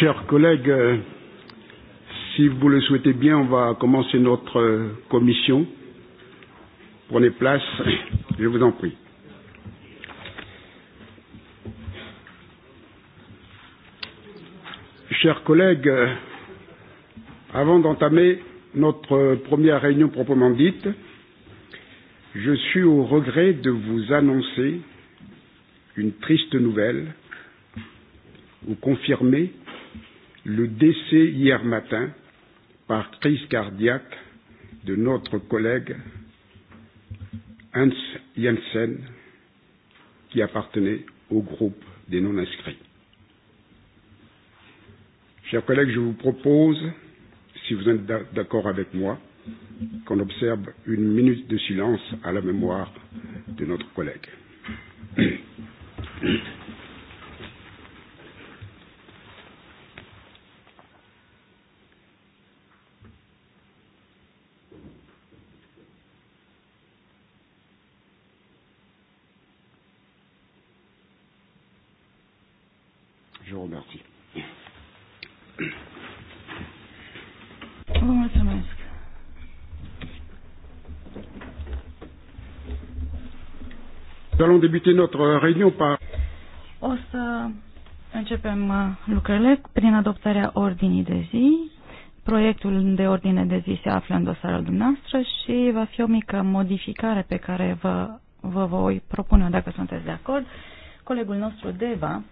Chers collègues, euh, si vous le souhaitez bien, on va commencer notre euh, commission. Prenez place, je vous en prie. Chers collègues, euh, avant d'entamer notre première réunion proprement dite, je suis au regret de vous annoncer une triste nouvelle, ou confirmer le décès hier matin par crise cardiaque de notre collègue Hans Janssen qui appartenait au groupe des non-inscrits. Chers collègues, je vous propose, si vous êtes d'accord avec moi, qu'on observe une minute de silence à la mémoire de notre collègue. allons débuter notre réunion par... O să începem uh, lucrurile prin adoptarea ordinii de zi. Proiectul de ordine de zi se află în dosarul dumneavoastră și va fi o mică modificare pe care vă, vă voi propune dacă sunteți de acord. Colegul nostru, Deva,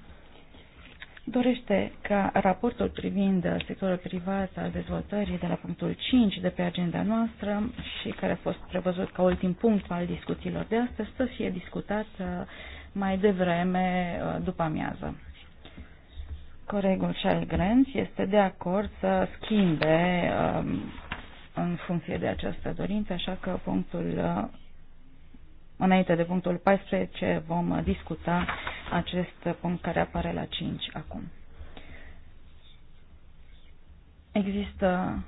dorește ca raportul privind sectorul privat al dezvoltării de la punctul 5 de pe agenda noastră și care a fost prevăzut ca ultim punct al discuțiilor de astăzi să fie discutat uh, mai devreme uh, după amiază. Coregul Charles Grant este de acord să schimbe um, în funcție de această dorință, așa că punctul uh, Înainte de punctul 14 vom discuta acest punct care apare la 5 acum. Există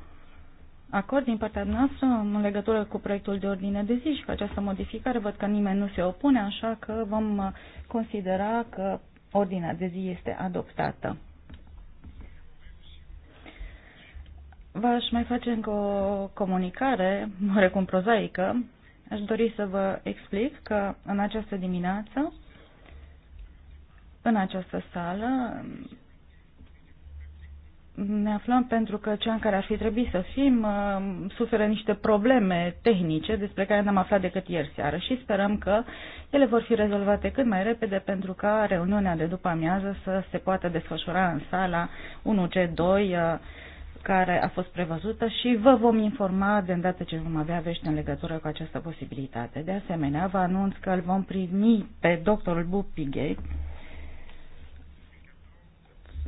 acord din partea noastră în legătură cu proiectul de ordine de zi și cu această modificare. Văd că nimeni nu se opune, așa că vom considera că ordinea de zi este adoptată. V-aș mai face încă o comunicare, oarecum prozaică, Aș dori să vă explic că în această dimineață, în această sală, ne aflăm pentru că cea în care ar fi trebuit să fim uh, suferă niște probleme tehnice despre care n-am aflat decât ieri seară și sperăm că ele vor fi rezolvate cât mai repede pentru ca reuniunea de după amiază să se poată desfășura în sala 1G2 care a fost prevăzută și vă vom informa de îndată ce vom avea vești în legătură cu această posibilitate. De asemenea, vă anunț că îl vom primi pe doctorul Bupighe,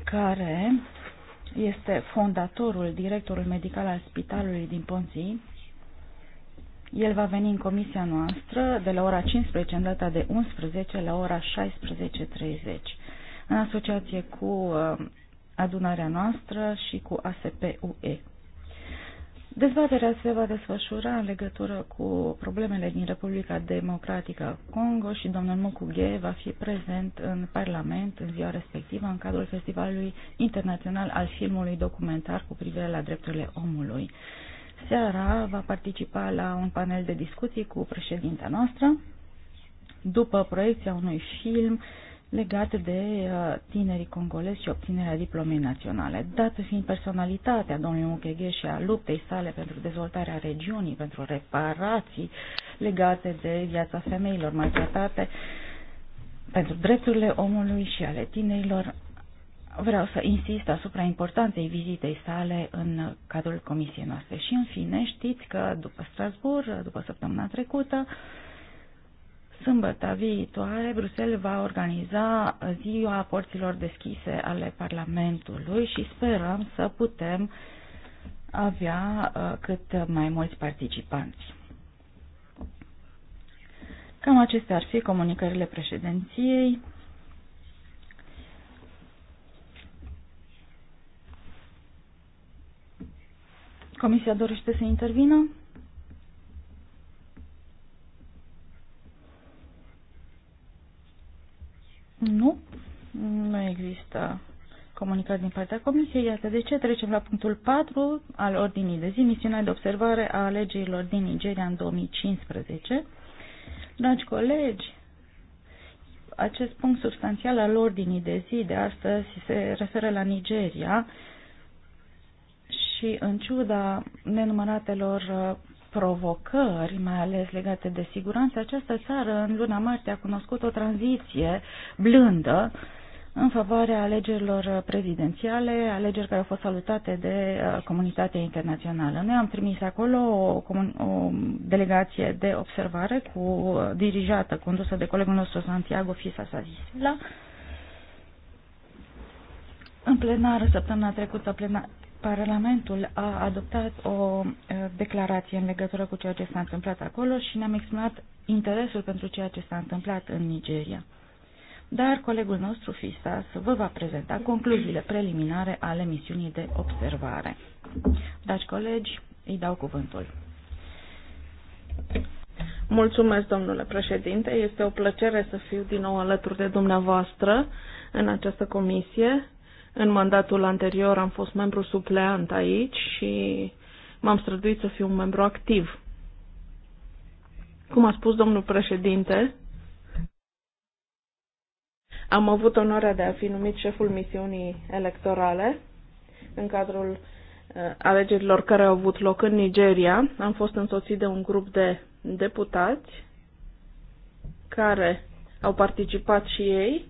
care este fondatorul, directorul medical al spitalului din Ponții. El va veni în comisia noastră de la ora 15 în data de 11 la ora 16.30 în asociație cu uh, adunarea noastră și cu ASPUE. Dezbaterea se va desfășura în legătură cu problemele din Republica Democratică Congo și domnul Mukwege va fi prezent în Parlament în ziua respectivă în cadrul Festivalului Internațional al Filmului Documentar cu privire la drepturile omului. Seara va participa la un panel de discuții cu președinta noastră după proiecția unui film uh, legat de uh, tinerii congolezi și obținerea diplomei naționale. Dată fiind personalitatea domnului Mukwege și a luptei sale pentru dezvoltarea regiunii, pentru reparații legate de viața femeilor maltratate, pentru drepturile omului și ale tinerilor, vreau să insist asupra importanței vizitei sale în cadrul comisiei noastre. Și în fine, știți că după Strasbourg, după săptămâna trecută, uh, Sâmbăta viitoare, Bruxelles va organiza ziua porților deschise ale Parlamentului și sperăm să putem avea uh, cât mai mulți participanți. Cam acestea ar fi comunicările președinției. Comisia dorește să intervină? Nu. Nu există comunicat din partea Comisiei. Iată de ce trecem la punctul 4 al ordinii de zi, misiunea de observare a alegerilor din Nigeria în 2015. Dragi colegi, acest punct substanțial al ordinii de zi de astăzi se referă la Nigeria și în ciuda nenumăratelor provocări, mai ales legate de siguranță, această țară în luna martie a cunoscut o tranziție blândă în favoarea alegerilor prezidențiale, alegeri care au fost salutate de uh, comunitatea internațională. Noi am trimis acolo o, o delegație de observare cu uh, dirijată, condusă de colegul nostru Santiago Fisa Sazisla. În plenară, săptămâna trecută, plenar, Parlamentul a adoptat o declarație în legătură cu ceea ce s-a întâmplat acolo și ne-am exprimat interesul pentru ceea ce s-a întâmplat în Nigeria. Dar colegul nostru, Fisas, vă va prezenta concluziile preliminare ale misiunii de observare. Dragi colegi, îi dau cuvântul. Mulțumesc, domnule președinte. Este o plăcere să fiu din nou alături de dumneavoastră în această comisie în mandatul anterior am fost membru supleant aici și m-am străduit să fiu un membru activ. Cum a spus domnul președinte, am avut onoarea de a fi numit șeful misiunii electorale în cadrul uh, alegerilor care au avut loc în Nigeria. Am fost însoțit de un grup de deputați care au participat și ei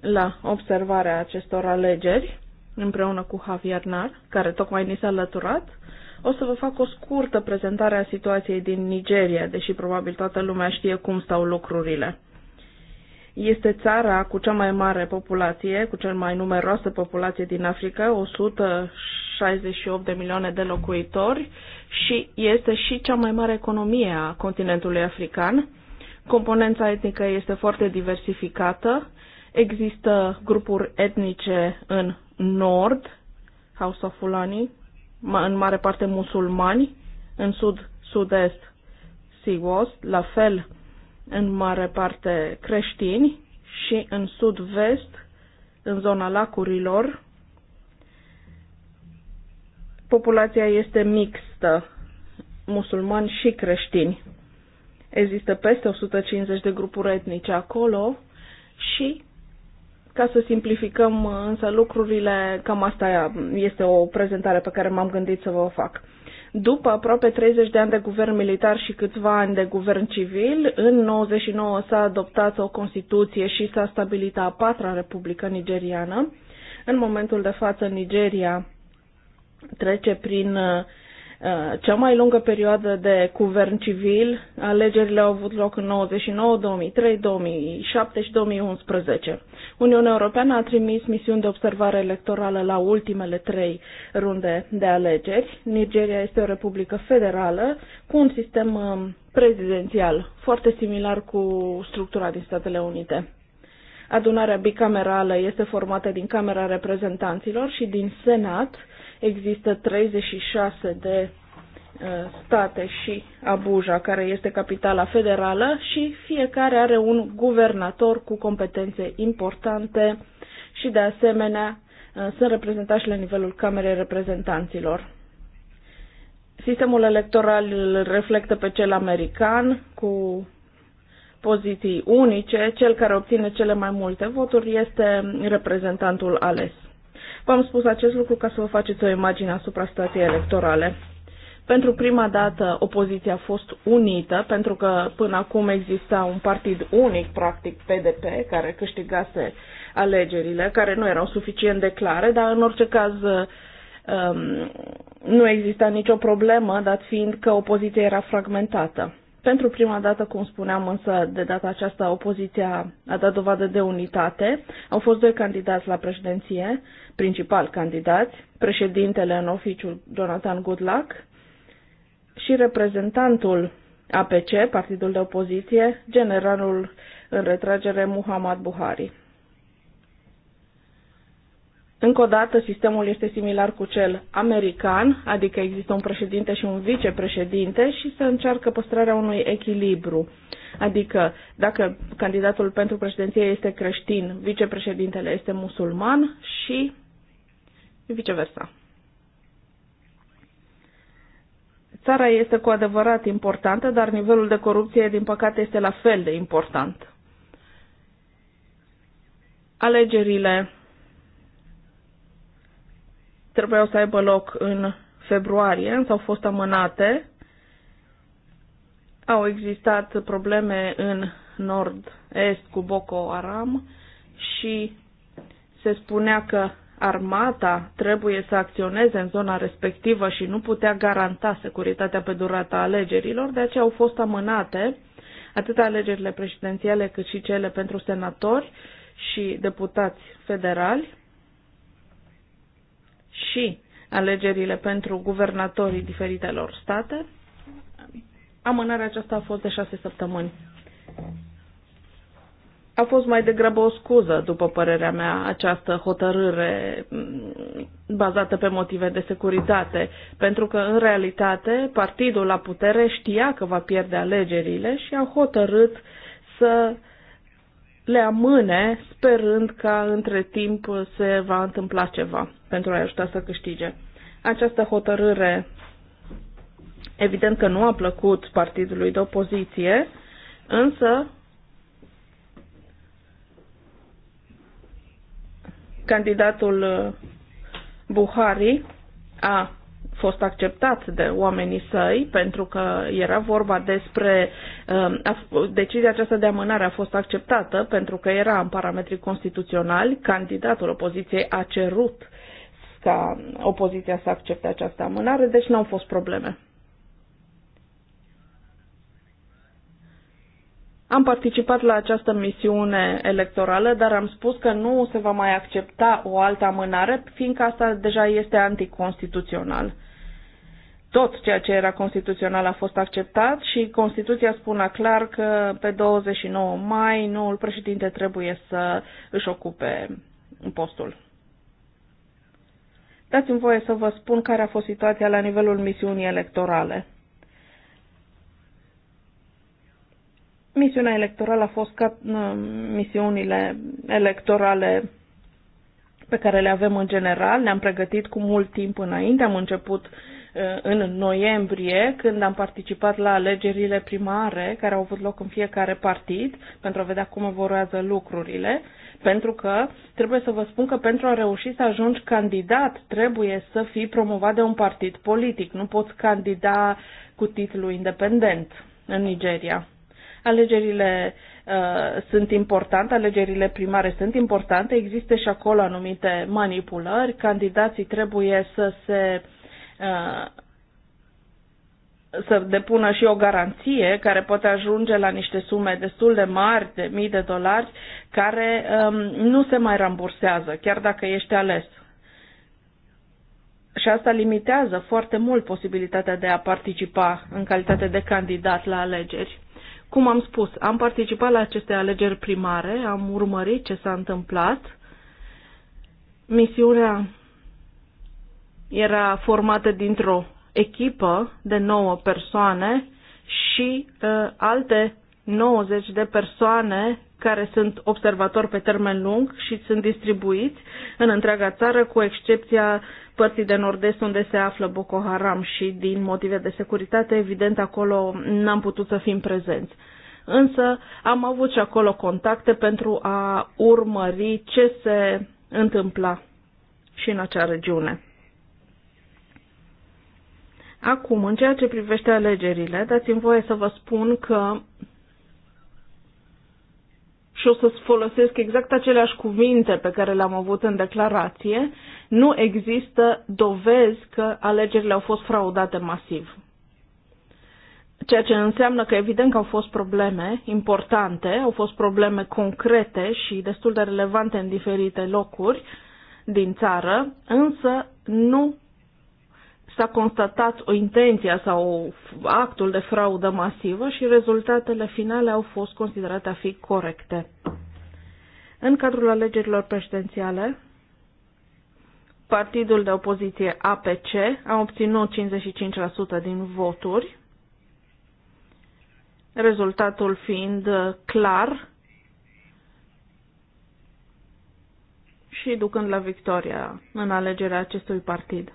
la observarea acestor alegeri împreună cu Javier Nar, care tocmai ni s-a alăturat. O să vă fac o scurtă prezentare a situației din Nigeria, deși probabil toată lumea știe cum stau lucrurile. Este țara cu cea mai mare populație, cu cel mai numeroasă populație din Africa, 168 de milioane de locuitori și este și cea mai mare economie a continentului african. Componența etnică este foarte diversificată, Există grupuri etnice în nord, House of Fulani, în mare parte musulmani, în sud, sud-est, Sigos, la fel în mare parte creștini și în sud-vest, în zona lacurilor, populația este mixtă, musulmani și creștini. Există peste 150 de grupuri etnice acolo și ca să simplificăm uh, însă lucrurile, cam asta este o prezentare pe care m-am gândit să vă o fac. După aproape 30 de ani de guvern militar și câțiva ani de guvern civil, în 99 s-a adoptat o Constituție și s-a stabilit a patra Republică Nigeriană. În momentul de față, Nigeria trece prin uh, Uh, cea mai lungă perioadă de guvern civil. Alegerile au avut loc în 99, 2003, 2007 și 2011. Uniunea Europeană a trimis misiuni de observare electorală la ultimele trei runde de alegeri. Nigeria este o republică federală cu un sistem uh, prezidențial foarte similar cu structura din Statele Unite. Adunarea bicamerală este formată din Camera Reprezentanților și din Senat, Există 36 de uh, state și Abuja, care este capitala federală, și fiecare are un guvernator cu competențe importante și, de asemenea, uh, sunt reprezentați la nivelul Camerei Reprezentanților. Sistemul electoral îl reflectă pe cel american, cu poziții unice. Cel care obține cele mai multe voturi este reprezentantul ales. V-am spus acest lucru ca să vă faceți o imagine asupra situației electorale. Pentru prima dată opoziția a fost unită, pentru că până acum exista un partid unic, practic PDP, care câștigase alegerile, care nu erau suficient de clare, dar în orice caz um, nu exista nicio problemă, dat fiind că opoziția era fragmentată. Pentru prima dată, cum spuneam însă, de data aceasta opoziția a dat dovadă de unitate. Au fost doi candidați la președinție, principal candidați, președintele în oficiul Jonathan Goodluck și reprezentantul APC, partidul de opoziție, generalul în retragere Muhammad Buhari. Încă o dată, sistemul este similar cu cel american, adică există un președinte și un vicepreședinte și se încearcă păstrarea unui echilibru. Adică, dacă candidatul pentru președinție este creștin, vicepreședintele este musulman și viceversa. Țara este cu adevărat importantă, dar nivelul de corupție, din păcate, este la fel de important. Alegerile trebuiau să aibă loc în februarie, însă au fost amânate. Au existat probleme în nord-est cu Boko Haram și se spunea că armata trebuie să acționeze în zona respectivă și nu putea garanta securitatea pe durata alegerilor, de aceea au fost amânate atât alegerile prezidențiale cât și cele pentru senatori și deputați federali și alegerile pentru guvernatorii diferitelor state. Amânarea aceasta a fost de șase săptămâni. A fost mai degrabă o scuză, după părerea mea, această hotărâre mm, bazată pe motive de securitate, pentru că, în realitate, partidul la putere știa că va pierde alegerile și a hotărât să uh, le amâne sperând ca între timp se va întâmpla ceva pentru a-i ajuta să câștige. Această hotărâre evident că nu a plăcut partidului de opoziție, însă candidatul Buhari a fost acceptat de oamenii săi, pentru că era vorba despre uh, decizia aceasta de amânare a fost acceptată pentru că era în parametrii constituționali, candidatul opoziției a cerut ca opoziția să accepte această amânare, deci nu au fost probleme. Am participat la această misiune electorală, dar am spus că nu se va mai accepta o altă amânare, fiindcă asta deja este anticonstituțional tot ceea ce era constituțional a fost acceptat și Constituția spunea clar că pe 29 mai noul președinte trebuie să își ocupe postul. Dați-mi voie să vă spun care a fost situația la nivelul misiunii electorale. Misiunea electorală a fost ca misiunile electorale pe care le avem în general, ne-am pregătit cu mult timp înainte, am început uh, Uh, în noiembrie, când am participat la alegerile primare care au avut loc în fiecare partid, pentru a vedea cum evoluează lucrurile, pentru că trebuie să vă spun că pentru a reuși să ajungi candidat trebuie să fii promovat de un partid politic, nu poți candida cu titlu independent în Nigeria. Alegerile uh, sunt importante, alegerile primare sunt importante, există și acolo anumite manipulări, candidații trebuie să se uh, Uh, să depună și o garanție care poate ajunge la niște sume destul de mari, de mii de dolari, care um, nu se mai rambursează, chiar dacă ești ales. Și asta limitează foarte mult posibilitatea de a participa în calitate de candidat la alegeri. Cum am spus, am participat la aceste alegeri primare, am urmărit ce s-a întâmplat. Misiunea era formată dintr-o echipă de 9 persoane și uh, alte 90 de persoane care sunt observatori pe termen lung și sunt distribuiți în întreaga țară, cu excepția părții de nord-est unde se află Boko Haram și din motive de securitate, evident, acolo n-am putut să fim prezenți. Însă am avut și acolo contacte pentru a urmări ce se întâmpla și în acea regiune. Acum, în ceea ce privește alegerile, dați-mi voie să vă spun că și o să folosesc exact aceleași cuvinte pe care le-am avut în declarație, nu există dovezi că alegerile au fost fraudate masiv. Ceea ce înseamnă că evident că au fost probleme importante, au fost probleme concrete și destul de relevante în diferite locuri din țară, însă nu s-a constatat o intenție sau actul de fraudă masivă și rezultatele finale au fost considerate a fi corecte. În cadrul alegerilor prezidențiale, partidul de opoziție APC a obținut 55% din voturi, rezultatul fiind clar și ducând la victoria în alegerea acestui partid.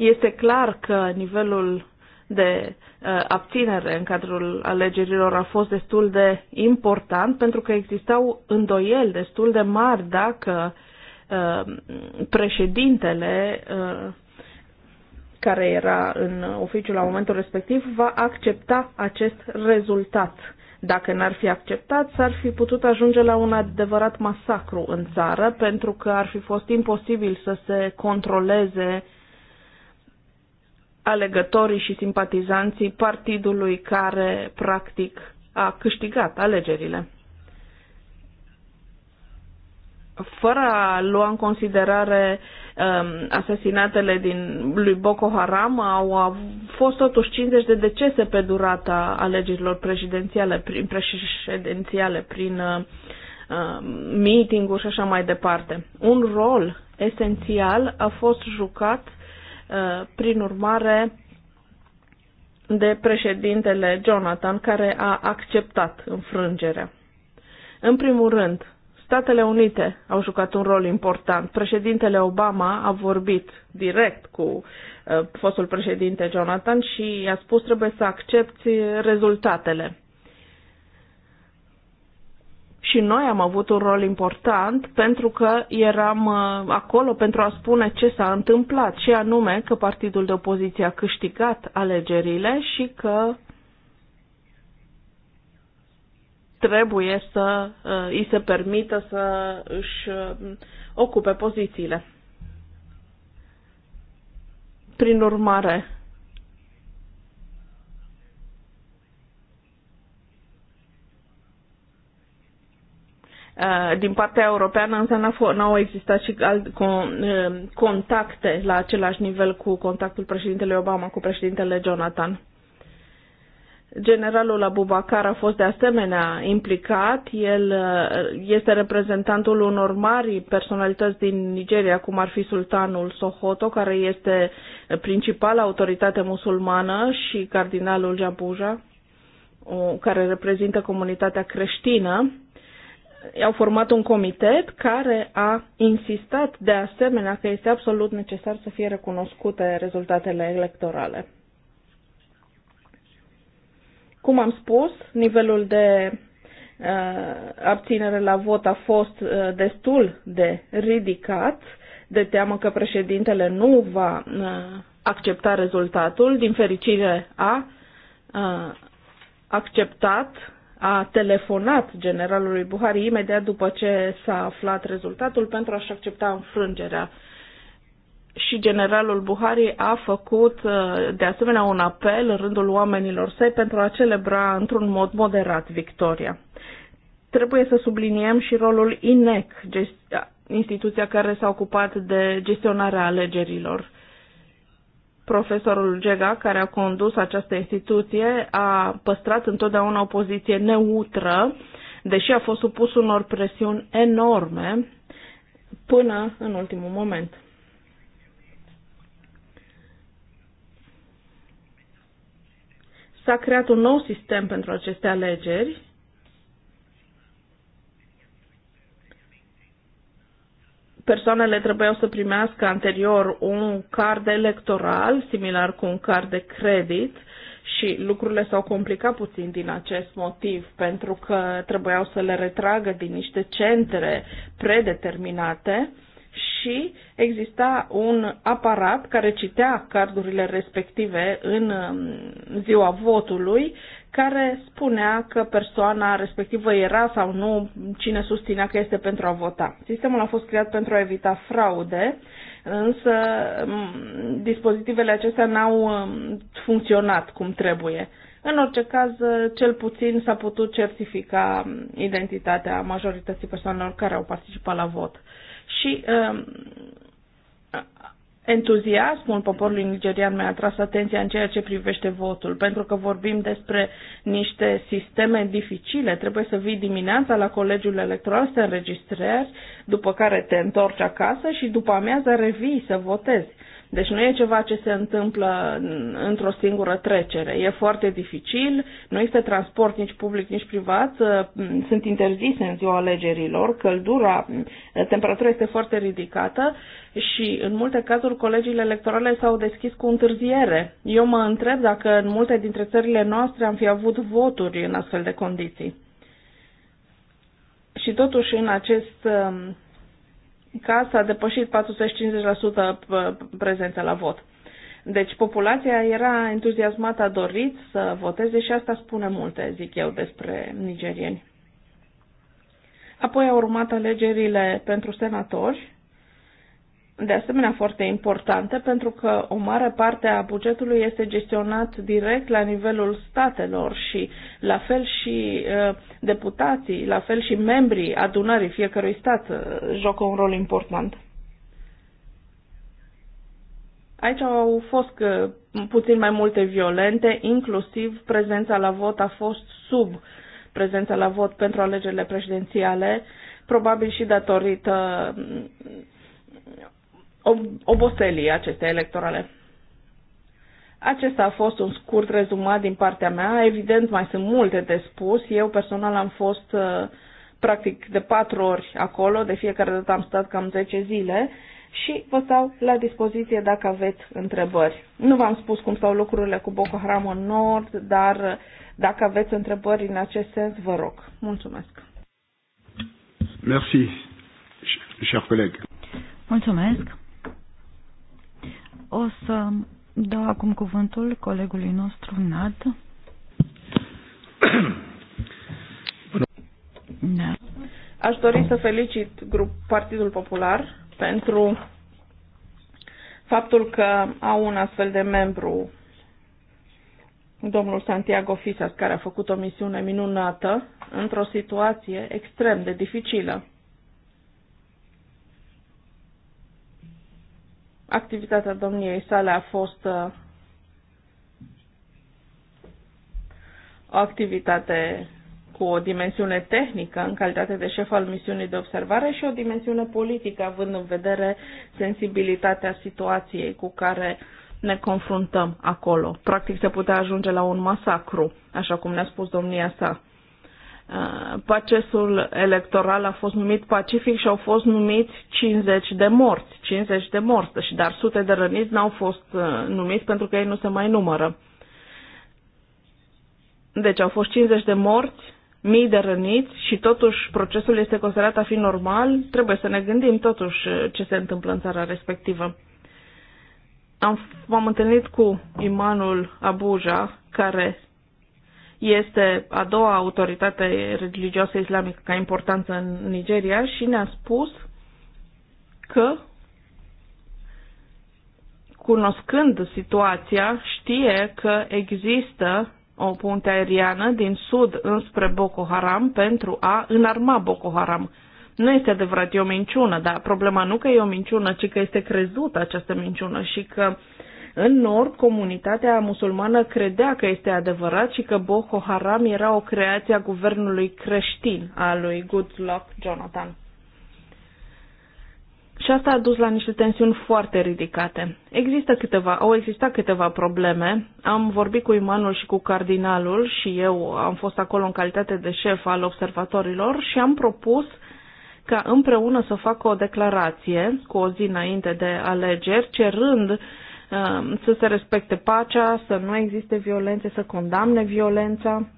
Este clar că nivelul de uh, abținere în cadrul alegerilor a fost destul de important pentru că existau îndoieli destul de mari dacă uh, președintele uh, care era în oficiu la momentul respectiv va accepta acest rezultat. Dacă n-ar fi acceptat, s-ar fi putut ajunge la un adevărat masacru în țară, pentru că ar fi fost imposibil să se controleze uh, alegătorii și simpatizanții partidului care, practic, a câștigat alegerile. Fără a lua în considerare um, asasinatele din lui Boko Haram, au, fost totuși 50 de decese pe durata alegerilor prezidențiale, prin, președințiale prin uh, um, meeting-uri și așa mai departe. Un rol esențial a fost jucat Uh, prin urmare de președintele Jonathan, care a acceptat înfrângerea. În primul rând, Statele Unite au jucat un rol important. Președintele Obama a vorbit direct cu uh, fostul președinte Jonathan și i-a spus trebuie să accepti rezultatele și noi am avut un rol important pentru că eram uh, acolo pentru a spune ce s-a întâmplat și anume că partidul de opoziție a câștigat alegerile și că trebuie să uh, îi se permită să își uh, ocupe pozițiile. Prin urmare, Uh, din partea europeană, că n-au existat și uh, contacte la același nivel cu contactul președintelui Obama cu președintele Jonathan. Generalul Abubakar a fost de asemenea implicat. El uh, este reprezentantul unor mari personalități din Nigeria, cum ar fi sultanul Sohoto, care este principala autoritate musulmană, și cardinalul Jabuja, care reprezintă comunitatea creștină au format un comitet care a insistat de asemenea că este absolut necesar să fie recunoscute rezultatele electorale. Cum am spus, nivelul de uh, abținere la vot a fost uh, destul de ridicat, de teamă că președintele nu va uh, accepta rezultatul. Din fericire a uh, acceptat a telefonat generalului Buhari imediat după ce s-a aflat rezultatul pentru a-și accepta înfrângerea. Și generalul Buhari a făcut uh, de asemenea un apel în rândul oamenilor săi pentru a celebra într-un mod moderat victoria. Trebuie să subliniem și rolul INEC, instituția care s-a ocupat de gestionarea alegerilor Profesorul Gega, care a condus această instituție, a păstrat întotdeauna o poziție neutră, deși a fost supus unor presiuni enorme până în ultimul moment. S-a creat un nou sistem pentru aceste alegeri persoanele trebuiau să primească anterior un card electoral, similar cu un card de credit, și lucrurile s-au complicat puțin din acest motiv, pentru că trebuiau să le retragă din niște centre predeterminate și exista un aparat care citea cardurile respective în um, ziua votului, care spunea că persoana respectivă era sau nu cine susținea că este pentru a vota. Sistemul a fost creat pentru a evita fraude, însă dispozitivele acestea n-au funcționat cum trebuie. În orice caz, cel puțin s-a putut certifica identitatea majorității persoanelor care au participat la vot. Și entuziasmul poporului nigerian mi-a atras atenția în ceea ce privește votul, pentru că vorbim despre niște sisteme dificile. Trebuie să vii dimineața la colegiul electoral să te înregistrezi, după care te întorci acasă și după amiază revii să votezi. Deci nu e ceva ce se întâmplă într-o singură trecere. E foarte dificil, nu este transport nici public, nici privat, uh, sunt interzise în ziua alegerilor, căldura, uh, temperatura este foarte ridicată și în multe cazuri colegiile electorale s-au deschis cu întârziere. Eu mă întreb dacă în multe dintre țările noastre am fi avut voturi în astfel de condiții. Și totuși în acest um, Casa a depășit 450% uh, prezența la vot. Deci populația era entuziasmată, a dorit să voteze și asta spune multe, zic eu, despre nigerieni. Apoi au urmat alegerile pentru senatori de asemenea foarte importante pentru că o mare parte a bugetului este gestionat direct la nivelul statelor și la fel și uh, deputații, la fel și membrii adunării fiecărui stat uh, joacă un rol important. Aici au fost uh, puțin mai multe violente, inclusiv prezența la vot a fost sub prezența la vot pentru alegerile prezidențiale, probabil și datorită oboselii acestei electorale. Acesta a fost un scurt rezumat din partea mea. Evident, mai sunt multe de spus. Eu personal am fost uh, practic de patru ori acolo, de fiecare dată am stat cam 10 zile și vă stau la dispoziție dacă aveți întrebări. Nu v-am spus cum stau lucrurile cu Boko Haram în Nord, dar uh, dacă aveți întrebări în acest sens, vă rog. Mulțumesc. Merci, cher coleg. Mulțumesc. O să dau acum cuvântul colegului nostru, Nad. Da. Aș dori să felicit grup Partidul Popular pentru faptul că au un astfel de membru, domnul Santiago Fisas, care a făcut o misiune minunată într-o situație extrem de dificilă. activitatea domniei sale a fost uh, o activitate cu o dimensiune tehnică în calitate de șef al misiunii de observare și o dimensiune politică, având în vedere sensibilitatea situației cu care ne confruntăm acolo. Practic se putea ajunge la un masacru, așa cum ne-a spus domnia sa. Uh, procesul electoral a fost numit pacific și au fost numiți 50 de morți, 50 de morți, și dar sute de răniți n-au fost uh, numiți pentru că ei nu se mai numără. Deci au fost 50 de morți, mii de răniți și totuși procesul este considerat a fi normal, trebuie să ne gândim totuși uh, ce se întâmplă în țara respectivă. Am, m-am întâlnit cu imanul Abuja, care este a doua autoritate religioasă islamică ca importanță în Nigeria și ne-a spus că cunoscând situația, știe că există o punte aeriană din sud înspre Boko Haram pentru a înarma Boko Haram. Nu este adevărat, e o minciună, dar problema nu că e o minciună, ci că este crezută această minciună și că uh, în nord, comunitatea musulmană credea că este adevărat și că Boko Haram era o creație a guvernului creștin a lui Goodluck Jonathan. Și asta a dus la niște tensiuni foarte ridicate. Există câteva, au existat câteva probleme. Am vorbit cu imanul și cu cardinalul și eu am fost acolo în calitate de șef al observatorilor și am propus ca împreună să facă o declarație cu o zi înainte de alegeri, cerând Um, să se respecte pacea, să nu existe violențe, să condamne violența.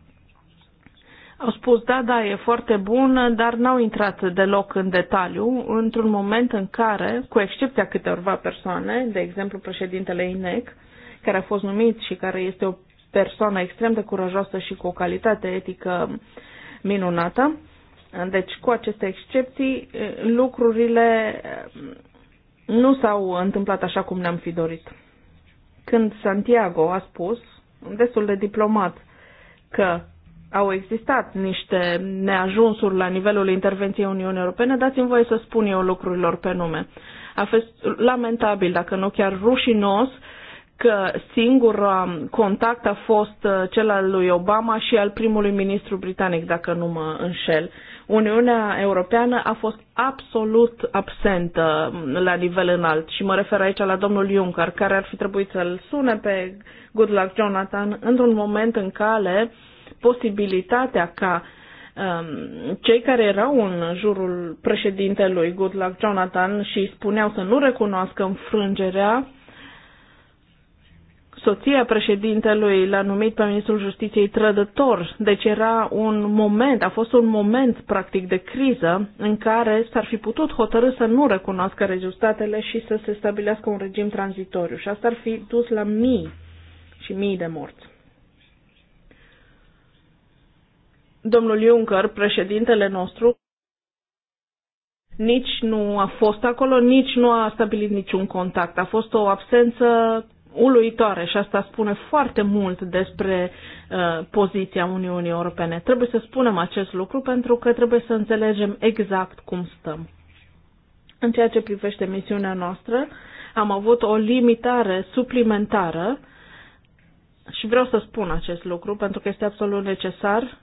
Au spus, da, da, e foarte bun, dar n-au intrat deloc în detaliu, într-un moment în care, cu excepția câteva persoane, de exemplu președintele INEC, care a fost numit și care este o persoană extrem de curajoasă și cu o calitate etică minunată, deci, cu aceste excepții, lucrurile nu s-au întâmplat așa cum ne-am fi dorit. Când Santiago a spus, destul de diplomat, că au existat niște neajunsuri la nivelul intervenției Uniunii Europene, dați-mi voie să spun eu lucrurilor pe nume. A fost lamentabil, dacă nu chiar rușinos, că singur contact a fost uh, cel al lui Obama și al primului ministru britanic, dacă nu mă înșel. Uniunea Europeană a fost absolut absentă la nivel înalt și mă refer aici la domnul Juncker, care ar fi trebuit să-l sune pe Goodluck Jonathan într-un moment în care posibilitatea ca um, cei care erau în jurul președintelui Goodluck Jonathan și spuneau să nu recunoască înfrângerea soția președintelui l-a numit pe ministrul justiției trădător. Deci era un moment, a fost un moment practic de criză în care s-ar fi putut hotărâ să nu recunoască rezultatele și să se stabilească un regim tranzitoriu. Și asta ar fi dus la mii și mii de morți. Domnul Juncker, președintele nostru, nici nu a fost acolo, nici nu a stabilit niciun contact. A fost o absență uluitoare și asta spune foarte mult despre uh, poziția Uniunii Europene. Trebuie să spunem acest lucru pentru că trebuie să înțelegem exact cum stăm. În ceea ce privește misiunea noastră, am avut o limitare suplimentară și vreau să spun acest lucru pentru că este absolut necesar.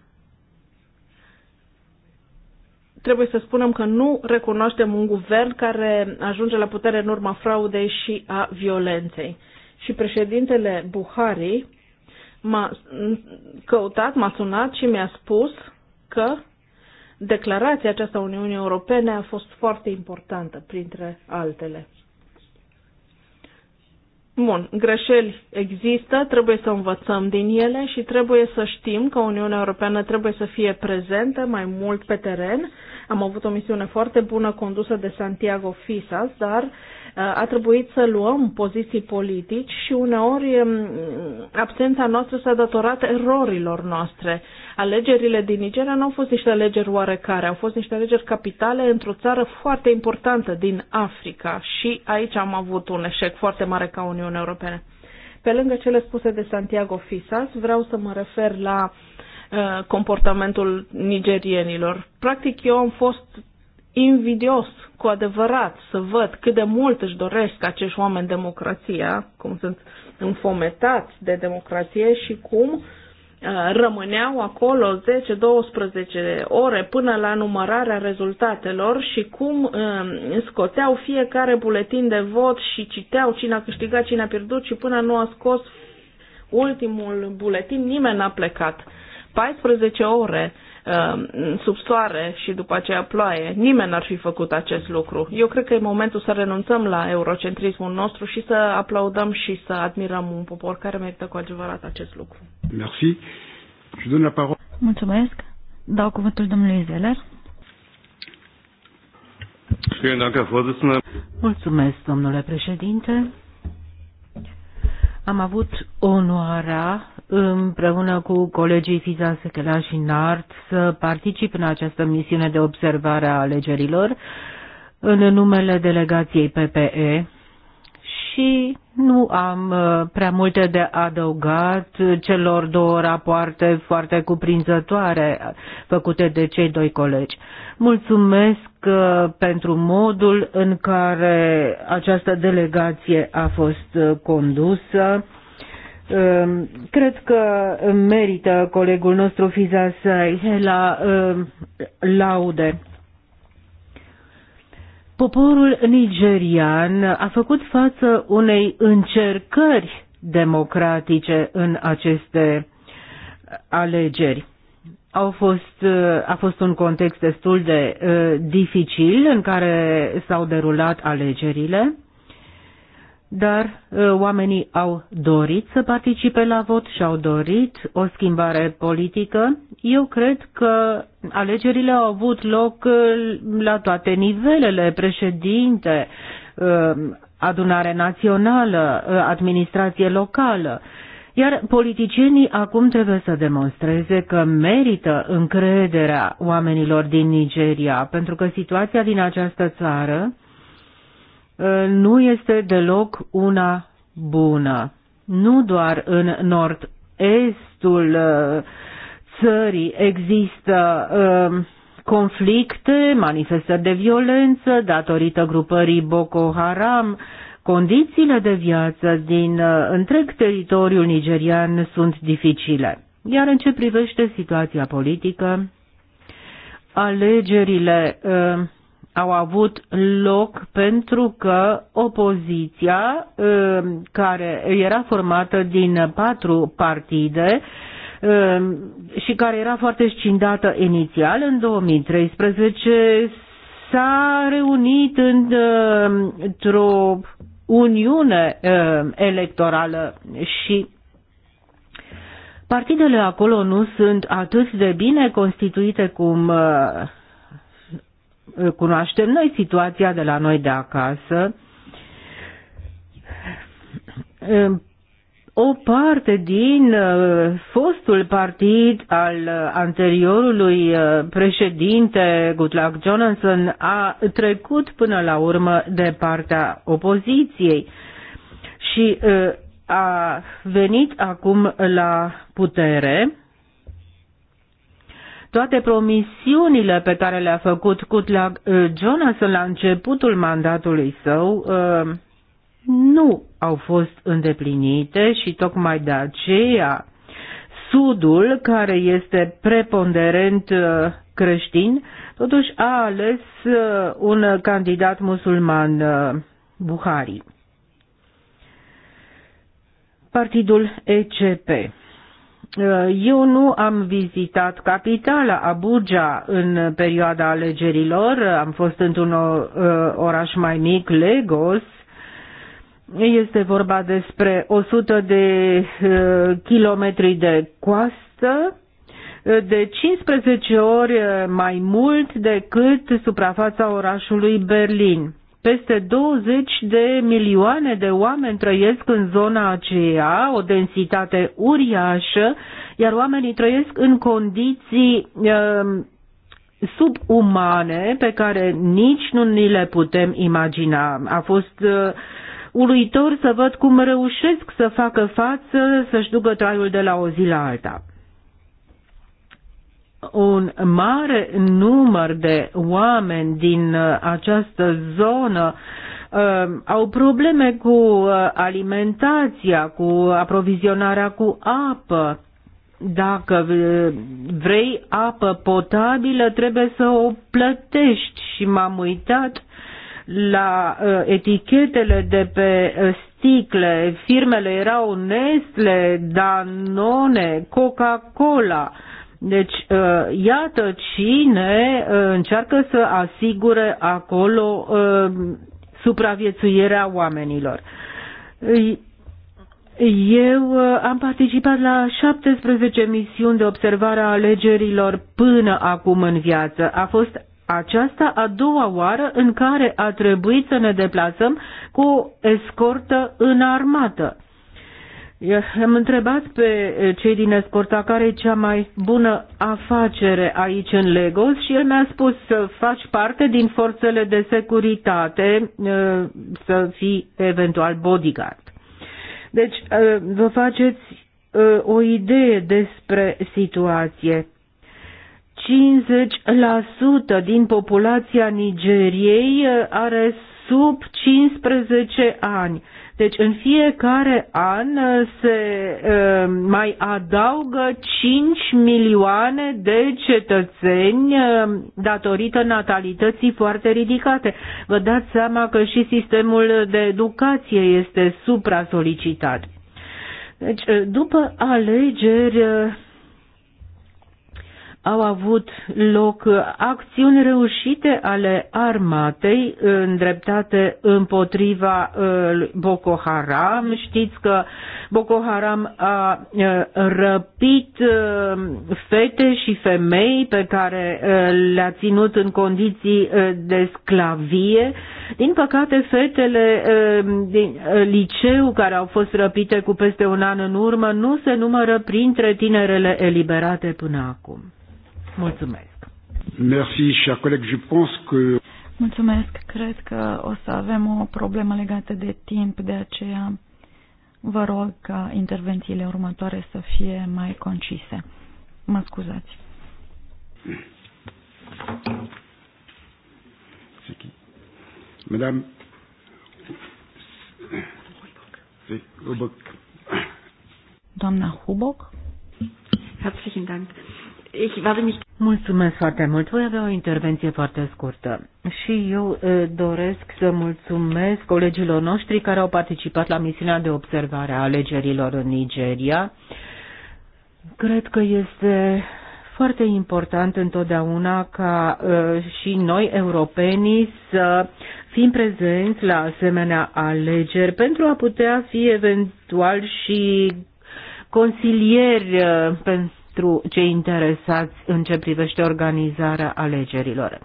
Trebuie să spunem că nu recunoaștem un guvern care ajunge la putere în urma fraudei și a violenței și președintele Buhari m-a căutat, m-a sunat și mi-a spus că declarația aceasta Uniunii Europene a fost foarte importantă, printre altele. Bun, greșeli există, trebuie să învățăm din ele și trebuie să știm că Uniunea Europeană trebuie să fie prezentă mai mult pe teren. Am avut o misiune foarte bună condusă de Santiago Fisas, dar a trebuit să luăm poziții politici și uneori mm, absența noastră s-a datorat erorilor noastre. Alegerile din Nigeria nu au fost niște alegeri oarecare, au fost niște alegeri capitale într-o țară foarte importantă din Africa și aici am avut un eșec foarte mare ca Uniunea Europeană. Pe lângă cele spuse de Santiago Fisas, vreau să mă refer la uh, comportamentul nigerienilor. Practic, eu am fost invidios cu adevărat să văd cât de mult își doresc acești oameni democrația, cum sunt înfometați de democrație și cum uh, rămâneau acolo 10-12 ore până la numărarea rezultatelor și cum uh, scoteau fiecare buletin de vot și citeau cine a câștigat, cine a pierdut și până nu a scos ultimul buletin nimeni n-a plecat. 14 ore Um, sub soare și după aceea ploaie. Nimeni n-ar fi făcut acest lucru. Eu cred că e momentul să renunțăm la eurocentrismul nostru și să aplaudăm și să admirăm un popor care merită cu adevărat acest lucru. Merci. Je donne la parole. Mulțumesc. Dau cuvântul domnului Zeller. Mulțumesc, domnule președinte. Am avut onoarea împreună cu colegii Fiza Sechela și Nart să particip în această misiune de observare a alegerilor în numele delegației PPE și nu am uh, prea multe de adăugat celor două rapoarte foarte cuprinzătoare făcute de cei doi colegi. Mulțumesc uh, pentru modul în care această delegație a fost uh, condusă. Um, cred că merită colegul nostru Fiza să la laude Poporul nigerian a făcut față unei încercări democratice în aceste alegeri. Au fost, a fost un context destul de uh, dificil în care s-au derulat alegerile dar ă, oamenii au dorit să participe la vot și au dorit o schimbare politică. Eu cred că alegerile au avut loc ă, la toate nivelele, președinte, ă, adunare națională, administrație locală. Iar politicienii acum trebuie să demonstreze că merită încrederea oamenilor din Nigeria, pentru că situația din această țară nu este deloc una bună. Nu doar în nord-estul uh, țării există um, conflicte, manifestări de violență datorită grupării Boko Haram, Condițiile de viață din uh, întreg teritoriul nigerian sunt dificile. Iar în ce privește situația politică, alegerile um, au avut loc pentru că opoziția, um, care era formată din patru partide um, și care era foarte scindată inițial, în 2013 s-a reunit um, într-o uniune electorală și partidele acolo nu sunt atât de bine constituite cum uh, cunoaștem noi situația de la noi de acasă. O parte din uh, fostul partid al uh, anteriorului uh, președinte Goodluck Jonathan a trecut până la urmă de partea opoziției și a venit acum la putere toate promisiunile pe care le-a făcut Kutlag uh, Jonas la începutul mandatului său uh, nu au fost îndeplinite și tocmai de aceea Sudul, care este preponderent uh, creștin, totuși a ales un candidat musulman, Buhari. Partidul ECP. Uh, eu nu am vizitat capitala Abuja în perioada alegerilor, am fost într-un uh, oraș mai mic, Lagos. Este vorba despre 100 de uh, kilometri de coastă, de 15 ori mai mult decât suprafața orașului Berlin. Peste 20 de milioane de oameni trăiesc în zona aceea, o densitate uriașă, iar oamenii trăiesc în condiții uh, subumane pe care nici nu ni le putem imagina. A fost uh, uluitor să văd cum reușesc să facă față, să-și ducă traiul de la o zi la alta un mare număr de oameni din uh, această zonă uh, au probleme cu uh, alimentația, cu aprovizionarea cu apă. Dacă vrei apă potabilă, trebuie să o plătești și m-am uitat la etichetele de pe sticle. Firmele erau Nestle, Danone, Coca-Cola. Uh, deci, uh, iată cine uh, încearcă să asigure acolo uh, supraviețuirea oamenilor. Eu am participat la 17 misiuni de observare a alegerilor până acum în viață. A fost aceasta a doua oară în care a trebuit să ne deplasăm cu o escortă înarmată. Eh, am întrebat pe eh, cei din Escorta care e cea mai bună afacere aici în Legos și el mi-a spus să faci parte din forțele de securitate, eh, să fii eventual bodyguard. Deci vă faceți o idee despre situație. 50% din populația Nigeriei are sub 15 ani deci în fiecare an uh, se uh, mai adaugă 5 milioane de cetățeni uh, datorită natalității foarte ridicate. Vă dați seama că și sistemul de educație este supra-solicitat. Deci, după alegeri, au avut loc acțiuni reușite ale armatei îndreptate împotriva uh, Boko Haram. Știți că Boko Haram a uh, răpit uh, fete și femei pe care le-a ținut în condiții de sclavie. Din păcate, fetele din liceu care au fost răpite cu peste un an în urmă nu se numără printre tinerele eliberate până acum. Mulțumesc. Merci, cher coleg. Je pense que... Mulțumesc. Cred că o să avem o problemă legată de timp, de aceea vă rog ca intervențiile următoare să fie mai concise. Mă scuzați. Madame, Hubock. Doamna Hubock. Herzlichen Dank. Mulțumesc foarte mult. Voi avea o intervenție foarte scurtă. Și eu doresc să mulțumesc colegilor noștri care au participat la misiunea de observare a alegerilor în Nigeria. Cred că este foarte important întotdeauna ca și noi europenii să fim prezenți la asemenea alegeri pentru a putea fi eventual și consilieri pentru pentru cei interesați în ce privește organizarea alegerilor.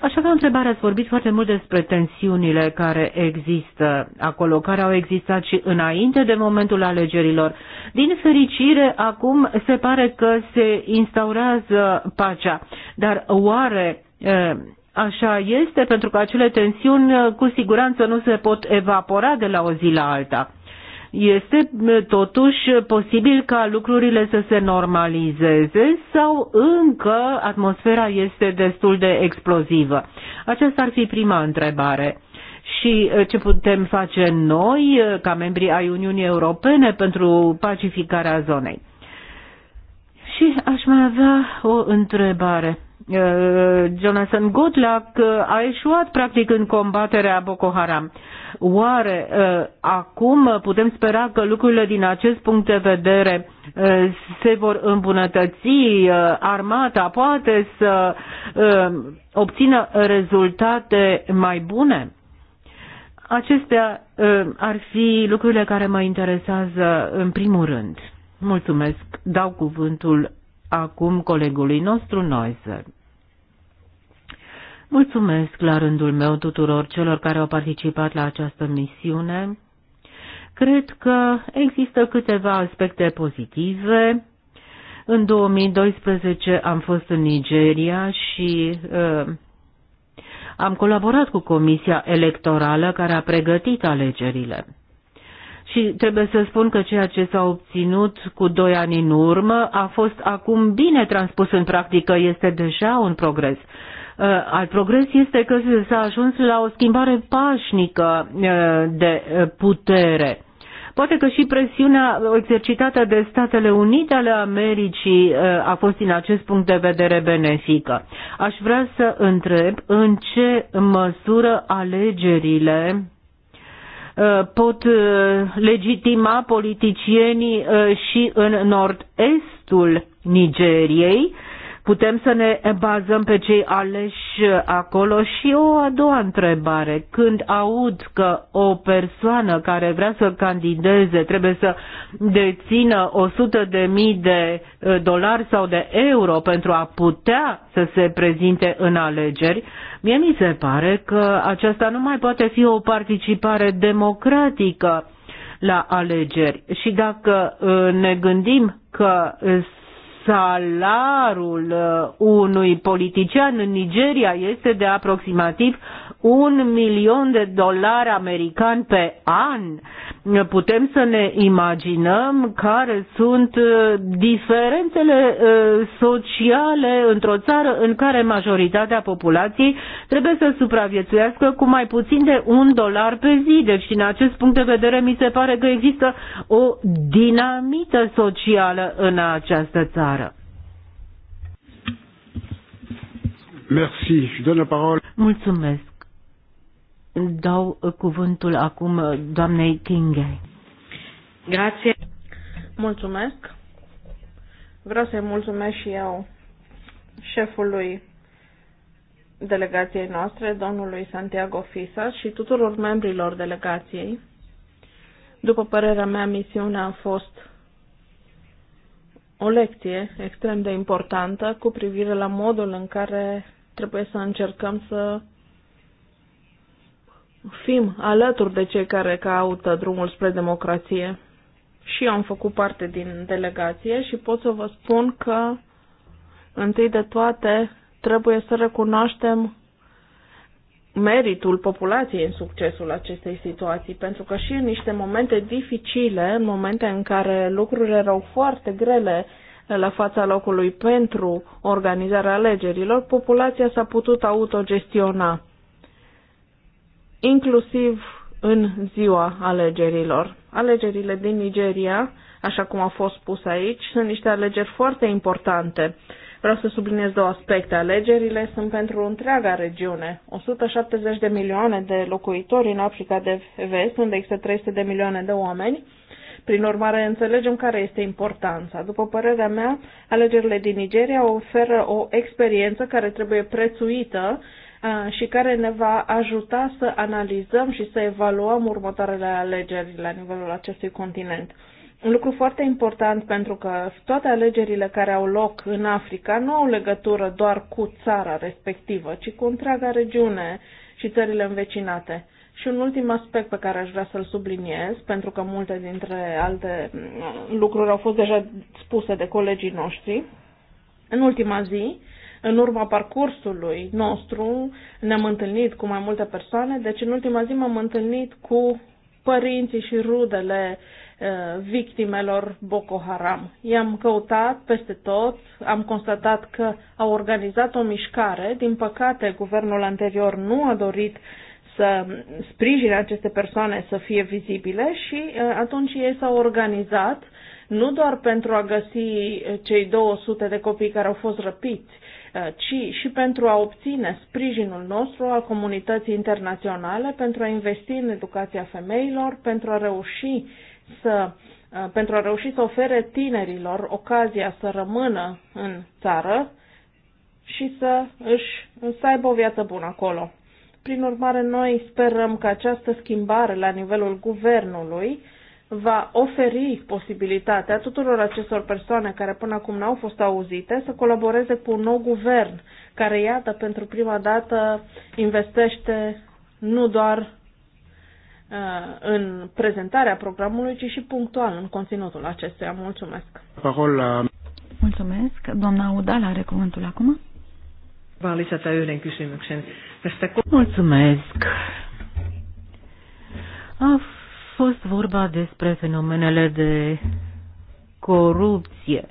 Așa că o întrebare, ați vorbit foarte mult despre tensiunile care există acolo, care au existat și înainte de momentul alegerilor. Din fericire, acum se pare că se instaurează pacea, dar oare Așa este, pentru că acele tensiuni cu siguranță nu se pot evapora de la o zi la alta. Este totuși posibil ca lucrurile să se normalizeze sau încă atmosfera este destul de explozivă? Aceasta ar fi prima întrebare. Și ce putem face noi, ca membri ai Uniunii Europene, pentru pacificarea zonei? Și aș mai avea o întrebare. Eh, Jonathan Goodluck eh, a eșuat practic în combaterea Boko Haram. Oare eh, acum putem spera că lucrurile din acest punct de vedere se vor îmbunătăți, armata poate să obțină rezultate mai bune? Acestea ar fi lucrurile care mă interesează în primul rând. Mulțumesc. Dau cuvântul acum colegului nostru Noiser. Mulțumesc la rândul meu tuturor celor care au participat la această misiune. Cred că există câteva aspecte pozitive. În 2012 am fost în Nigeria și uh, am colaborat cu Comisia Electorală care a pregătit alegerile. Și trebuie să spun că ceea ce s-a obținut cu doi ani în urmă a fost acum bine transpus în practică, este deja un progres. Uh, al progres este că s-a ajuns la o schimbare pașnică uh, de uh, putere. Poate că și presiunea exercitată de Statele Unite ale Americii a fost din acest punct de vedere benefică. Aș vrea să întreb în ce măsură alegerile pot legitima politicienii și în nord-estul Nigeriei Putem să ne bazăm pe cei aleși acolo? Și o a doua întrebare. Când aud că o persoană care vrea să candideze trebuie să dețină 100 de mii de eh, dolari sau de euro pentru a putea să se prezinte în alegeri, mie mi se pare că aceasta nu mai poate fi o participare democratică la alegeri. Și dacă eh, ne gândim că salarul uh, unui politician în Nigeria este de aproximativ un milion de dolari americani pe an putem să ne imaginăm care sunt uh, diferențele uh, sociale într-o țară în care majoritatea populației trebuie să supraviețuiască cu mai puțin de un dolar pe zi. Deci, din acest punct de vedere, mi se pare că există o dinamită socială în această țară. Merci. Je donne la parole. Mulțumesc dau uh, cuvântul acum uh, doamnei Kinghei. Grație. Mulțumesc. Vreau să-i mulțumesc și eu șefului delegației noastre, domnului Santiago Fisa și tuturor membrilor delegației. După părerea mea, misiunea a fost o lecție extrem de importantă cu privire la modul în care trebuie să încercăm să fim alături de cei care caută drumul spre democrație. Și eu am făcut parte din delegație și pot să vă spun că, întâi de toate, trebuie să recunoaștem meritul populației în succesul acestei situații, pentru că și în niște momente dificile, în momente în care lucrurile erau foarte grele la fața locului pentru organizarea alegerilor, populația s-a putut autogestiona inclusiv în ziua alegerilor. Alegerile din Nigeria, așa cum a fost pus aici, sunt niște alegeri foarte importante. Vreau să subliniez două aspecte. Alegerile sunt pentru întreaga regiune. 170 de milioane de locuitori în Africa de Vest, unde există 300 de milioane de oameni. Prin urmare, înțelegem care este importanța. După părerea mea, alegerile din Nigeria oferă o experiență care trebuie prețuită și care ne va ajuta să analizăm și să evaluăm următoarele alegeri la nivelul acestui continent. Un lucru foarte important pentru că toate alegerile care au loc în Africa nu au legătură doar cu țara respectivă, ci cu întreaga regiune și țările învecinate. Și un ultim aspect pe care aș vrea să-l subliniez, pentru că multe dintre alte mm, lucruri au fost deja spuse de colegii noștri, în ultima zi în urma parcursului nostru ne-am întâlnit cu mai multe persoane, deci în ultima zi m-am întâlnit cu părinții și rudele eh, victimelor Boko Haram. I-am căutat peste tot, am constatat că au organizat o mișcare, din păcate guvernul anterior nu a dorit să sprijine aceste persoane să fie vizibile și eh, atunci ei s-au organizat nu doar pentru a găsi eh, cei 200 de copii care au fost răpiți, Uh, ci și pentru a obține sprijinul nostru al comunității internaționale, pentru a investi în educația femeilor, pentru a reuși să uh, pentru a reuși să ofere tinerilor ocazia să rămână în țară și să își să aibă o viață bună acolo. Prin urmare, noi sperăm că această schimbare la nivelul guvernului va oferi posibilitatea tuturor acestor persoane care până acum n-au fost auzite să colaboreze cu un nou guvern care, iată, pentru prima dată investește nu doar uh, în prezentarea programului, ci și punctual în conținutul acestuia. Mulțumesc! Parola. Mulțumesc! Doamna Udala are cuvântul acum. Mulțumesc! A fost vorba despre fenomenele de corupție,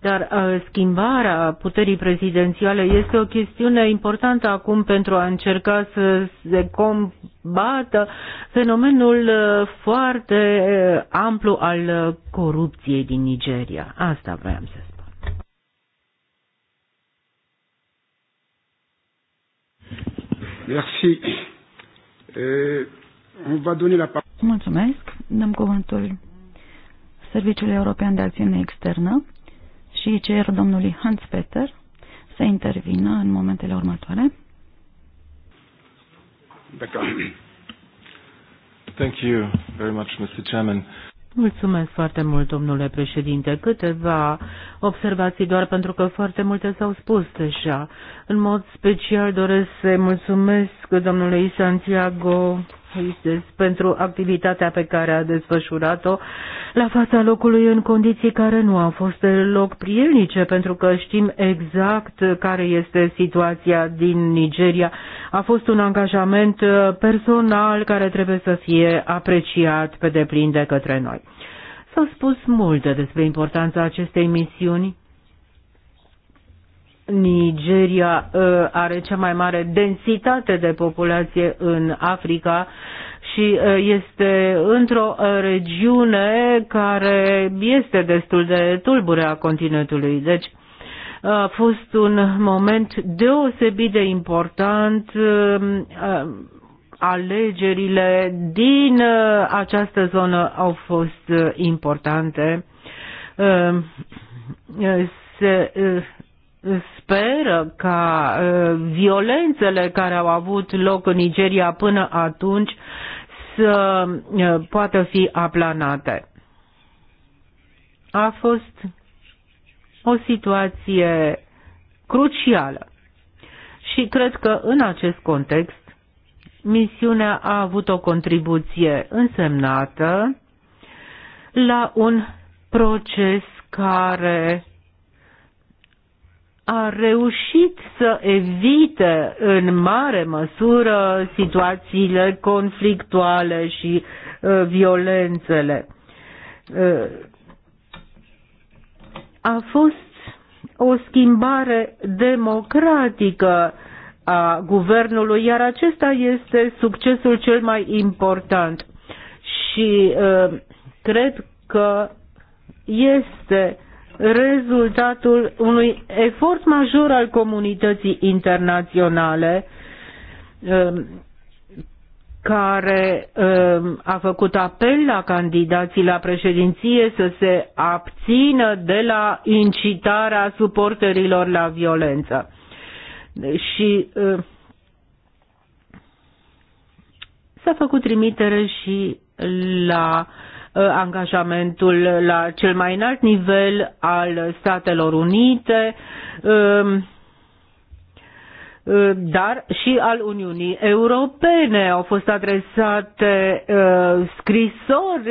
dar uh, schimbarea puterii prezidențiale este o chestiune importantă acum pentru a încerca să se combată fenomenul uh, foarte uh, amplu al corupției din Nigeria. Asta vreau să spun. Merci. Euh, Mulțumesc. Dăm cuvântul Serviciului European de Acțiune Externă și cer domnului Hans Peter să intervină în momentele următoare. Thank you very much, Mr. Chairman. Mulțumesc foarte mult, domnule președinte. Câteva observații doar pentru că foarte multe s-au spus deja. În mod special doresc să mulțumesc domnului Santiago Isis pentru activitatea pe care a desfășurat-o la fața locului în condiții care nu au fost loc prielnice, pentru că știm exact care este situația din Nigeria. A fost un angajament personal care trebuie să fie apreciat pe deplin de către noi. S-au spus multe despre importanța acestei misiuni Nigeria uh, are cea mai mare densitate de populație în Africa și uh, este într-o uh, regiune care este destul de tulbure a continentului. Deci a fost un moment deosebit de important alegerile din această zonă au fost importante. Se speră ca violențele care au avut loc în Nigeria până atunci să poată fi aplanate. A fost o situație crucială. Și cred că în acest context misiunea a avut o contribuție însemnată la un proces care a reușit să evite în mare măsură situațiile conflictuale și uh, violențele. Uh, a fost o schimbare democratică a guvernului, iar acesta este succesul cel mai important. Și uh, cred că este rezultatul unui efort major al comunității internaționale um, care um, a făcut apel la candidații la președinție să se abțină de la incitarea suporterilor la violență. Și um, s-a făcut trimitere și la uh, Uh, angajamentul la cel mai înalt nivel al Statelor Unite, um, uh, dar și al Uniunii Europene. Au fost adresate uh, scrisori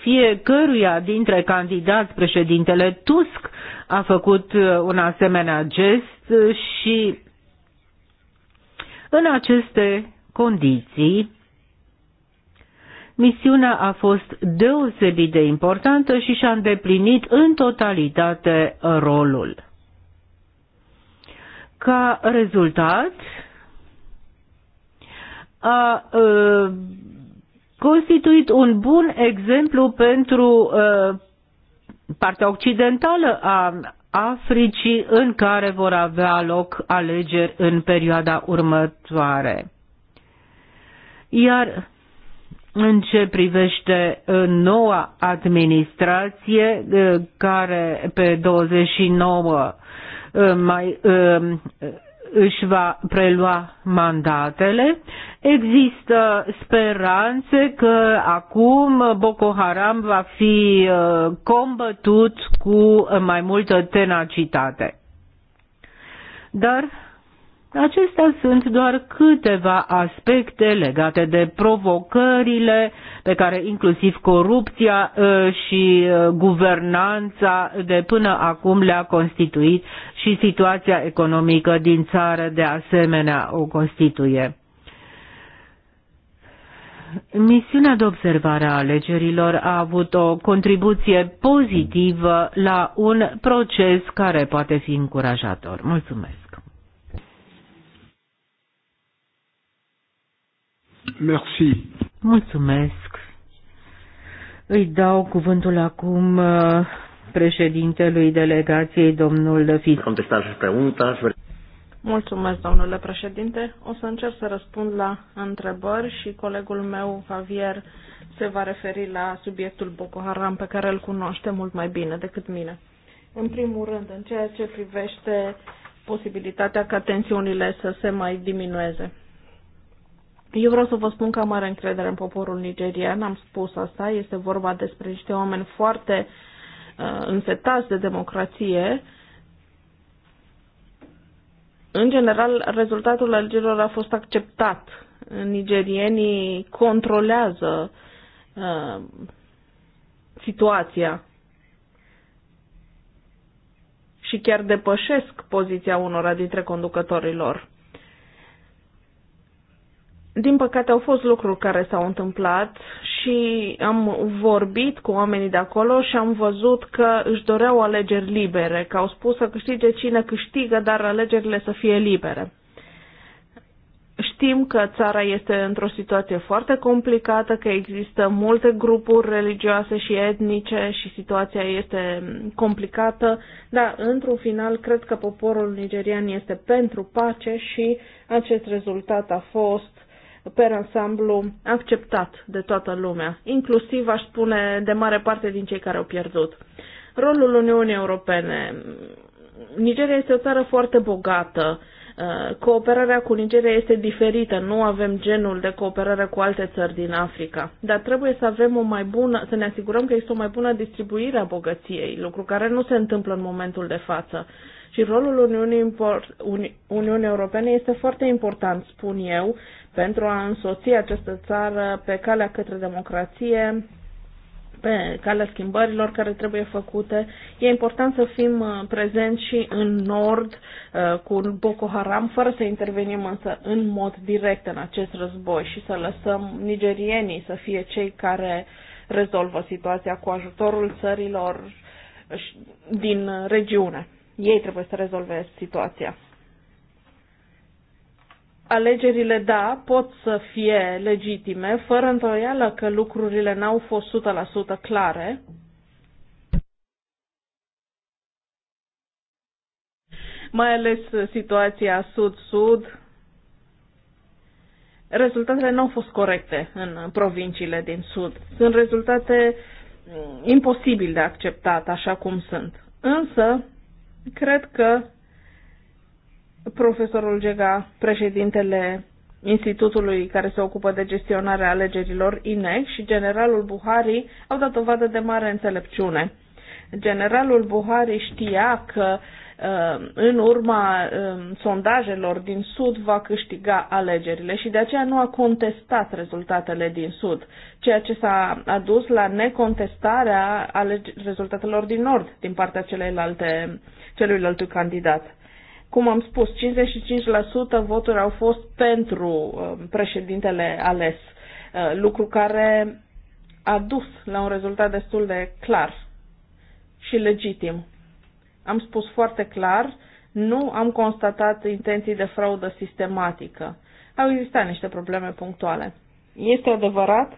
fiecăruia dintre candidați. Președintele Tusk a făcut un asemenea gest și în aceste condiții Misiunea a fost deosebit de importantă și și-a îndeplinit în totalitate rolul. Ca rezultat, a ă, constituit un bun exemplu pentru ă, partea occidentală a Africii în care vor avea loc alegeri în perioada următoare. Iar în ce privește uh, noua administrație uh, care pe 29 uh, mai își va prelua mandatele. Există speranțe că acum Boko Haram va fi combătut cu mai multă tenacitate. Dar Acestea sunt doar câteva aspecte legate de provocările pe care inclusiv corupția ă, și ă, guvernanța de până acum le-a constituit și situația economică din țară de asemenea o constituie. Misiunea de observare a alegerilor a avut o contribuție pozitivă la un proces care poate fi încurajator. Mulțumesc! Merci. Mulțumesc. Îi dau cuvântul acum uh, președintelui delegației, domnul Fis. Mulțumesc, domnule președinte. O să încerc să răspund la întrebări și colegul meu, Javier, se va referi la subiectul Boko Haram pe care îl cunoaște mult mai bine decât mine. În primul rând, în ceea ce privește posibilitatea ca tensiunile să se mai diminueze. Eu vreau să vă spun că am mare încredere în poporul nigerian, am spus asta, este vorba despre niște oameni foarte uh, însetați de democrație. În general, rezultatul alegerilor a fost acceptat. Nigerienii controlează uh, situația și chiar depășesc poziția unora dintre conducătorii lor. Din păcate au fost lucruri care s-au întâmplat și am vorbit cu oamenii de acolo și am văzut că își doreau alegeri libere, că au spus să câștige cine câștigă, dar alegerile să fie libere. Știm că țara este într-o situație foarte complicată, că există multe grupuri religioase și etnice și situația este complicată, dar într-un final cred că poporul nigerian este pentru pace și acest rezultat a fost per ansamblu acceptat de toată lumea, inclusiv, aș spune, de mare parte din cei care au pierdut. Rolul Uniunii Europene. Nigeria este o țară foarte bogată. Uh, cooperarea cu Nigeria este diferită, nu avem genul de cooperare cu alte țări din Africa, dar trebuie să avem o mai bună, să ne asigurăm că este o mai bună distribuire a bogăției, lucru care nu se întâmplă în momentul de față. Și rolul Uniunii, Uni, Uniunii Europene este foarte important, spun eu, pentru a însoți această țară pe calea către democrație, pe calea schimbărilor care trebuie făcute. E important să fim uh, prezenți și în nord uh, cu Boko Haram, fără să intervenim însă în mod direct în acest război și să lăsăm nigerienii să fie cei care rezolvă situația cu ajutorul țărilor din regiune. Ei trebuie să rezolve situația alegerile, da, pot să fie legitime, fără îndoială că lucrurile n-au fost 100% clare. Mai ales situația sud-sud. Rezultatele nu au fost corecte în provinciile din sud. Sunt rezultate mm, imposibil de acceptat așa cum sunt. Însă, cred că profesorul Gega, președintele institutului care se ocupă de gestionarea alegerilor, INEC, și generalul Buhari au dat dovadă de mare înțelepciune. Generalul Buhari știa că uh, în urma um, sondajelor din Sud va câștiga alegerile și de aceea nu a contestat rezultatele din Sud, ceea ce s-a adus la necontestarea rezultatelor din Nord din partea celelalte, celuilalt candidat. Cum am spus, 55% voturi au fost pentru um, președintele ales, uh, lucru care a dus la un rezultat destul de clar și legitim. Am spus foarte clar, nu am constatat intenții de fraudă sistematică. Au existat niște probleme punctuale. Este adevărat?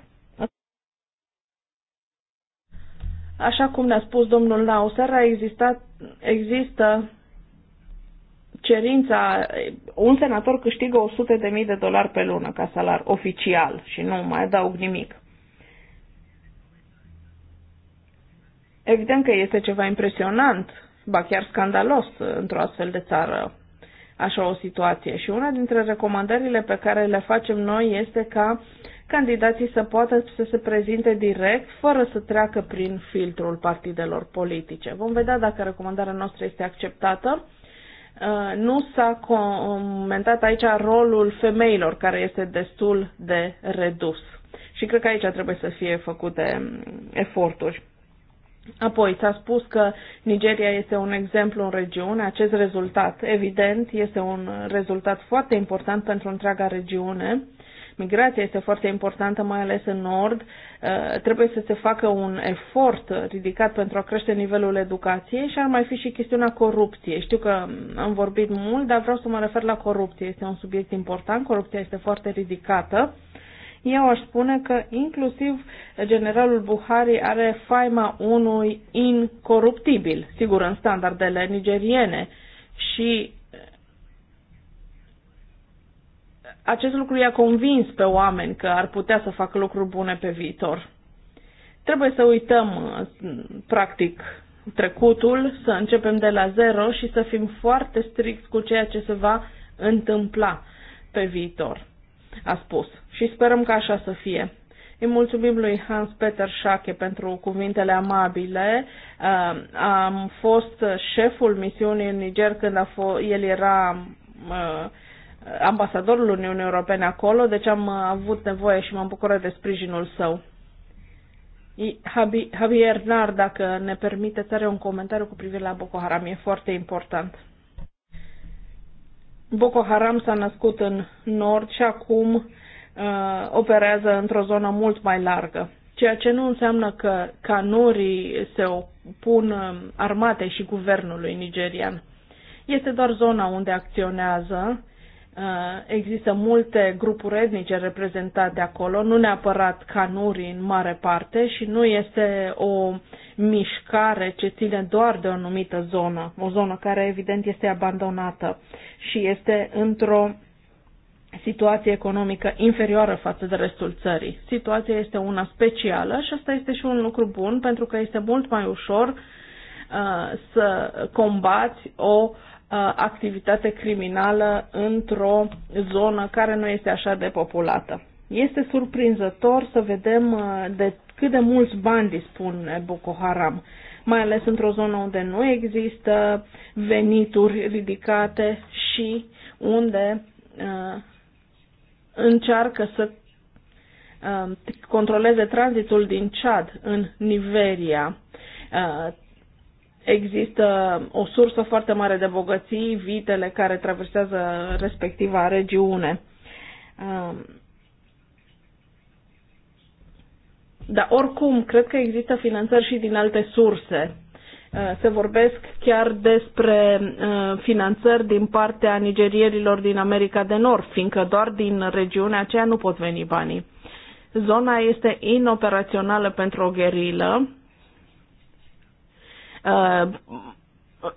Așa cum ne-a spus domnul Nauser, a existat, există cerința, un senator câștigă 100.000 de dolari pe lună ca salar oficial și nu mai adaug nimic. Evident că este ceva impresionant, ba chiar scandalos într-o astfel de țară așa o situație. Și una dintre recomandările pe care le facem noi este ca candidații să poată să se prezinte direct, fără să treacă prin filtrul partidelor politice. Vom vedea dacă recomandarea noastră este acceptată. Uh, nu s-a comentat aici rolul femeilor, care este destul de redus. Și cred că aici trebuie să fie făcute um, eforturi. Apoi s-a spus că Nigeria este un exemplu în regiune. Acest rezultat, evident, este un rezultat foarte important pentru întreaga regiune. Migrația este foarte importantă, mai ales în nord, Eh, trebuie să se facă un efort ridicat pentru a crește nivelul educației și ar mai fi și chestiunea corupției. Știu că am vorbit mult, dar vreau să mă refer la corupție. Este un subiect important, corupția este foarte ridicată. Eu aș spune că inclusiv generalul Buhari are faima unui incoruptibil, sigur în standardele nigeriene, și acest lucru i-a convins pe oameni că ar putea să facă lucruri bune pe viitor. Trebuie să uităm, practic, trecutul, să începem de la zero și să fim foarte strict cu ceea ce se va întâmpla pe viitor, a spus. Și sperăm că așa să fie. Îi mulțumim lui Hans Peter Schake pentru cuvintele amabile. Uh, am fost șeful misiunii în Niger când a fost, el era uh, ambasadorul Uniunii Europene acolo, deci am avut nevoie și m-am bucurat de sprijinul său. Javier Nar, dacă ne permite, are un comentariu cu privire la Boko Haram, e foarte important. Boko Haram s-a născut în nord și acum uh, operează într-o zonă mult mai largă, ceea ce nu înseamnă că canurii se opun uh, armatei și guvernului nigerian. Este doar zona unde acționează Uh, există multe grupuri etnice reprezentate acolo, nu neapărat canuri în mare parte și nu este o mișcare ce ține doar de o anumită zonă, o zonă care evident este abandonată și este într-o situație economică inferioară față de restul țării. Situația este una specială și asta este și un lucru bun pentru că este mult mai ușor uh, să combați o uh, Uh, activitate criminală într-o zonă care nu este așa de populată. Este surprinzător să vedem uh, de cât de mulți bani dispune Boko Haram, mai ales într-o zonă unde nu există venituri ridicate și unde uh, încearcă să uh, controleze tranzitul din Chad în Nigeria, uh, există o sursă foarte mare de bogății, vitele care traversează respectiva regiune. Um, Dar oricum, cred că există finanțări și din alte surse. Uh, se vorbesc chiar despre uh, finanțări din partea nigerierilor din America de Nord, fiindcă doar din regiunea aceea nu pot veni banii. Zona este inoperațională pentru o gherilă, Uh,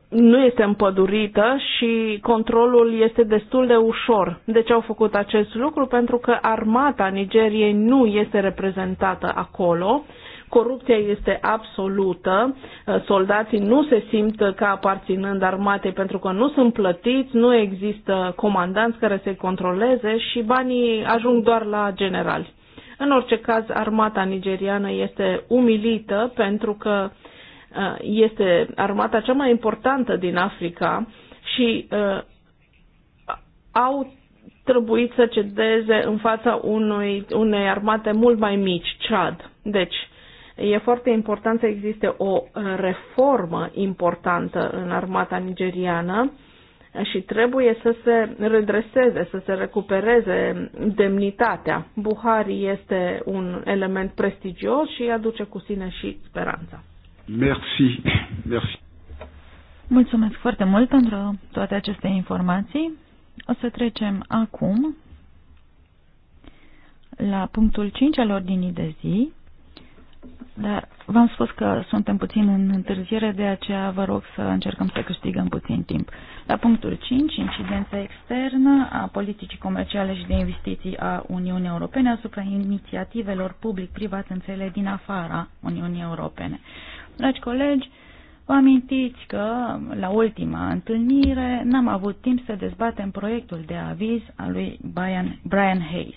nu este împădurită și controlul este destul de ușor. De ce au făcut acest lucru? Pentru că armata Nigeriei nu este reprezentată acolo, corupția este absolută, uh, soldații nu se simt ca aparținând armatei pentru că nu sunt plătiți, nu există comandanți care să-i controleze și banii ajung doar la generali. În orice caz, armata nigeriană este umilită pentru că uh, Uh, este armata cea mai importantă din Africa și uh, au trebuit să cedeze în fața unui, unei armate mult mai mici, Chad. Deci, e foarte important să existe o uh, reformă importantă în armata nigeriană și trebuie să se redreseze, să se recupereze demnitatea. Buhari este un element prestigios și aduce cu sine și speranța. Merci. Merci. Mulțumesc foarte mult pentru toate aceste informații. O să trecem acum la punctul 5 al ordinii de zi, dar v-am spus că suntem puțin în întârziere, de aceea vă rog să încercăm să câștigăm puțin timp. La punctul 5, incidența externă a politicii comerciale și de investiții a Uniunii Europene asupra inițiativelor public-privat în cele din afara Uniunii Europene. Dragi colegi, vă amintiți că la ultima întâlnire n-am avut timp să dezbatem proiectul de aviz al lui Brian, Brian Hayes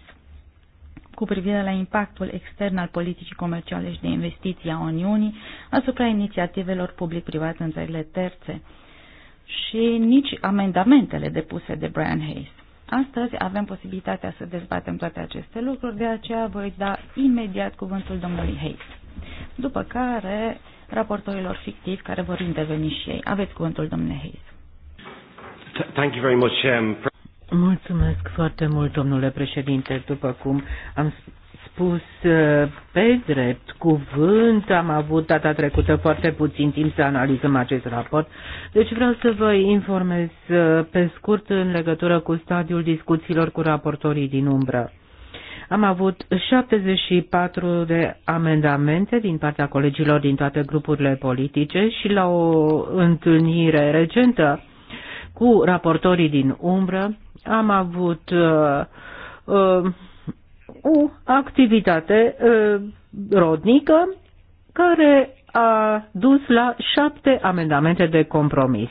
cu privire la impactul extern al politicii comerciale și de investiții a Uniunii asupra inițiativelor public-private în țările terțe și nici amendamentele depuse de Brian Hayes. Astăzi avem posibilitatea să dezbatem toate aceste lucruri, de aceea voi da imediat cuvântul domnului Hayes. După care raportorilor fictivi care vor interveni și ei. Aveți cuvântul, domnule Hayes. Thank you very much, um... Mulțumesc foarte mult, domnule președinte. După cum am spus uh, pe drept cuvânt, am avut data trecută foarte puțin timp să analizăm acest raport, deci vreau să vă informez uh, pe scurt în legătură cu stadiul discuțiilor cu raportorii din umbră. Am avut 74 de amendamente din partea colegilor din toate grupurile politice și la o întâlnire recentă cu raportorii din umbră am avut uh, uh, o activitate uh, rodnică care a dus la șapte amendamente de compromis.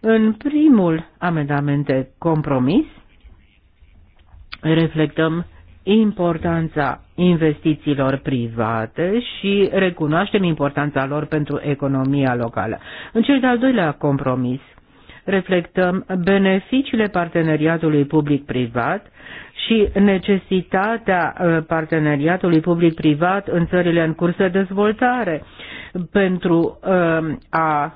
În primul amendament de compromis reflectăm importanța investițiilor private și recunoaștem importanța lor pentru economia locală. În cel de-al doilea compromis, reflectăm beneficiile parteneriatului public-privat și necesitatea uh, parteneriatului public-privat în țările în curs de dezvoltare pentru um, a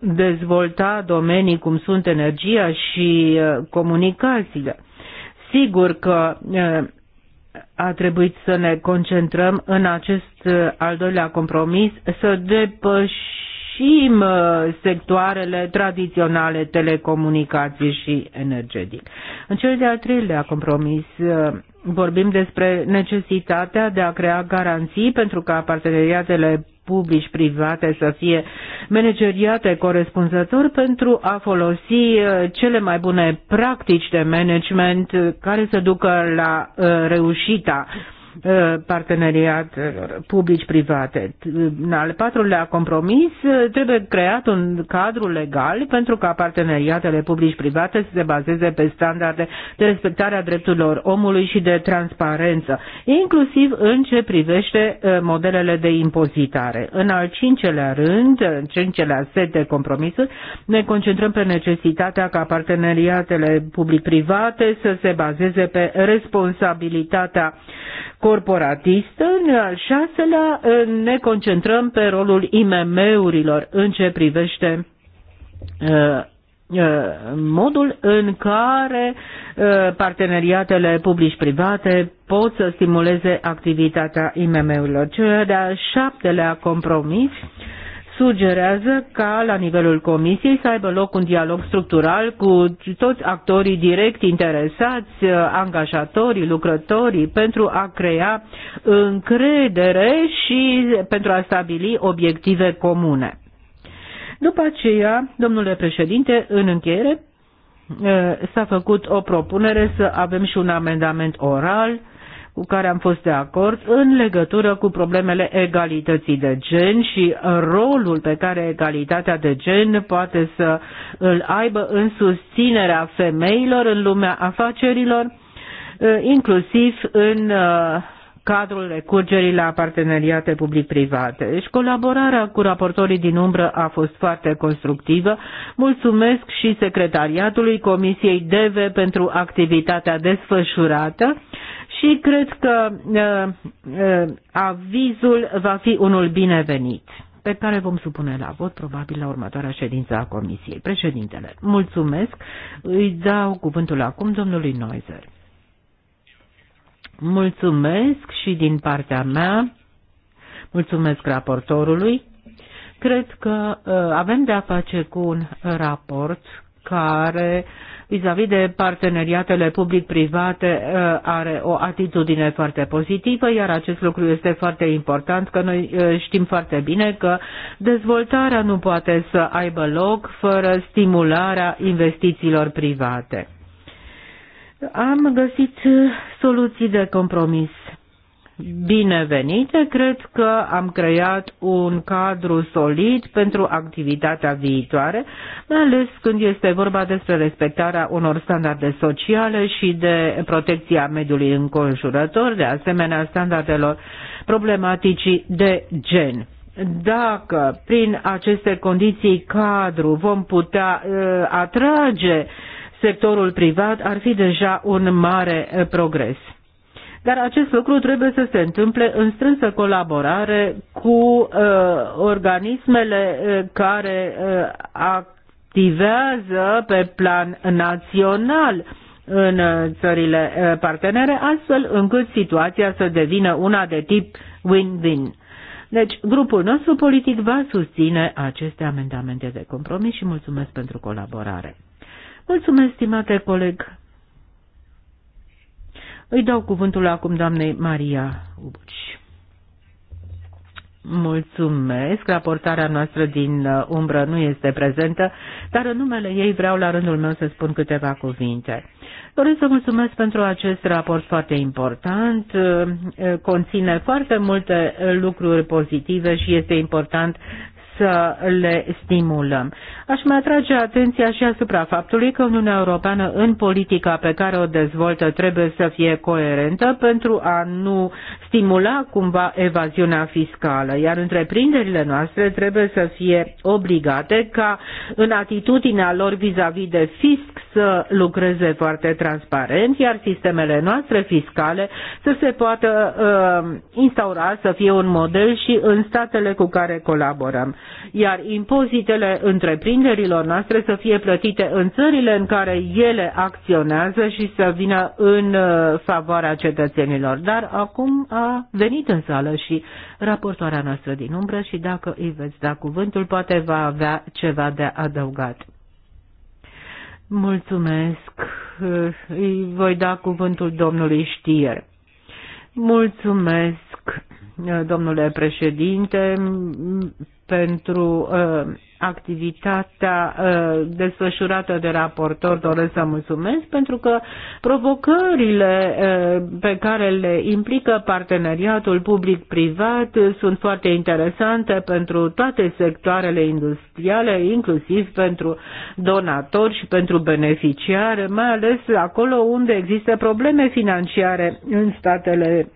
dezvolta domenii cum sunt energia și uh, comunicațiile. Sigur că a trebuit să ne concentrăm în acest al doilea compromis, să depășim sectoarele tradiționale telecomunicații și energetic. În cel de-al treilea compromis vorbim despre necesitatea de a crea garanții pentru ca parteneriatele publici private să fie manageriate corespunzător pentru a folosi uh, cele mai bune practici de management uh, care să ducă la uh, reușita Uh, parteneriatelor publici-private. În al patrulea compromis uh, trebuie creat un cadru legal pentru ca parteneriatele publici-private să se bazeze pe standarde de respectare a drepturilor omului și de transparență, inclusiv în ce privește uh, modelele de impozitare. În al cincelea rând, în cincelea set de compromisuri, ne concentrăm pe necesitatea ca parteneriatele public-private să se bazeze pe responsabilitatea corporatistă. În al șaselea ă, ne concentrăm pe rolul IMM-urilor în ce privește ă, ă, modul în care parteneriatele publici-private pot să stimuleze activitatea IMM-urilor. Cel de-al șaptelea compromis sugerează ca la nivelul comisiei să aibă loc un dialog structural cu toți actorii direct interesați, angajatorii, lucrătorii, pentru a crea încredere și pentru a stabili obiective comune. După aceea, domnule președinte, în încheiere, s-a făcut o propunere să avem și un amendament oral cu care am fost de acord în legătură cu problemele egalității de gen și rolul pe care egalitatea de gen poate să îl aibă în susținerea femeilor în lumea afacerilor, eh, inclusiv în eh, cadrul recurgerii la parteneriate public-private. Deci colaborarea cu raportorii din umbră a fost foarte constructivă. Mulțumesc și secretariatului Comisiei DV pentru activitatea desfășurată și cred că uh, uh, avizul va fi unul binevenit pe care vom supune la vot probabil la următoarea ședință a Comisiei. Președintele, mulțumesc. Îi dau cuvântul acum domnului Noizer. Mulțumesc și din partea mea, mulțumesc raportorului. Cred că uh, avem de a face cu un raport care uh, vis-a-vis -vis de parteneriatele public-private uh, are o atitudine foarte pozitivă, iar acest lucru este foarte important, că noi uh, știm foarte bine că dezvoltarea nu poate să aibă loc fără stimularea investițiilor private. Am găsit uh, soluții de compromis binevenite. Cred că am creat un cadru solid pentru activitatea viitoare, mai ales când este vorba despre respectarea unor standarde sociale și de protecția mediului înconjurător, de asemenea standardelor problematicii de gen dacă prin aceste condiții cadru vom putea uh, atrage sectorul privat, ar fi deja un mare uh, progres. Dar acest lucru trebuie să se întâmple în strânsă colaborare cu uh, organismele uh, care uh, activează pe plan național în uh, țările uh, partenere, astfel încât situația să devină una de tip win-win. Deci, grupul nostru politic va susține aceste amendamente de compromis și mulțumesc pentru colaborare. Mulțumesc, stimate coleg îi dau cuvântul acum doamnei Maria Ubuci. Mulțumesc. Raportarea noastră din uh, umbră nu este prezentă, dar în numele ei vreau la rândul meu să spun câteva cuvinte. Doresc să mulțumesc pentru acest raport foarte important. Uh, conține foarte multe lucruri pozitive și este important să le stimulăm. Aș mai atrage atenția și asupra faptului că Uniunea Europeană în politica pe care o dezvoltă trebuie să fie coerentă pentru a nu stimula cumva evaziunea fiscală, iar întreprinderile noastre trebuie să fie obligate ca în atitudinea lor vis-a-vis -vis de fisc să lucreze foarte transparent, iar sistemele noastre fiscale să se poată uh, instaura, să fie un model și în statele cu care colaborăm iar impozitele întreprinderilor noastre să fie plătite în țările în care ele acționează și să vină în uh, favoarea cetățenilor. Dar acum a venit în sală și raportoarea noastră din umbră și dacă îi veți da cuvântul, poate va avea ceva de adăugat. Mulțumesc. Uh, îi voi da cuvântul domnului Știer. Mulțumesc, uh, domnule președinte pentru uh, activitatea uh, desfășurată de raportor. Doresc să mulțumesc pentru că provocările uh, pe care le implică parteneriatul public-privat sunt foarte interesante pentru toate sectoarele industriale, inclusiv pentru donatori și pentru beneficiari, mai ales acolo unde există probleme financiare în statele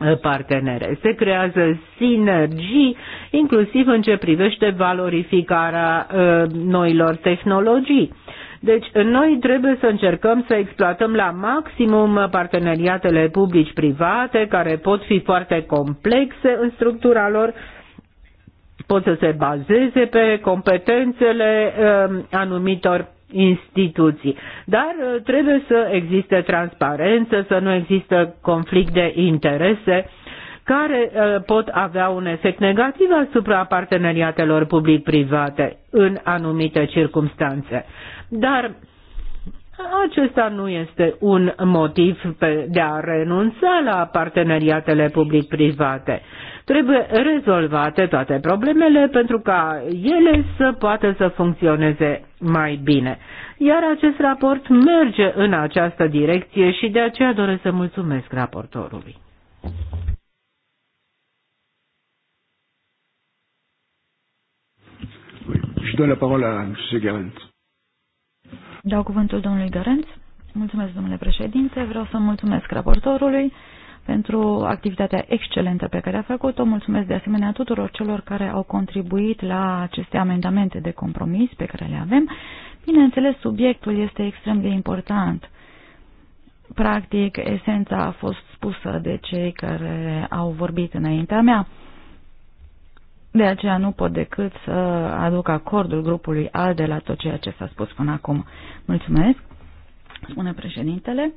Uh, partenere. Se creează sinergii, inclusiv în ce privește valorificarea uh, noilor tehnologii. Deci noi trebuie să încercăm să exploatăm la maximum parteneriatele publici-private, care pot fi foarte complexe în structura lor, pot să se bazeze pe competențele uh, anumitor instituții. Dar uh, trebuie să existe transparență, să nu există conflict de interese care uh, pot avea un efect negativ asupra parteneriatelor public-private în anumite circumstanțe. Dar acesta nu este un motiv de a renunța la parteneriatele public-private. Trebuie rezolvate toate problemele pentru ca ele să poată să funcționeze mai bine. Iar acest raport merge în această direcție și de aceea doresc să mulțumesc raportorului. la Dau cuvântul domnului Garenz. Mulțumesc, domnule președinte. Vreau să mulțumesc raportorului pentru activitatea excelentă pe care a făcut-o. Mulțumesc de asemenea tuturor celor care au contribuit la aceste amendamente de compromis pe care le avem. Bineînțeles, subiectul este extrem de important. Practic, esența a fost spusă de cei care au vorbit înaintea mea. De aceea nu pot decât să aduc acordul grupului al de la tot ceea ce s-a spus până acum. Mulțumesc, spune președintele.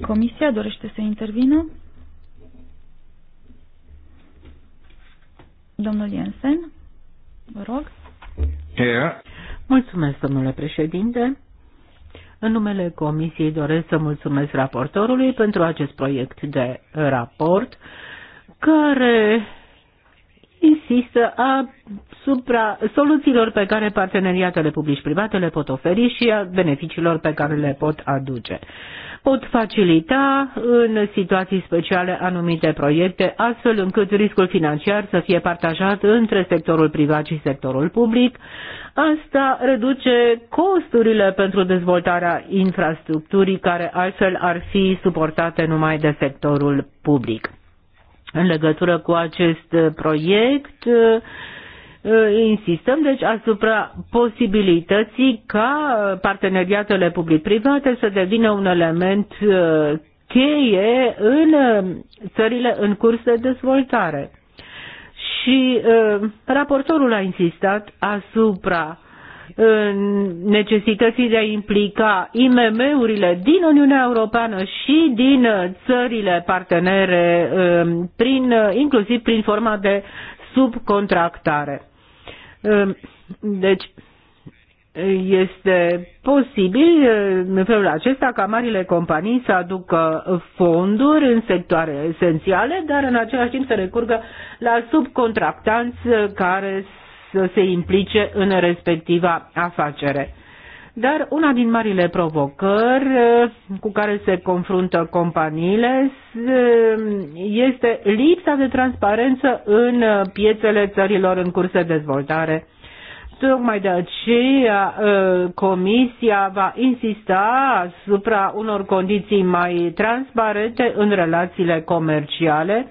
Comisia dorește să intervină? Domnul Jensen, vă rog. Yeah. Mulțumesc, domnule președinte. În numele Comisiei doresc să mulțumesc raportorului pentru acest proiect de raport care insistă asupra soluțiilor pe care parteneriatele publici-private le pot oferi și a beneficiilor pe care le pot aduce. Pot facilita în situații speciale anumite proiecte, astfel încât riscul financiar să fie partajat între sectorul privat și sectorul public. Asta reduce costurile pentru dezvoltarea infrastructurii care altfel ar fi suportate numai de sectorul public în legătură cu acest uh, proiect. Uh, insistăm deci asupra posibilității ca parteneriatele public-private să devină un element uh, cheie în țările în curs de dezvoltare. Și raportorul a insistat asupra Uh, necesității de a implica IMM-urile din Uniunea Europeană și din uh, țările partenere, um, prin, uh, inclusiv prin forma de subcontractare. Um, deci, este posibil în felul acesta ca marile companii să aducă fonduri în sectoare esențiale, dar în același timp să recurgă la subcontractanți care să se implice în respectiva afacere. Dar una din marile provocări uh, cu care se confruntă companiile uh, este lipsa de transparență în uh, piețele țărilor în curs de dezvoltare. Tocmai de aceea Comisia va insista asupra unor condiții mai transparente în relațiile comerciale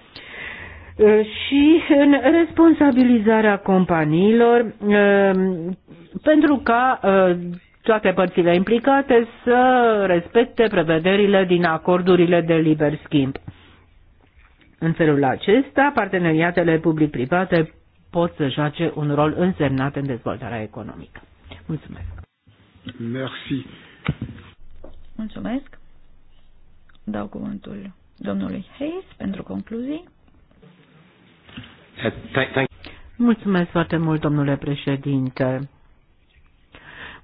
și în responsabilizarea companiilor um, pentru ca uh, toate părțile implicate să respecte prevederile din acordurile de liber schimb. În felul acesta, parteneriatele public-private pot să joace un rol însemnat în dezvoltarea economică. Mulțumesc. Merci. Mulțumesc. Dau cuvântul domnului Hayes pentru concluzii. Uh, mulțumesc foarte mult, domnule președinte.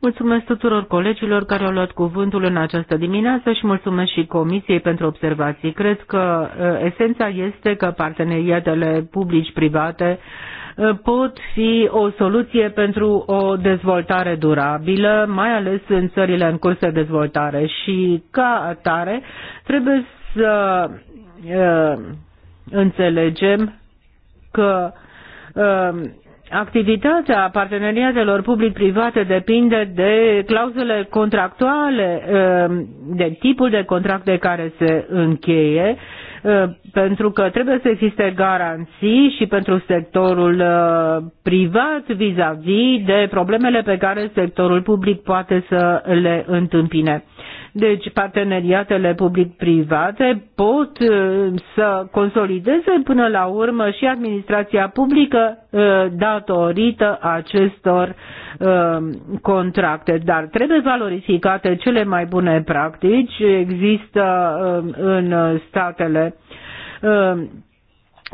Mulțumesc tuturor colegilor care au luat cuvântul în această dimineață și mulțumesc și Comisiei pentru observații. Cred că uh, esența este că parteneriatele publici-private uh, pot fi o soluție pentru o dezvoltare durabilă, mai ales în țările în curs de dezvoltare și ca atare trebuie să înțelegem că um, activitatea parteneriatelor public-private depinde de clauzele contractuale, um, de tipul de contracte care se încheie, uh, pentru că trebuie să existe garanții și pentru sectorul uh, privat vis-a-vis -vis de problemele pe care sectorul public poate să le întâmpine. Deci parteneriatele public-private pot uh, să consolideze până la urmă și administrația publică uh, datorită acestor uh, contracte, dar trebuie valorificate cele mai bune practici. Există în statele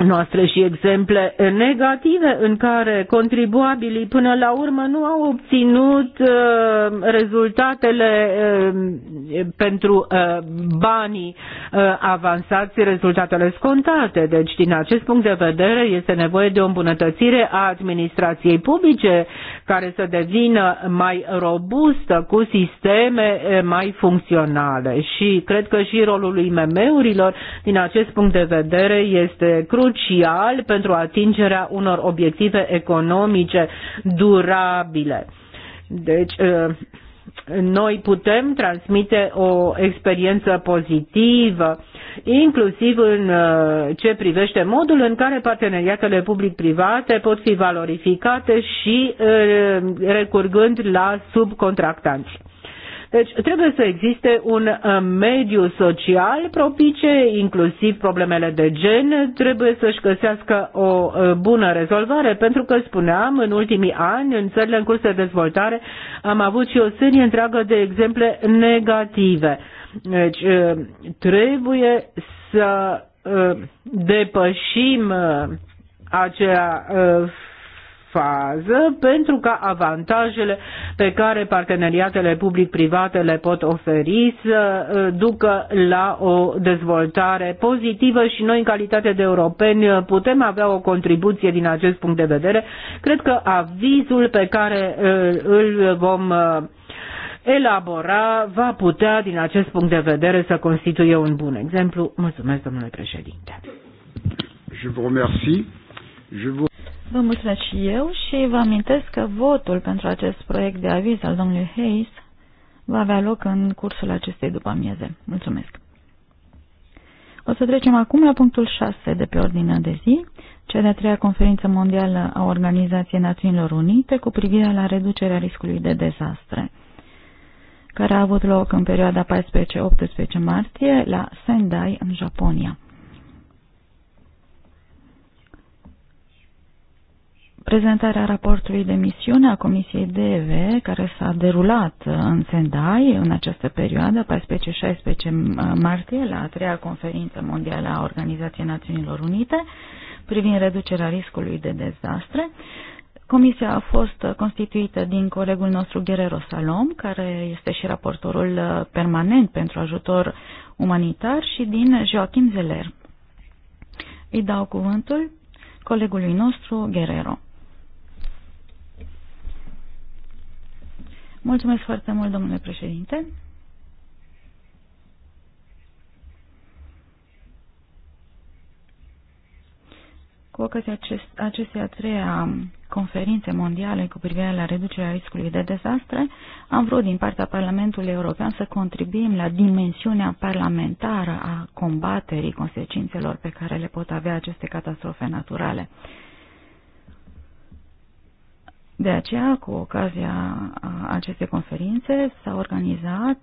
noastre și exemple negative în care contribuabilii până la urmă nu au obținut uh, rezultatele uh, pentru uh, banii uh, avansați, rezultatele scontate. Deci, din acest punct de vedere, este nevoie de o îmbunătățire a administrației publice care să devină mai robustă cu sisteme uh, mai funcționale. Și cred că și rolul IMM-urilor, din acest punct de vedere, este crucial crucial pentru atingerea unor obiective economice durabile. Deci, ă, noi putem transmite o experiență pozitivă, inclusiv în ă, ce privește modul în care parteneriatele public-private pot fi valorificate și ă, recurgând la subcontractanți. Deci trebuie să existe un uh, mediu social propice, inclusiv problemele de gen, trebuie să-și găsească o uh, bună rezolvare, pentru că spuneam, în ultimii ani, în țările în curs de dezvoltare, am avut și o serie întreagă de exemple negative. Deci uh, trebuie să depășim acea fază pentru ca avantajele pe care parteneriatele public-private le pot oferi să uh, ducă la o dezvoltare pozitivă și noi în calitate de europeni uh, putem avea o contribuție din acest punct de vedere. Cred că avizul pe care uh, îl vom elabora va putea, din acest punct de vedere, să constituie un bun exemplu. Mulțumesc, domnule președinte. Je vous remercie. Je vous... Vă mulțumesc și eu și vă amintesc că votul pentru acest proiect de aviz al domnului Hayes va avea loc în cursul acestei după amieze. Mulțumesc! O să trecem acum la punctul 6 de pe ordinea de zi, cea de-a treia conferință mondială a Organizației Națiunilor Unite cu privire la reducerea riscului de dezastre, care a avut loc în perioada 14-18 martie la Sendai, în Japonia. prezentarea raportului de misiune a Comisiei DEV, care s-a derulat uh, în Sendai în această perioadă, 14-16 uh, martie, la a treia conferință mondială a Organizației Națiunilor Unite, privind reducerea riscului de dezastre. Comisia a fost uh, constituită din colegul nostru Guerrero Salom, care este și raportorul permanent pentru ajutor umanitar, și din Joachim Zeller. Îi dau cuvântul colegului nostru Guerrero. Mulțumesc foarte mult, domnule președinte. Cu ocazia acest, acestei a treia conferințe mondiale cu privire la reducerea riscului de dezastre, am vrut din partea Parlamentului European să contribuim la dimensiunea parlamentară a combaterii consecințelor pe care le pot avea aceste catastrofe naturale. De aceea, cu ocazia acestei conferințe, s-a organizat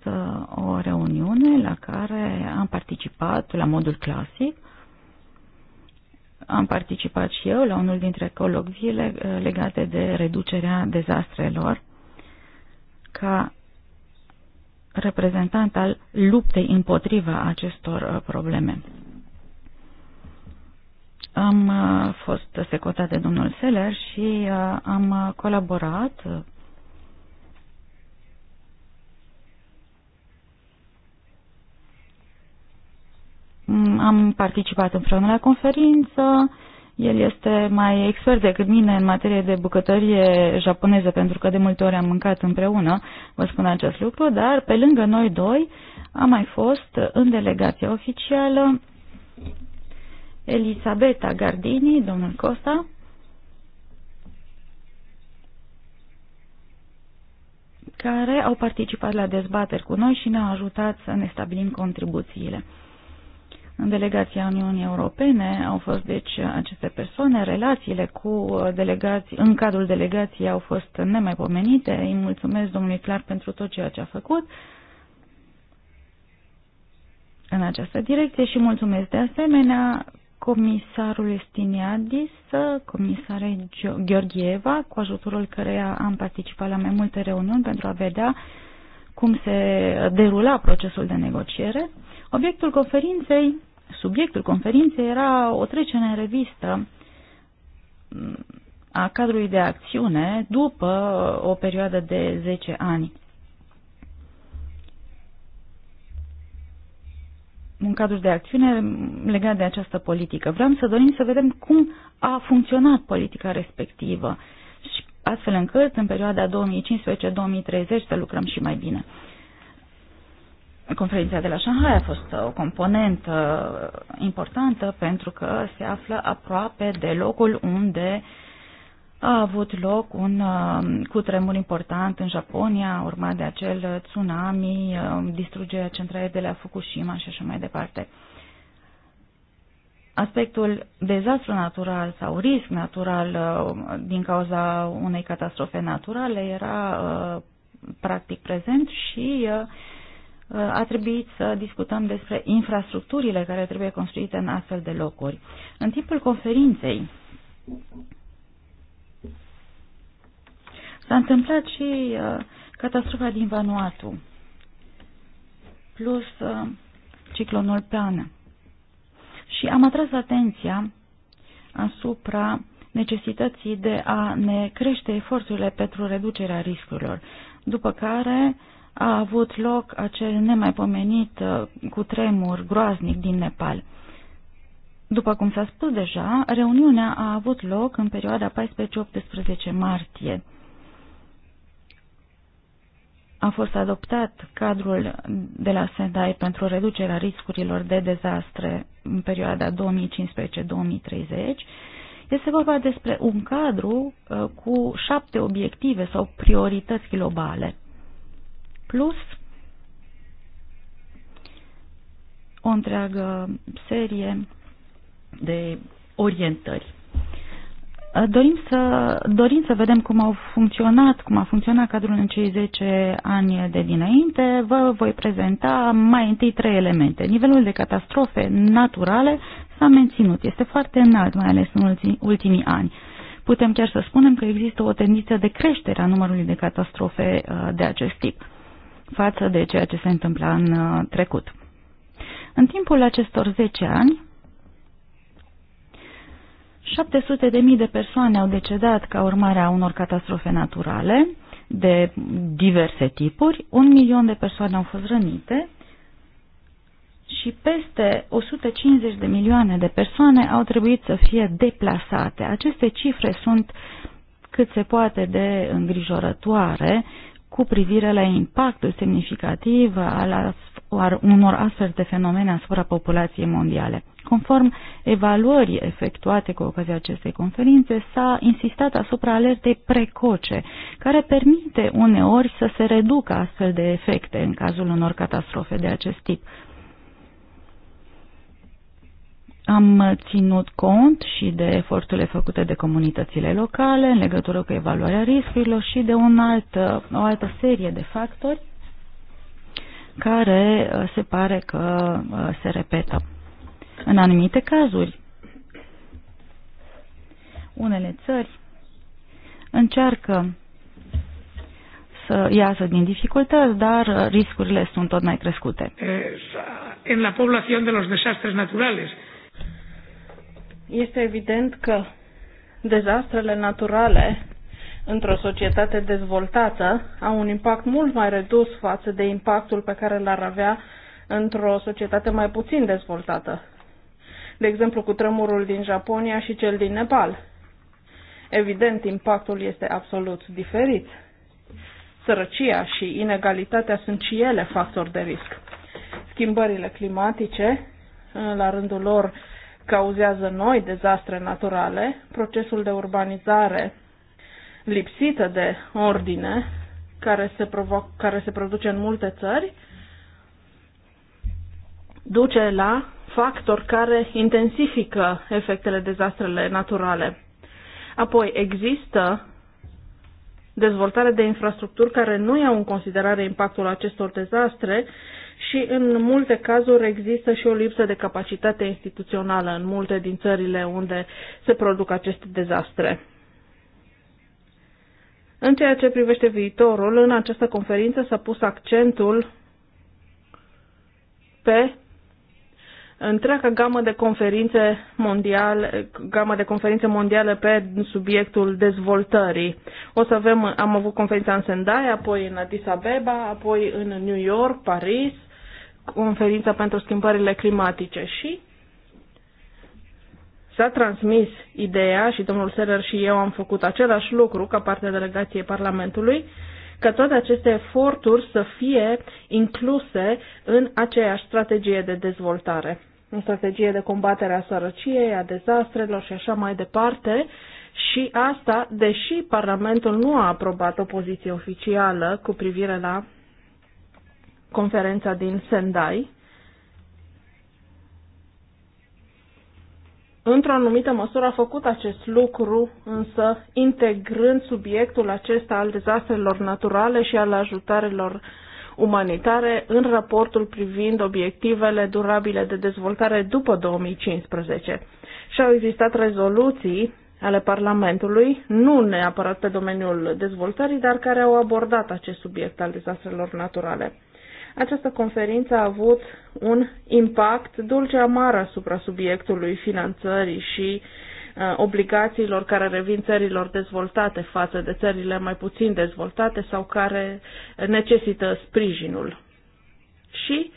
o reuniune la care am participat la modul clasic. Am participat și eu la unul dintre colocviile legate de reducerea dezastrelor ca reprezentant al luptei împotriva acestor probleme. Am uh, fost secotat de domnul Seller și uh, am uh, colaborat Am participat împreună la conferință, el este mai expert decât mine în materie de bucătărie japoneză, pentru că de multe ori am mâncat împreună, vă spun acest lucru, dar pe lângă noi doi am mai fost în delegația oficială Elisabeta Gardini, domnul Costa. care au participat la dezbateri cu noi și ne-au ajutat să ne stabilim contribuțiile. În delegația Uniunii Europene au fost deci aceste persoane, relațiile cu uh, delegații, în cadrul delegației au fost nemaipomenite. Îi mulțumesc domnului Clar pentru tot ceea ce a făcut în această direcție și mulțumesc de asemenea comisarul Estiniadis, comisare Gheorgheva, cu ajutorul căreia am participat la mai multe reuniuni pentru a vedea cum se derula procesul de negociere. Obiectul conferinței, subiectul conferinței era o trecere în revistă mm, a cadrului de acțiune după o perioadă de 10 ani. un cadru de acțiune legat de această politică. Vreau să dorim să vedem cum a funcționat politica respectivă și astfel încât în perioada 2015-2030 să lucrăm și mai bine. Conferința de la Shanghai a fost uh, o componentă uh, importantă pentru că se află aproape de locul unde uh, a avut loc un um, cutremur important în Japonia, urmat de acel tsunami, um, distrugerea centralei de la Fukushima și așa mai departe. Aspectul dezastru natural sau risc natural um, din cauza unei catastrofe naturale era uh, practic prezent și uh, a trebuit să discutăm despre infrastructurile care trebuie construite în astfel de locuri. În timpul conferinței S-a întâmplat și uh, catastrofa din Vanuatu, plus uh, ciclonul Peană. Și am atras atenția asupra necesității de a ne crește eforturile pentru reducerea riscurilor, după care a avut loc acel nemaipomenit uh, cutremur groaznic din Nepal. După cum s-a spus deja, reuniunea a avut loc în perioada 14-18 martie a fost adoptat cadrul de la Sendai pentru reducerea riscurilor de dezastre în perioada 2015-2030. Este vorba despre un cadru uh, cu șapte obiective sau priorități globale, plus o întreagă serie de orientări. Dorim să, dorim să vedem cum au funcționat, cum a funcționat cadrul în cei 10 ani de dinainte. Vă voi prezenta mai întâi trei elemente. Nivelul de catastrofe naturale s-a menținut. Este foarte înalt, mai ales în ultimii, ultimii ani. Putem chiar să spunem că există o tendință de creștere a numărului de catastrofe uh, de acest tip față de ceea ce se întâmpla în uh, trecut. În timpul acestor 10 ani, 700.000 de, de persoane au decedat ca urmare a unor catastrofe naturale de diverse tipuri, un milion de persoane au fost rănite și peste 150 de milioane de persoane au trebuit să fie deplasate. Aceste cifre sunt cât se poate de îngrijorătoare cu privire la impactul semnificativ al unor astfel de fenomene asupra populației mondiale. Conform evaluării efectuate cu ocazia acestei conferințe, s-a insistat asupra alertei precoce, care permite uneori să se reducă astfel de efecte în cazul unor catastrofe de acest tip. Am ținut cont și de eforturile făcute de comunitățile locale în legătură cu evaluarea riscurilor și de un alt, o altă serie de factori care uh, se pare că uh, se repetă. În anumite cazuri, unele țări încearcă să iasă din dificultăți, dar uh, riscurile sunt tot mai crescute. În eh, la población de los desastres naturales, este evident că dezastrele naturale într-o societate dezvoltată au un impact mult mai redus față de impactul pe care l-ar avea într-o societate mai puțin dezvoltată. De exemplu, cu tremurul din Japonia și cel din Nepal. Evident, impactul este absolut diferit. Sărăcia și inegalitatea sunt și ele factori de risc. Schimbările climatice, la rândul lor, cauzează noi dezastre naturale, procesul de urbanizare lipsită de ordine care se, provoc, care se produce în multe țări, duce la factori care intensifică efectele dezastrele naturale. Apoi există dezvoltare de infrastructuri care nu iau în considerare impactul acestor dezastre și în multe cazuri există și o lipsă de capacitate instituțională în multe din țările unde se produc aceste dezastre. În ceea ce privește viitorul, în această conferință s-a pus accentul pe întreaga gamă de conferințe mondiale, gamă de conferințe mondiale pe subiectul dezvoltării. O să avem, am avut conferința în Sendai, apoi în Addis Abeba, apoi în New York, Paris conferința pentru schimbările climatice și s-a transmis ideea și domnul Serer și eu am făcut același lucru ca parte a delegației Parlamentului, că toate aceste eforturi să fie incluse în aceeași strategie de dezvoltare, în strategie de combatere a sărăciei, a dezastrelor și așa mai departe. Și asta, deși Parlamentul nu a aprobat o poziție oficială cu privire la conferința din Sendai, într-o anumită măsură a făcut acest lucru, însă integrând subiectul acesta al dezastrelor naturale și al ajutarelor umanitare în raportul privind obiectivele durabile de dezvoltare după 2015. Și au existat rezoluții ale Parlamentului, nu neapărat pe domeniul dezvoltării, dar care au abordat acest subiect al dezastrelor naturale. Această conferință a avut un impact dulce-amar asupra subiectului finanțării și uh, obligațiilor care revin țărilor dezvoltate față de țările mai puțin dezvoltate sau care necesită sprijinul. Și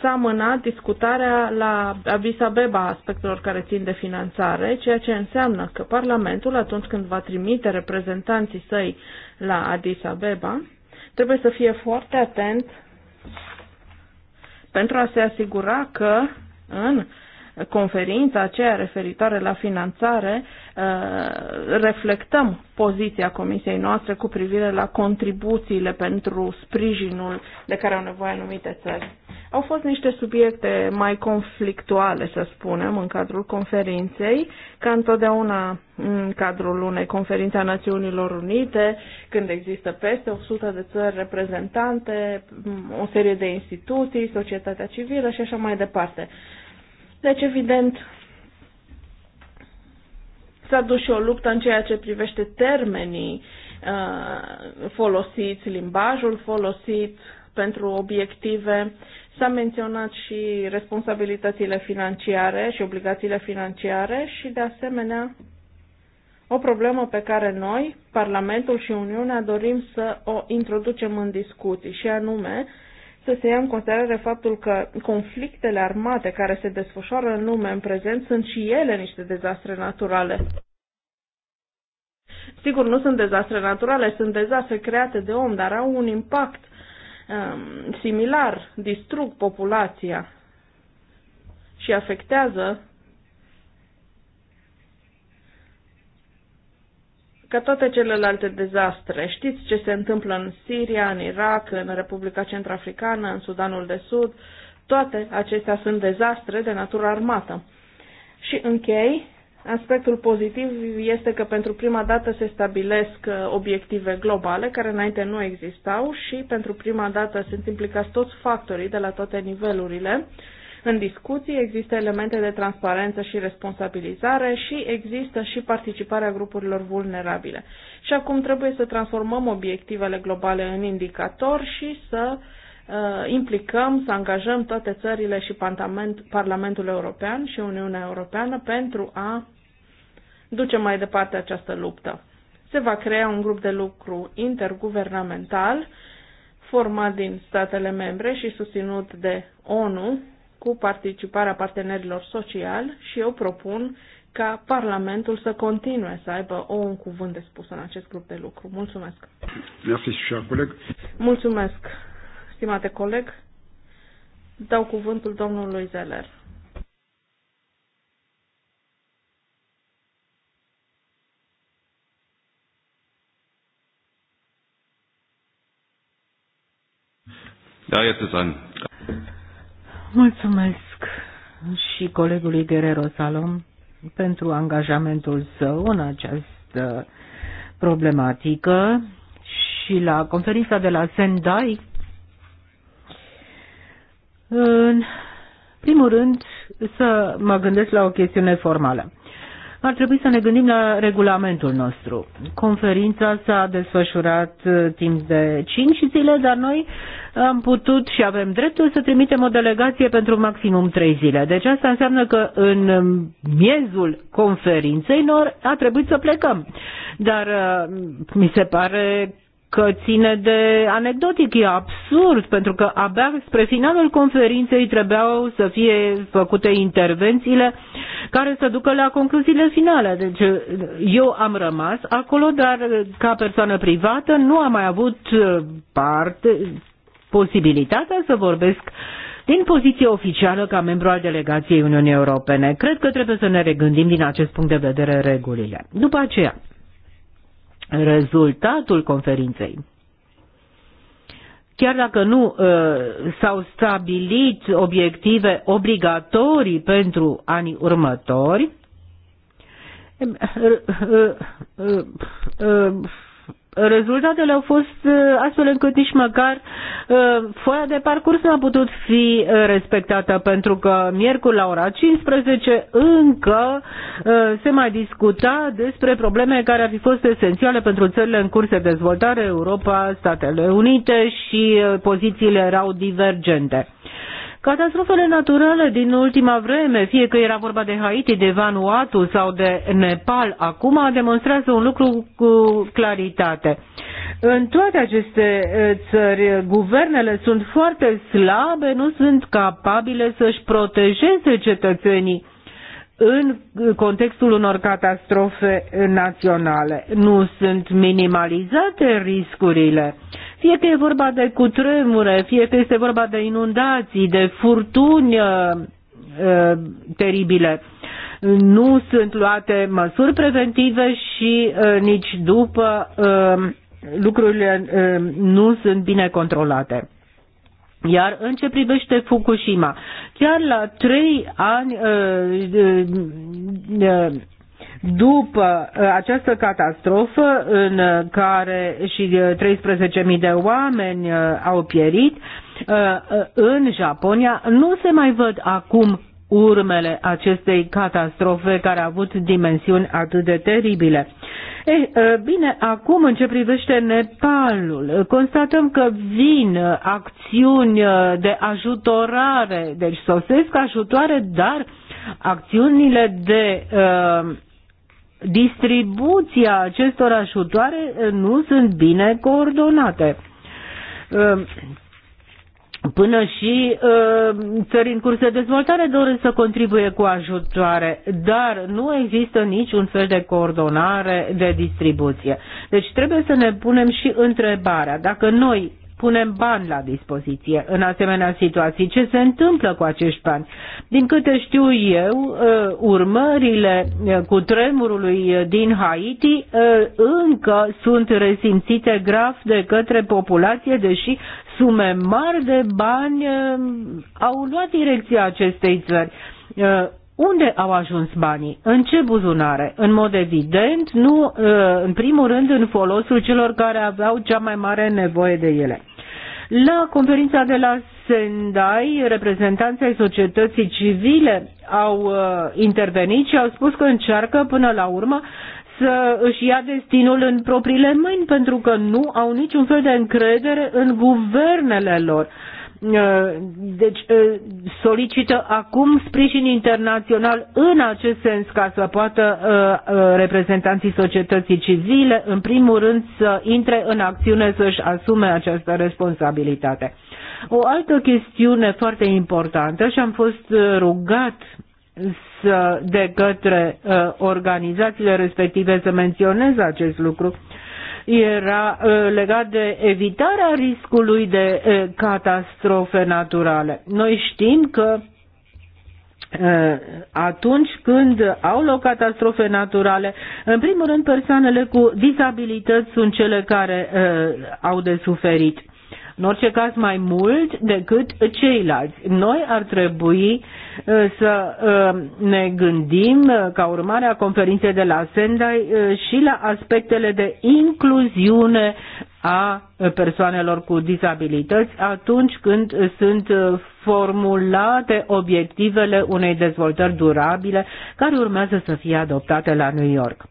s-a amânat discutarea la Addis Abeba a aspectelor care țin de finanțare, ceea ce înseamnă că Parlamentul, atunci când va trimite reprezentanții săi la Addis Abeba, trebuie să fie foarte atent pentru a se asigura că în conferința aceea referitoare la finanțare, uh, reflectăm poziția comisiei noastre cu privire la contribuțiile pentru sprijinul de care au nevoie anumite țări. Au fost niște subiecte mai conflictuale, să spunem, în cadrul conferinței, ca întotdeauna în cadrul unei conferințe a Națiunilor Unite, când există peste 100 de țări reprezentante, o serie de instituții, societatea civilă și așa mai departe. Deci, evident, s-a dus și o luptă în ceea ce privește termenii uh, folosiți, limbajul folosit, pentru obiective. S-a menționat și responsabilitățile financiare și obligațiile financiare și, de asemenea, o problemă pe care noi, Parlamentul și Uniunea, dorim să o introducem în discuții, și anume să se ia în considerare faptul că conflictele armate care se desfășoară în lume în prezent sunt și ele niște dezastre naturale. Sigur, nu sunt dezastre naturale, sunt dezastre create de om, dar au un impact um, similar distrug populația și afectează ca toate celelalte dezastre. Știți ce se întâmplă în Siria, în Irak, în Republica Centrafricană, în Sudanul de Sud. Toate acestea sunt dezastre de natură armată. Și închei Aspectul pozitiv este că pentru prima dată se stabilesc uh, obiective globale care înainte nu existau și pentru prima dată sunt implicați toți factorii de la toate nivelurile. În discuții există elemente de transparență și responsabilizare și există și participarea grupurilor vulnerabile. Și acum trebuie să transformăm obiectivele globale în indicatori și să uh, Uh, implicăm, să angajăm toate țările și Parlamentul European și Uniunea Europeană pentru a duce mai departe această luptă. Se va crea un grup de lucru interguvernamental format din statele membre și susținut de ONU cu participarea partenerilor sociali și eu propun ca Parlamentul să continue să aibă o un cuvânt de spus în acest grup de lucru. Mulțumesc! Mulțumesc! Stimate coleg, dau cuvântul domnului Zeller. Da, este an. Mulțumesc și colegului Guerrero Salom pentru angajamentul său în această problematică și la conferința de la Sendai în primul rând, să mă gândesc la o chestiune formală. Ar trebui să ne gândim la regulamentul nostru. Conferința s-a desfășurat uh, timp de 5 zile, dar noi am putut și avem dreptul să trimitem o delegație pentru maximum 3 zile. Deci asta înseamnă că în miezul conferinței noi a trebuit să plecăm. Dar uh, mi se pare că ține de anecdotic, e absurd, pentru că abia spre finalul conferinței trebuiau să fie făcute intervențiile care să ducă la concluziile finale. Deci eu am rămas acolo, dar ca persoană privată nu am mai avut uh, parte, posibilitatea să vorbesc din poziție oficială ca membru al delegației Uniunii Europene. Cred că trebuie să ne regândim din acest punct de vedere regulile. După aceea, rezultatul conferinței. Chiar dacă nu uh, s-au stabilit obiective obligatorii pentru anii următori, rezultatele au fost uh, astfel încât nici măcar uh, foaia de parcurs n-a putut fi uh, respectată pentru că miercuri la ora 15 încă se mai discuta despre probleme care ar fi fost esențiale pentru țările în curs de dezvoltare, Europa, Statele Unite și pozițiile erau divergente. Catastrofele naturale din ultima vreme, fie că era vorba de Haiti, de Vanuatu sau de Nepal, acum demonstrează un lucru cu claritate. În toate aceste eh, țări, guvernele sunt foarte slabe, nu sunt capabile să-și protejeze cetățenii în contextul unor catastrofe naționale. Nu sunt minimalizate riscurile fie că e vorba de cutremure, fie că este vorba de inundații, de furtuni uh, uh, teribile. Nu sunt luate măsuri preventive și uh, nici după lucrurile nu sunt bine controlate. Iar în ce privește Fukushima, chiar la trei ani după uh, această catastrofă în care și 13.000 uh, de oameni uh, au pierit, în Japonia nu se mai văd acum urmele acestei catastrofe care a avut dimensiuni atât de teribile. Eh, bine, acum în ce privește Nepalul, constatăm că vin acțiuni de ajutorare, deci sosesc ajutoare, dar acțiunile de uh, distribuția acestor ajutoare eh, nu sunt bine coordonate. Eh, până și eh, țări în curs de dezvoltare doresc să contribuie cu ajutoare, dar nu există niciun fel de coordonare de distribuție. Deci trebuie să ne punem și întrebarea dacă noi punem bani la dispoziție în asemenea situații. Ce se întâmplă cu acești bani? Din câte știu eu, uh, urmările uh, cu tremurului uh, din Haiti încă sunt resimțite grav de către populație, deși sume mari de bani au luat direcția acestei țări. Unde au ajuns banii? În ce buzunare? În mod evident, nu, în primul rând, în folosul celor care aveau cea mai mare nevoie de ele. La conferința de la Sendai, reprezentanții ai societății civile au uh, intervenit și au spus că încearcă până la urmă să își ia destinul în propriile mâini pentru că nu au niciun fel de încredere în guvernele lor. Uh, deci solicită acum sprijin internațional în acest sens ca să poată reprezentanții societății civile, în primul rând, să intre în acțiune, să-și asume această responsabilitate. O altă chestiune foarte importantă și am fost rugat să, de către organizațiile respective să menționez acest lucru, era uh, legat de evitarea riscului de uh, catastrofe naturale. Noi știm că uh, atunci când au loc catastrofe naturale, în primul rând persoanele cu dizabilități sunt cele care au de suferit. În orice caz mai mult decât ceilalți. Noi ar trebui Uh, să uh, ne gândim uh, ca urmare a conferinței de la Sendai și la aspectele de incluziune a persoanelor cu dizabilități atunci când sunt formulate obiectivele unei dezvoltări durabile care urmează să fie adoptate la New York.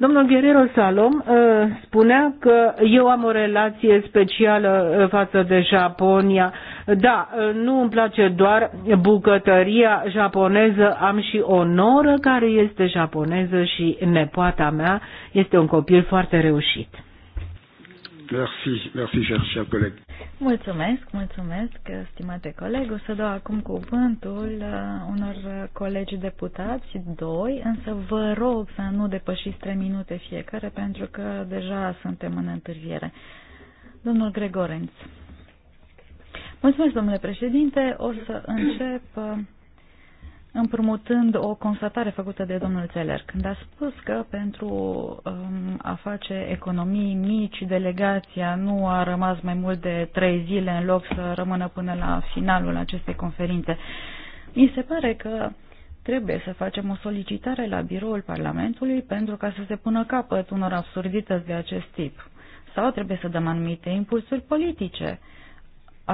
Domnul Guerrero Salom uh, spunea că eu am o relație specială uh, față de Japonia. Da, uh, nu îmi place doar bucătăria japoneză, am și o noră care este japoneză și nepoata mea este un copil foarte reușit. Merci, merci, cher, cher coleg. Mulțumesc, mulțumesc, stimate coleg. O să dau acum cuvântul uh, unor colegi deputați, doi, însă vă rog să nu depășiți trei minute fiecare, pentru că deja suntem în întârziere. Domnul Gregorenț. Mulțumesc, domnule președinte. O să încep uh, împrumutând o constatare făcută de domnul Țeler, când a spus că pentru um, a face economii mici, delegația nu a rămas mai mult de trei zile în loc să rămână până la finalul acestei conferințe. Mi se pare că trebuie să facem o solicitare la biroul Parlamentului pentru ca să se pună capăt unor absurdități de acest tip. Sau trebuie să dăm anumite impulsuri politice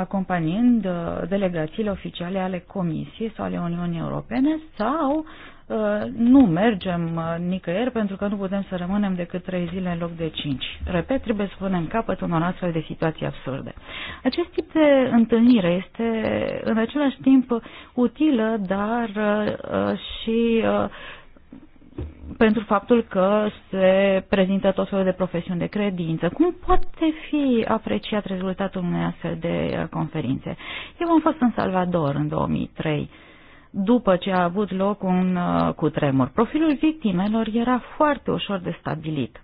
acompaniind uh, delegațiile oficiale ale Comisiei sau ale Uniunii Europene sau uh, nu mergem uh, nicăieri pentru că nu putem să rămânem decât trei zile în loc de cinci. Repet, trebuie să punem capăt unor astfel de situații absurde. Acest tip de întâlnire este în același timp utilă, dar și pentru faptul că se prezintă tot felul de profesiuni de credință. Cum poate fi apreciat rezultatul unei astfel de uh, conferințe? Eu am fost în Salvador în 2003 după ce a avut loc un uh, cutremur. Profilul victimelor era foarte ușor de stabilit.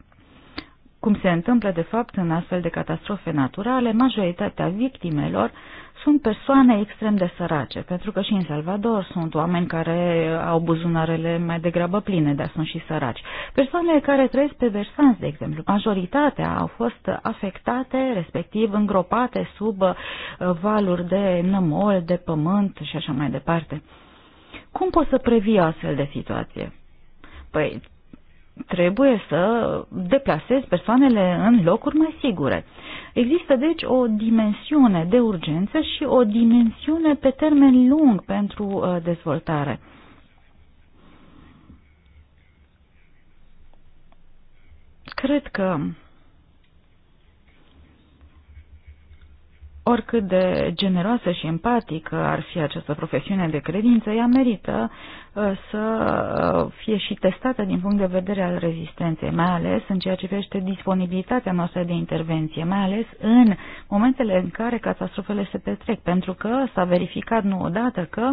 Cum se întâmplă de fapt în astfel de catastrofe naturale, majoritatea victimelor uh, sunt persoane extrem de sărace, pentru că și în Salvador sunt oameni care au buzunarele mai degrabă pline, dar sunt și săraci. Persoanele care trăiesc pe versanți, de exemplu, majoritatea au fost afectate, respectiv îngropate sub uh, valuri de nămol, de pământ și așa mai departe. Cum poți să previi o astfel de situație? Păi, trebuie să deplasezi persoanele în locuri mai sigure. Există deci o dimensiune de urgență și o dimensiune pe termen lung pentru uh, dezvoltare. Cred că Oricât de generoasă și empatică ar fi această profesiune de credință, ea merită uh, să uh, fie și testată din punct de vedere al rezistenței, mai ales în ceea ce privește disponibilitatea noastră de intervenție, mai ales în momentele în care catastrofele se petrec, pentru că s-a verificat nu odată că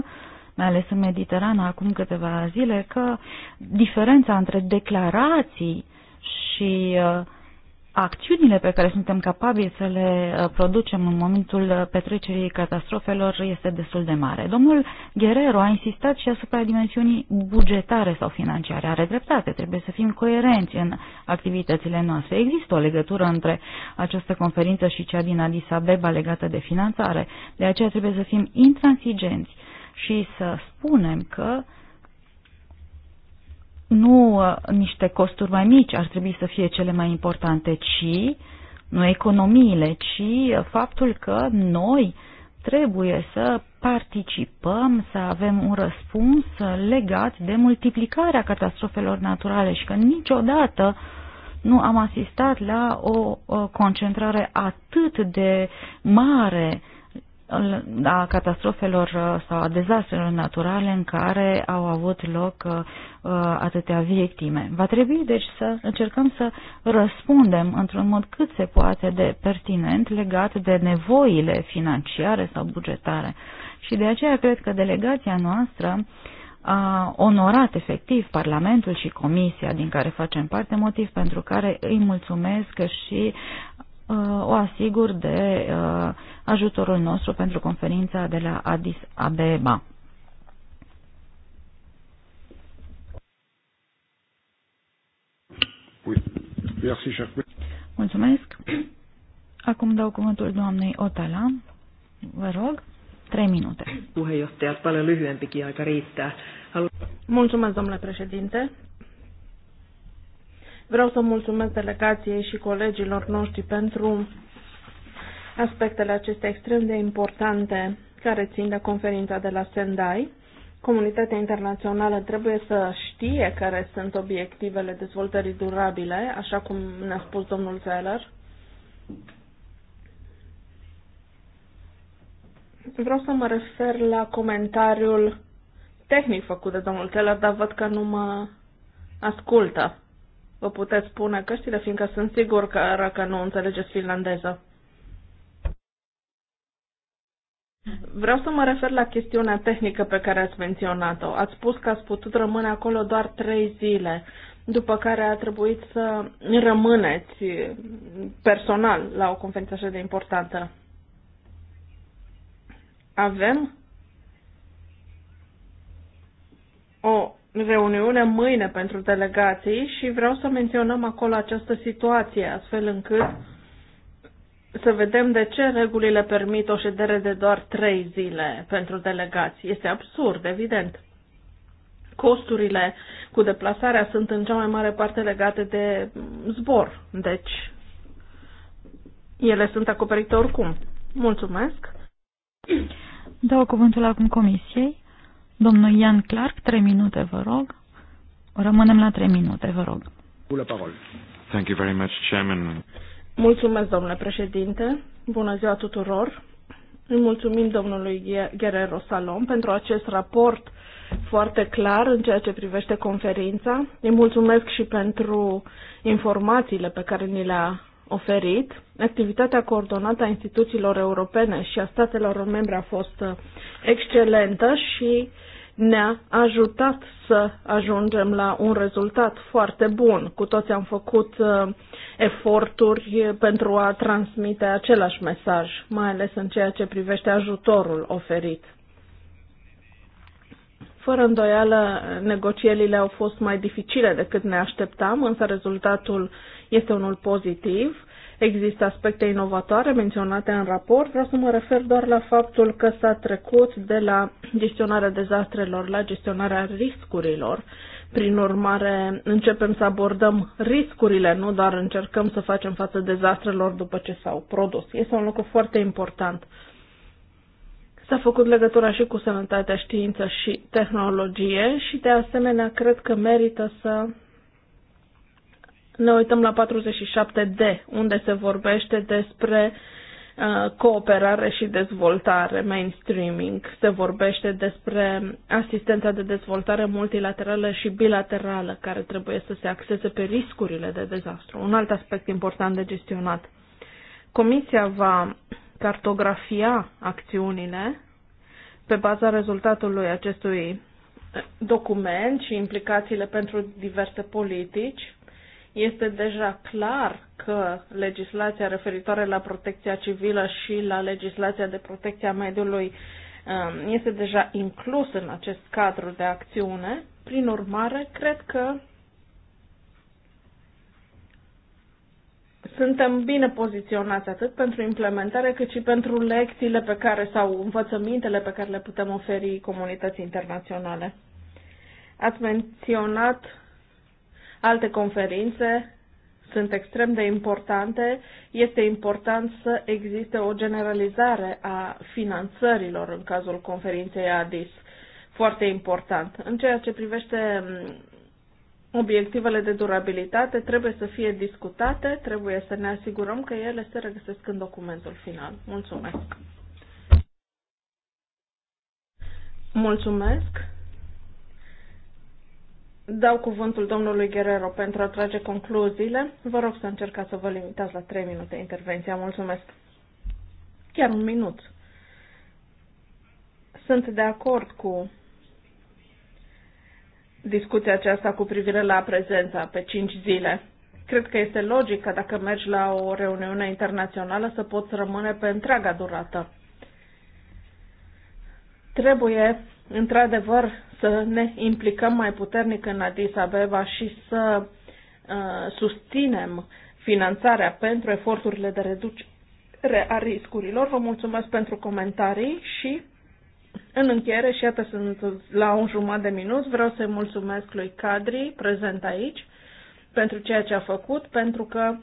mai ales în Mediterana acum câteva zile, că diferența între declarații și uh, acțiunile pe care suntem capabili să le uh, producem în momentul uh, petrecerii catastrofelor este destul de mare. Domnul Guerrero a insistat și asupra dimensiunii bugetare sau financiare. Are dreptate, trebuie să fim coerenți în activitățile noastre. Există o legătură între această conferință și cea din Addis Abeba legată de finanțare. De aceea trebuie să fim intransigenți și să spunem că uh, nu uh, niște costuri mai mici ar trebui să fie cele mai importante, ci nu economiile, ci uh, faptul că noi trebuie să participăm, să avem un răspuns legat de multiplicarea catastrofelor naturale și că niciodată nu am asistat la o, uh, concentrare atât de mare a catastrofelor uh, sau a dezastrelor naturale în care au avut loc uh, uh, atâtea victime. Va trebui, deci, să încercăm să răspundem într-un mod cât se poate de pertinent legat de nevoile financiare sau bugetare. Și de aceea cred că delegația noastră a onorat efectiv Parlamentul și Comisia din care facem parte, motiv pentru care îi mulțumesc și Uh, o asigur de uh, ajutorul nostru pentru conferința de la Addis Abeba. Mulțumesc. Acum dau cuvântul doamnei Otala. Vă rog, trei minute. Puheenjohtaja, paljon lyhyempikin aika riittää. Mulțumesc, domnule președinte. Vreau să mulțumesc delegației și colegilor noștri pentru aspectele acestea extrem de importante care țin de conferința de la Sendai. Comunitatea internațională trebuie să știe care sunt obiectivele dezvoltării durabile, așa cum ne-a spus domnul Zeller. Vreau să mă refer la comentariul tehnic făcut de domnul Keller, dar văd că nu mă ascultă. Vă puteți pune căștile, fiindcă sunt sigur că, că nu înțelegeți finlandeză. Vreau să mă refer la chestiunea tehnică pe care ați menționat-o. Ați spus că ați putut rămâne acolo doar trei zile, după care a trebuit să rămâneți personal la o conferință așa de importantă. Avem o reuniune mâine pentru delegații și vreau să menționăm acolo această situație, astfel încât să vedem de ce regulile permit o ședere de doar trei zile pentru delegații. Este absurd, evident. Costurile cu deplasarea sunt în cea mai mare parte legate de zbor, deci ele sunt acoperite oricum. Mulțumesc! Dau cuvântul acum comisiei. Domnul Ian Clark, trei minute, vă rog. Rămânem la trei minute, vă rog. Thank you very much, Chairman. Mulțumesc, domnule președinte. Bună ziua tuturor. Îi mulțumim domnului Guerrero Salom pentru acest raport foarte clar în ceea ce privește conferința. Îi mulțumesc și pentru informațiile pe care ni le-a oferit. Activitatea coordonată a instituțiilor europene și a statelor membre a fost uh, excelentă și ne-a ajutat să ajungem la un rezultat foarte bun. Cu toți am făcut uh, eforturi pentru a transmite același mesaj, mai ales în ceea ce privește ajutorul oferit. Fără îndoială, negocierile au fost mai dificile decât ne așteptam, însă rezultatul uh, este unul pozitiv. Există aspecte inovatoare menționate în raport. Vreau să mă refer doar la faptul că s-a trecut de la gestionarea dezastrelor la gestionarea riscurilor. Prin urmare, începem să abordăm riscurile, nu doar încercăm să facem față dezastrelor după ce s-au produs. Este un lucru foarte important. S-a făcut legătura și cu sănătatea, știință și tehnologie și, de asemenea, cred că merită să ne uităm la 47D, unde se vorbește despre uh, cooperare și dezvoltare, mainstreaming. Se vorbește despre asistența de dezvoltare multilaterală și bilaterală, care trebuie să se axeze pe riscurile de dezastru. Un alt aspect important de gestionat. Comisia va cartografia acțiunile pe baza rezultatului acestui document și implicațiile pentru diverse politici este deja clar că legislația referitoare la protecția civilă și la legislația de protecție a mediului um, este deja inclus în acest cadru de acțiune. Prin urmare, cred că suntem bine poziționați atât pentru implementare cât și pentru lecțiile pe care sau învățămintele pe care le putem oferi comunității internaționale. Ați menționat Alte conferințe sunt extrem de importante. Este important să existe o generalizare a finanțărilor în cazul conferinței ADIS. Foarte important. În ceea ce privește mm, obiectivele de durabilitate, trebuie să fie discutate, trebuie să ne asigurăm că ele se regăsesc în documentul final. Mulțumesc! Mulțumesc! Dau cuvântul domnului Guerrero pentru a trage concluziile. Vă rog să încercați să vă limitați la 3 minute intervenția. Mulțumesc. Chiar un minut. Sunt de acord cu discuția aceasta cu privire la prezența pe 5 zile. Cred că este logic că dacă mergi la o reuniune internațională să poți rămâne pe întreaga durată. Trebuie, într-adevăr, să ne implicăm mai puternic în Addis Abeba și să uh, susținem finanțarea pentru eforturile de reducere a riscurilor. Vă mulțumesc pentru comentarii și în încheiere, și iată sunt la un jumătate de minut, vreau să-i mulțumesc lui Cadri, prezent aici, pentru ceea ce a făcut, pentru că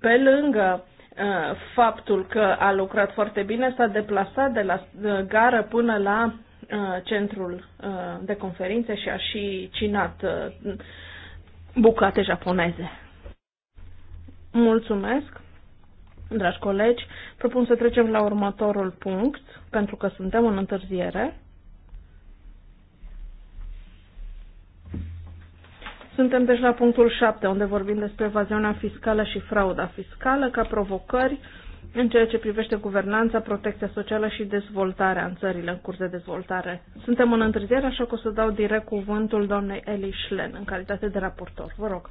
pe lângă uh, faptul că a lucrat foarte bine, s-a deplasat de la uh, gară până la Uh, centrul uh, de conferințe și a și cinat uh, bucate japoneze. Mulțumesc, dragi colegi. Propun să trecem la următorul punct, pentru că suntem în întârziere. Suntem deci la punctul 7, unde vorbim despre evaziunea fiscală și frauda fiscală ca provocări uh, în ceea ce privește guvernanța, protecția socială și dezvoltarea în țările în curs de dezvoltare. Suntem în întârziere, așa că o să dau direct cuvântul doamnei Eli Schlen în calitate de raportor. Vă rog.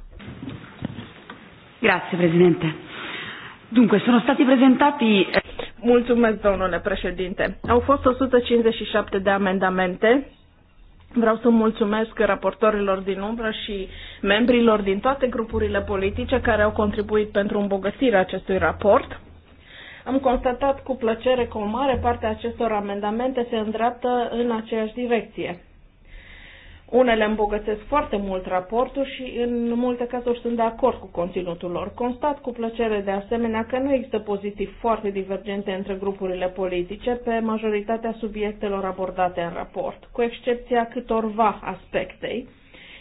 Grazie, președinte. Dunque, sono stati presentati... Eh, mulțumesc, domnule președinte. Au fost 157 de amendamente Vreau să mulțumesc raportorilor din umbră și membrilor din toate grupurile politice care au contribuit pentru îmbogățirea acestui raport. Am constatat cu plăcere că o mare parte a acestor amendamente se îndreaptă în aceeași direcție. Unele îmbogățesc foarte mult raportul și în multe cazuri sunt de acord cu conținutul lor. Constat cu plăcere de asemenea că nu există poziții foarte divergente între grupurile politice pe majoritatea subiectelor abordate în raport, cu excepția câtorva aspectei.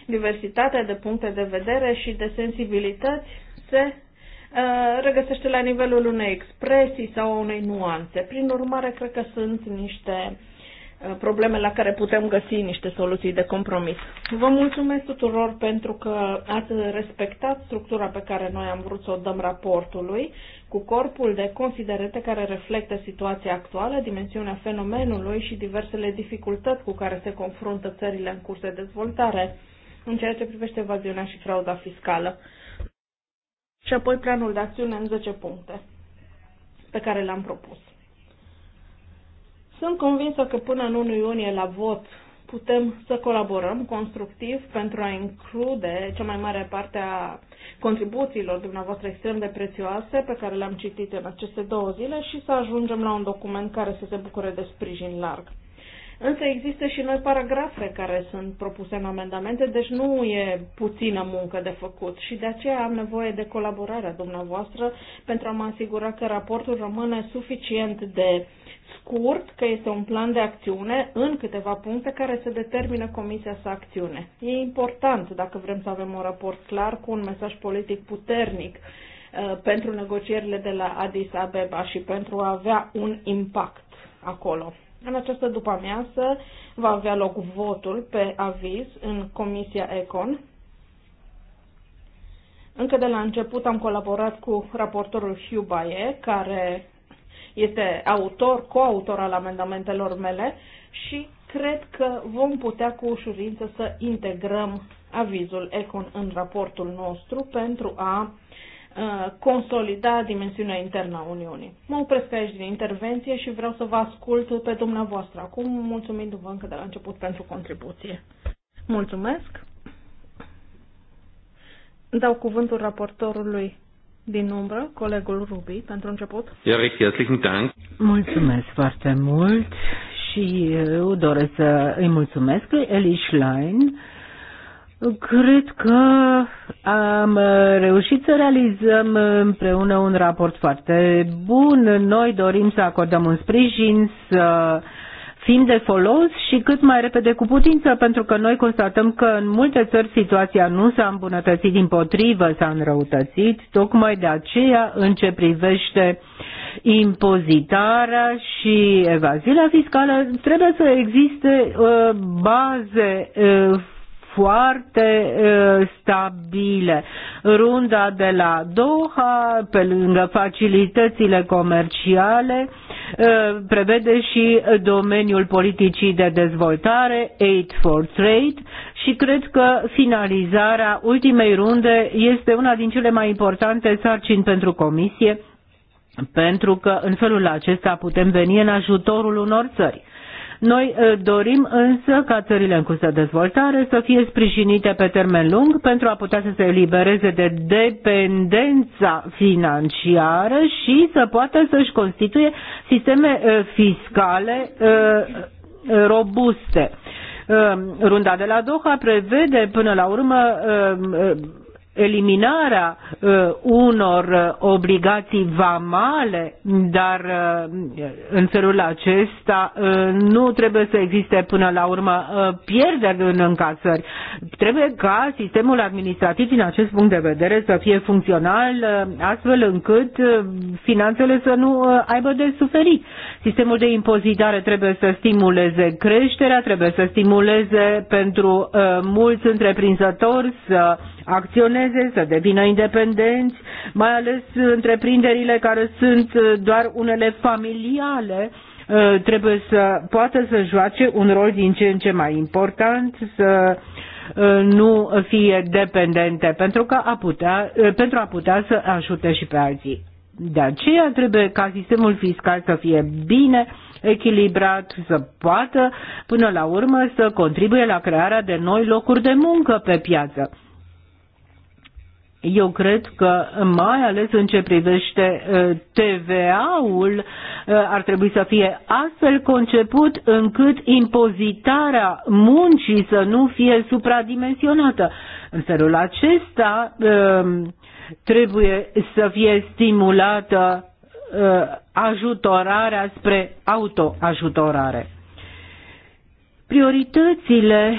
Diversitatea de puncte de vedere și de sensibilități se Uh, regăsește la nivelul unei expresii sau unei nuanțe. Prin urmare, cred că sunt niște uh, probleme la care putem găsi niște soluții de compromis. Vă mulțumesc tuturor pentru că ați respectat structura pe care noi am vrut să o dăm raportului, cu corpul de considerente care reflectă situația actuală, dimensiunea fenomenului și diversele dificultăți cu care se confruntă țările în curs de dezvoltare în ceea ce privește evaziunea și frauda fiscală și apoi planul de acțiune în 10 puncte pe care le am propus. Sunt convinsă că până în 1 iunie la vot putem să colaborăm constructiv pentru a include cea mai mare parte a contribuțiilor dumneavoastră extrem de prețioase pe care le-am citit în aceste două zile și să ajungem la un document care să se bucure de sprijin larg. Însă există și noi paragrafe care sunt propuse în amendamente, deci nu e puțină muncă de făcut și de aceea am nevoie de colaborarea dumneavoastră pentru a mă asigura că raportul rămâne suficient de scurt, că este un plan de acțiune în câteva puncte care să determină comisia să acțiune. E important dacă vrem să avem un raport clar cu un mesaj politic puternic uh, pentru negocierile de la Addis Abeba și pentru a avea un impact acolo. În această după-amiază va avea loc votul pe aviz în Comisia Econ. Încă de la început am colaborat cu raportorul Hugh Baie, care este autor, coautor al amendamentelor mele și cred că vom putea cu ușurință să integrăm avizul Econ în raportul nostru pentru a Uh, consolida dimensiunea internă a Uniunii. Mă opresc aici din intervenție și vreau să vă ascult pe dumneavoastră. Acum mulțumindu-vă încă de la început pentru contribuție. Mulțumesc. Dau cuvântul raportorului din umbră, colegul Rubi, pentru început. Ja, recht herzlichen Dank. Mulțumesc foarte mult și eu doresc să îi mulțumesc lui Eli Schlein Cred că am reușit să realizăm împreună un raport foarte bun. Noi dorim să acordăm un sprijin, să fim de folos și cât mai repede cu putință, pentru că noi constatăm că în multe țări situația nu s-a îmbunătățit, din potrivă s-a înrăutățit, tocmai de aceea în ce privește impozitarea și evaziunea fiscală trebuie să existe uh, baze uh, foarte stabile. Runda de la Doha, pe lângă facilitățile comerciale, prevede și domeniul politicii de dezvoltare, Aid for Trade, și cred că finalizarea ultimei runde este una din cele mai importante sarcini pentru Comisie, pentru că în felul acesta putem veni în ajutorul unor țări. Noi ă, dorim însă ca țările în curs de dezvoltare să fie sprijinite pe termen lung pentru a putea să se elibereze de dependența financiară și să poată să-și constituie sisteme ă, fiscale ă, robuste runda de la Doha prevede până la urmă eliminarea uh, unor uh, obligații vamale, dar uh, în felul acesta nu trebuie să existe până la urmă pierderi în încasări. Trebuie ca sistemul administrativ din acest punct de vedere să fie funcțional astfel încât finanțele să nu aibă de suferit. Sistemul de impozitare trebuie să stimuleze creșterea, trebuie să stimuleze pentru mulți întreprinzători să acționeze funcționeze, să devină independenți, mai ales întreprinderile care sunt uh, doar unele familiale, uh, trebuie să poată să joace un rol din ce în ce mai important, să uh, nu fie dependente, pentru, că a putea, pentru a putea să ajute și pe alții. De aceea trebuie ca sistemul fiscal să fie bine echilibrat, să poată până la urmă să contribuie la crearea de noi locuri de muncă pe piață. Eu cred că, mai ales în ce privește uh, TVA-ul, uh, ar trebui să fie astfel conceput încât impozitarea muncii să nu fie supradimensionată. În felul acesta uh, trebuie să fie stimulată ajutorarea spre autoajutorare. Prioritățile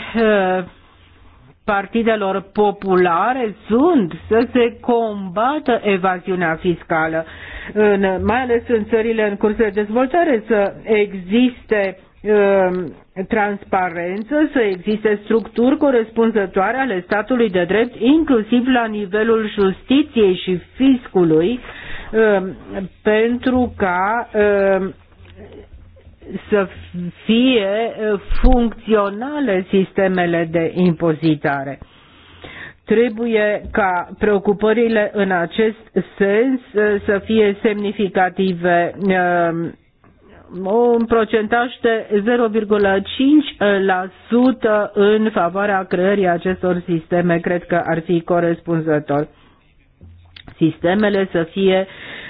partidelor populare sunt să se combată evaziunea fiscală, în, mai ales în țările în curs de dezvoltare, să existe um, transparență, să existe structuri corespunzătoare ale statului de drept, inclusiv la nivelul justiției și fiscului, um, pentru ca um, să fie funcționale sistemele de impozitare. Trebuie ca preocupările în acest sens să fie semnificative un procentaj de 0,5% în favoarea creării acestor sisteme, cred că ar fi corespunzător. Sistemele să fie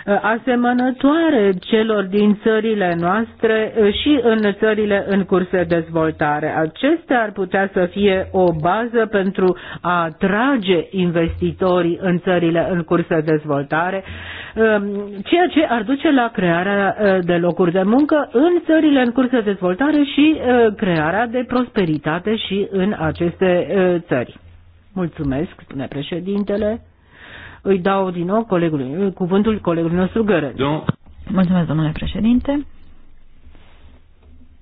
Uh, asemănătoare celor din țările noastre uh, și în țările în curs de dezvoltare. Acestea ar putea să fie o bază pentru a atrage investitorii în țările în curs de dezvoltare, um, ceea ce ar duce la crearea uh, de locuri de muncă în țările în curs de dezvoltare și crearea de prosperitate și în aceste țări. Mulțumesc, spune președintele. Îi dau din nou colegului, cuvântul colegului nostru Gărel. Da. Mulțumesc, domnule președinte.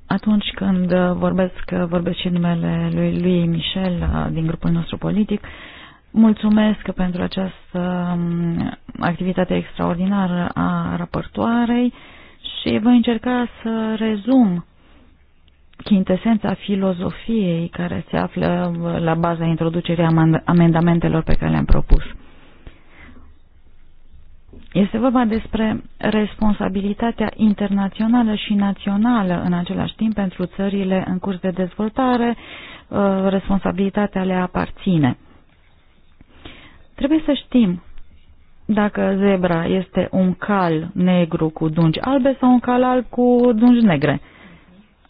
Atunci când vorbesc, vorbesc și numele lui, lui Michel uh, din grupul nostru politic, mulțumesc pentru această um, activitate extraordinară a raportoarei și voi încerca să rezum chintesența filozofiei care se află la baza introducerii amendamentelor pe care le-am propus. Este vorba despre responsabilitatea internațională și națională în același timp pentru țările în curs de dezvoltare, uh, responsabilitatea le aparține. Trebuie să știm dacă zebra este un cal negru cu dungi albe sau un cal alb cu dungi negre.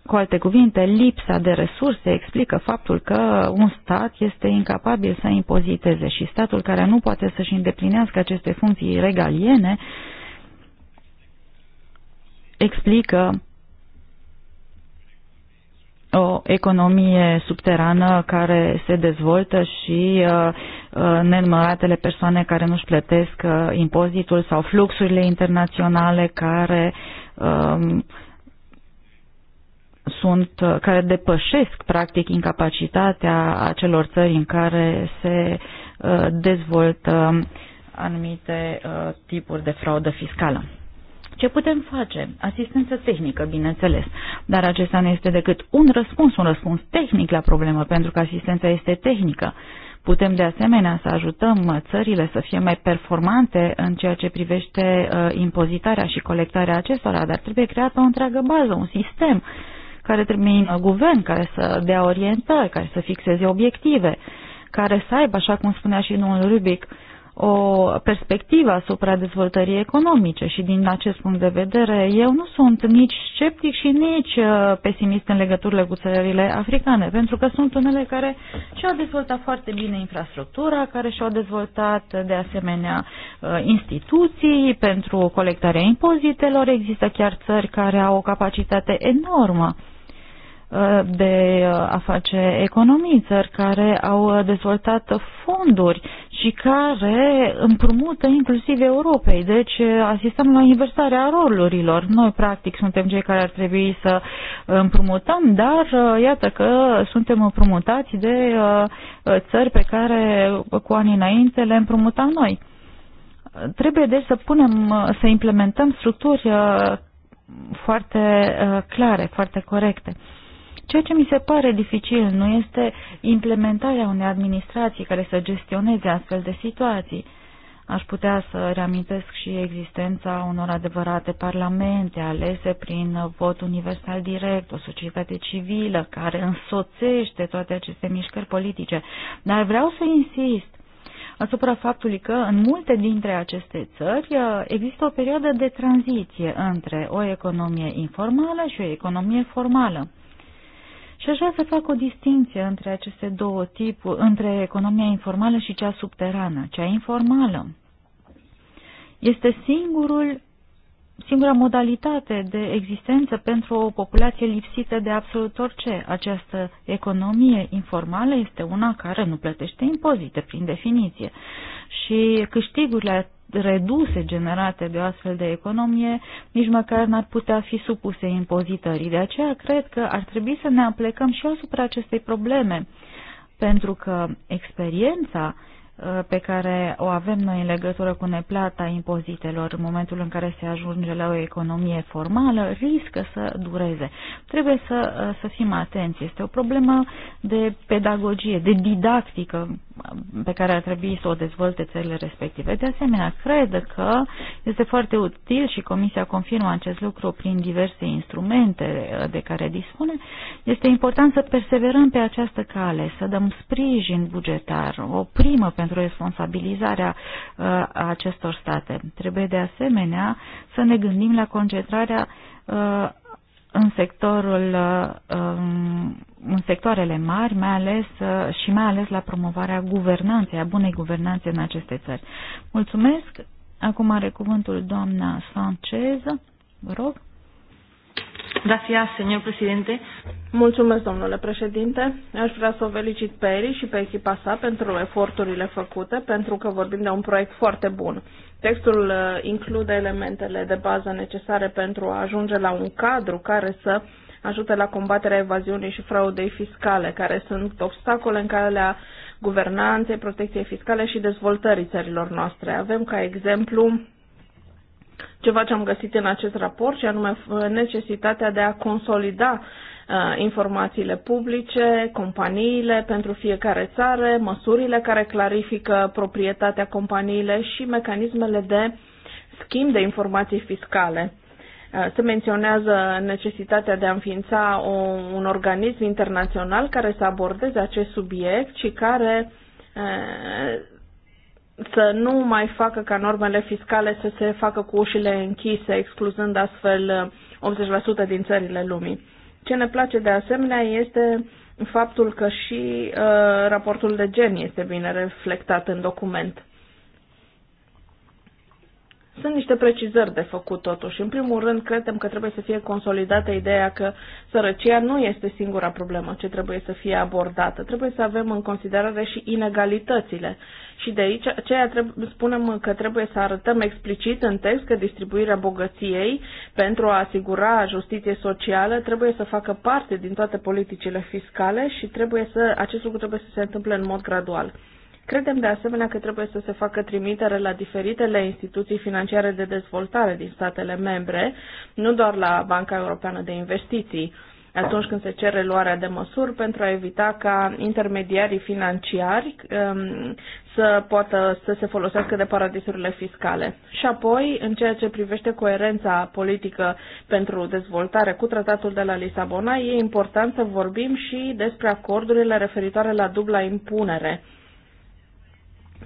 Cu alte cuvinte, lipsa de resurse explică faptul că un stat este incapabil să impoziteze și statul care nu poate să-și îndeplinească aceste funcții regaliene explică o economie subterană care se dezvoltă și uh, uh, nenumăratele persoane care nu-și plătesc uh, impozitul sau fluxurile internaționale care um, sunt, uh, care depășesc practic incapacitatea acelor țări în care se uh, dezvoltă anumite uh, tipuri de fraudă fiscală. Ce putem face? Asistență tehnică, bineînțeles, dar acesta nu este decât un răspuns, un răspuns tehnic la problemă, pentru că asistența este tehnică. Putem de asemenea să ajutăm țările să fie mai performante în ceea ce privește uh, impozitarea și colectarea acestora, dar trebuie creată o întreagă bază, un sistem uh, care trebuie un guvern care să dea orientări, care să fixeze obiective, care să aibă, așa cum spunea și domnul Rubic, o perspectivă asupra dezvoltării economice și din acest punct de vedere eu nu sunt nici sceptic și nici uh, pesimist în legăturile cu țările africane, pentru că sunt unele care și-au dezvoltat foarte bine infrastructura, care și-au dezvoltat de asemenea uh, instituții pentru colectarea impozitelor, există chiar țări care au o capacitate enormă de uh, a face economii, țări care au uh, dezvoltat fonduri și care împrumută inclusiv Europei. Deci uh, asistăm la inversarea rolurilor. Noi, practic, suntem cei care ar trebui să împrumutăm, dar iată că suntem împrumutați de țări pe care cu ani înainte le împrumutam noi. Trebuie deci să punem, să implementăm structuri foarte clare, foarte corecte. Ceea ce mi se pare dificil nu este implementarea unei administrații care să gestioneze astfel de situații. Aș putea să reamintesc și existența unor adevărate parlamente alese prin vot universal direct, o societate civilă care însoțește toate aceste mișcări politice. Dar vreau să insist asupra faptului că în multe dintre aceste țări uh, există o perioadă de tranziție între o economie informală și o economie formală. Și aș vrea să fac o distinție între aceste două tipuri, între economia informală și cea subterană. Cea informală este singurul singura modalitate de existență pentru o populație lipsită de absolut orice. Această economie informală este una care nu plătește impozite, prin definiție. Și câștigurile reduse generate de o astfel de economie nici măcar n-ar putea fi supuse impozitării. De aceea cred că ar trebui să ne aplecăm și asupra acestei probleme, pentru că experiența Uh, pe care o avem noi în legătură cu neplata impozitelor în momentul în care se ajunge la o economie formală riscă să dureze. Trebuie să, uh, să fim atenți. Este o problemă de pedagogie, de didactică pe care ar trebui să o dezvolte țările respective. De asemenea, cred că este foarte util și Comisia confirmă acest lucru prin diverse instrumente de care dispune. Este important să perseverăm pe această cale, să dăm sprijin bugetar, o primă pentru responsabilizarea uh, acestor state. Trebuie de asemenea să ne gândim la concentrarea uh, în sectorul, uh, în sectoarele mari, mai ales uh, și mai ales la promovarea guvernanței, a bunei guvernanțe în aceste țări. Mulțumesc. Acum are cuvântul doamna Sanchez. Vă rog. Gracias, señor presidente. Mulțumesc, domnule președinte. Aș vrea să o felicit pe Eri și pe echipa sa pentru eforturile făcute, pentru că vorbim de un proiect foarte bun. Textul uh, include elementele de bază necesare pentru a ajunge la un cadru care să ajute la combaterea evaziunii și fraudei fiscale, care sunt obstacole în calea guvernanței, protecției fiscale și dezvoltării țărilor noastre. Avem ca exemplu ceva ce am găsit în acest raport, și anume necesitatea de a consolida uh, informațiile publice, companiile pentru fiecare țară, măsurile care clarifică proprietatea companiile și mecanismele de schimb de informații fiscale. Uh, se menționează necesitatea de a înființa un organism internațional care să abordeze acest subiect și care uh, să nu mai facă ca normele fiscale să se facă cu ușile închise, excluzând astfel uh, 80% din țările lumii. Ce ne place de asemenea este faptul că și uh, raportul de gen este bine reflectat în document. Sunt niște precizări de făcut totuși. În primul rând, credem că trebuie să fie consolidată ideea că sărăcia nu este singura problemă ce trebuie să fie abordată. Trebuie să avem în considerare și inegalitățile. Și de aici ceea trebuie, spunem că trebuie să arătăm explicit în text că distribuirea bogăției pentru a asigura justiție socială trebuie să facă parte din toate politicile fiscale și trebuie să, acest lucru trebuie să se întâmple în mod gradual. Credem de asemenea că trebuie să se facă trimitere la diferitele instituții financiare de dezvoltare din statele membre, nu doar la Banca Europeană de Investiții, atunci când se cere luarea de măsuri pentru a evita ca intermediarii financiari um, să poată să se folosească de paradisurile fiscale. Și apoi, în ceea ce privește coerența politică pentru dezvoltare cu tratatul de la Lisabona, e important să vorbim și despre acordurile referitoare la dubla impunere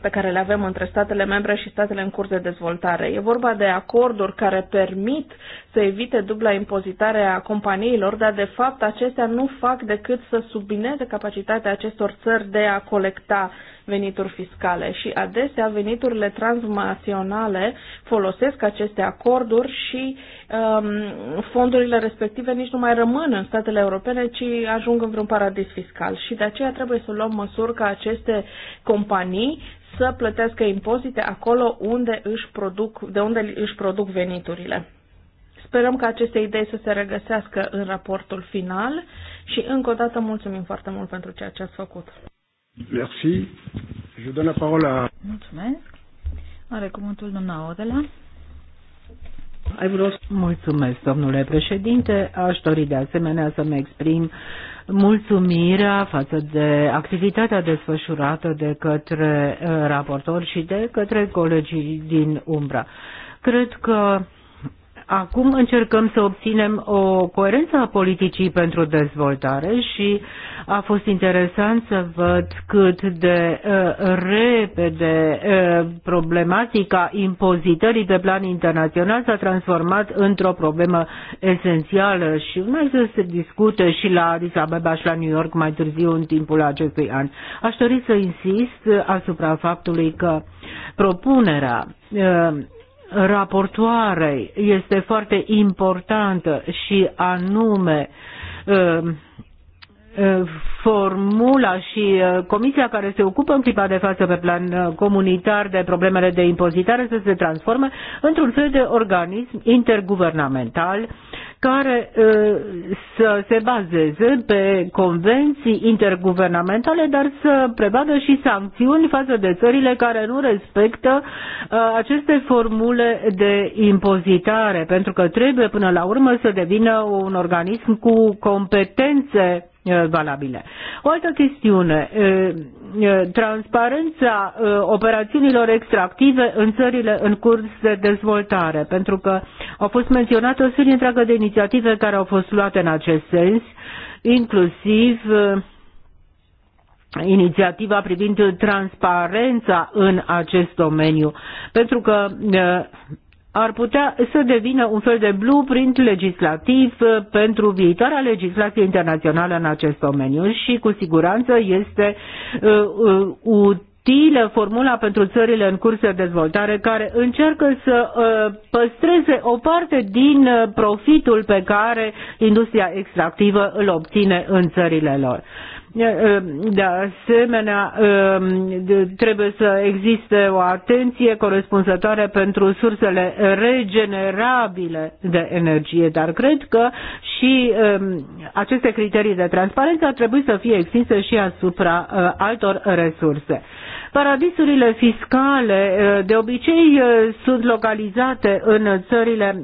pe care le avem între statele membre și statele în curs de dezvoltare. E vorba de acorduri care permit să evite dubla impozitare a companiilor, dar de fapt acestea nu fac decât să submineze capacitatea acestor țări de a colecta venituri fiscale și adesea veniturile transnaționale folosesc aceste acorduri și um, fondurile respective nici nu mai rămân în statele europene, ci ajung în vreun paradis fiscal. Și de aceea trebuie să luăm măsuri ca aceste companii să plătească impozite acolo unde își produc, de unde își produc veniturile. Sperăm că aceste idei să se regăsească în raportul final și încă o dată mulțumim foarte mult pentru ceea ce ați făcut. Merci. Je donne la parole à... Mulțumesc. Are cuvântul doamna Odela. Mulțumesc, domnule președinte. Aș dori de asemenea să-mi exprim mulțumirea față de activitatea desfășurată de către eh, raportor și de către colegii din umbra. Cred că Acum încercăm să obținem o coerență a politicii pentru dezvoltare și a fost interesant să văd cât de uh, repede uh, problematica impozitării pe plan internațional s-a transformat într-o problemă esențială și nu să se discute și la Addis Abeba și la New York mai târziu în timpul acestui an. Aș dori să insist asupra faptului că propunerea uh, raportoarei este foarte importantă și anume um, um, formula și uh, comisia care se ocupă în clipa de față pe plan uh, comunitar de problemele de impozitare să se transforme într-un fel de organism interguvernamental uh, care să se bazeze pe convenții interguvernamentale, dar să prevadă și sancțiuni față de țările care nu respectă aceste formule de impozitare, pentru că trebuie până la urmă să devină un organism cu competențe Uh, valabile. O altă chestiune, uh, uh, transparența operațiunilor extractive în țările în curs de dezvoltare, pentru că au fost menționate o serie întreagă de inițiative care au fost luate în acest sens, inclusiv inițiativa privind transparența în acest domeniu, pentru că ar putea să devină un fel de blueprint legislativ uh, pentru viitoarea legislație internațională în acest domeniu și cu siguranță este uh, uh, utilă formula pentru țările în curs de dezvoltare care încearcă să uh, păstreze o parte din uh, profitul pe care industria extractivă îl obține în țările lor. De asemenea, trebuie să existe o atenție corespunzătoare pentru sursele regenerabile de energie, dar cred că și aceste criterii de transparență ar trebui să fie extinse și asupra altor resurse. Paradisurile fiscale de obicei sunt localizate în țările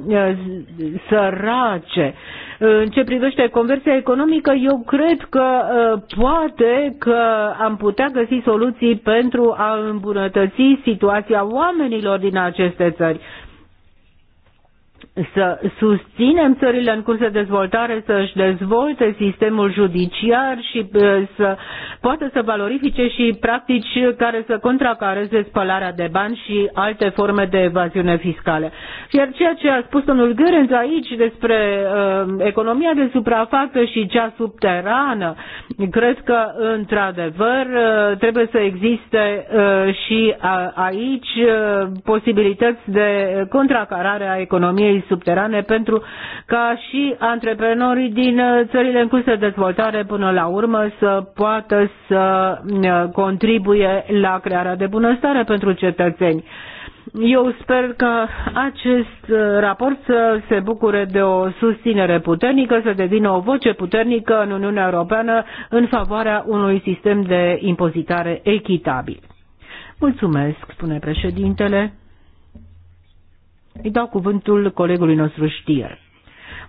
sărace în ce privește conversia economică, eu cred că uh, poate că am putea găsi soluții pentru a îmbunătăți situația oamenilor din aceste țări să susținem țările în curs de dezvoltare să-și dezvolte sistemul judiciar și uh, să poată să valorifice și practici care să contracareze spălarea de bani și alte forme de evaziune fiscală. Iar ceea ce a spus domnul Gărenț aici despre uh, economia de suprafață și cea subterană, cred că într-adevăr uh, trebuie să existe uh, și a, uh, aici uh, posibilități de contracarare a economiei construcții subterane pentru ca și antreprenorii din uh, țările în curs de dezvoltare până la urmă să poată să uh, contribuie la crearea de bunăstare pentru cetățeni. Eu sper că acest uh, raport să se bucure de o susținere puternică, să devină o voce puternică în Uniunea Europeană în favoarea unui sistem de impozitare echitabil. Mulțumesc, spune președintele. Îi dau cuvântul colegului nostru știer.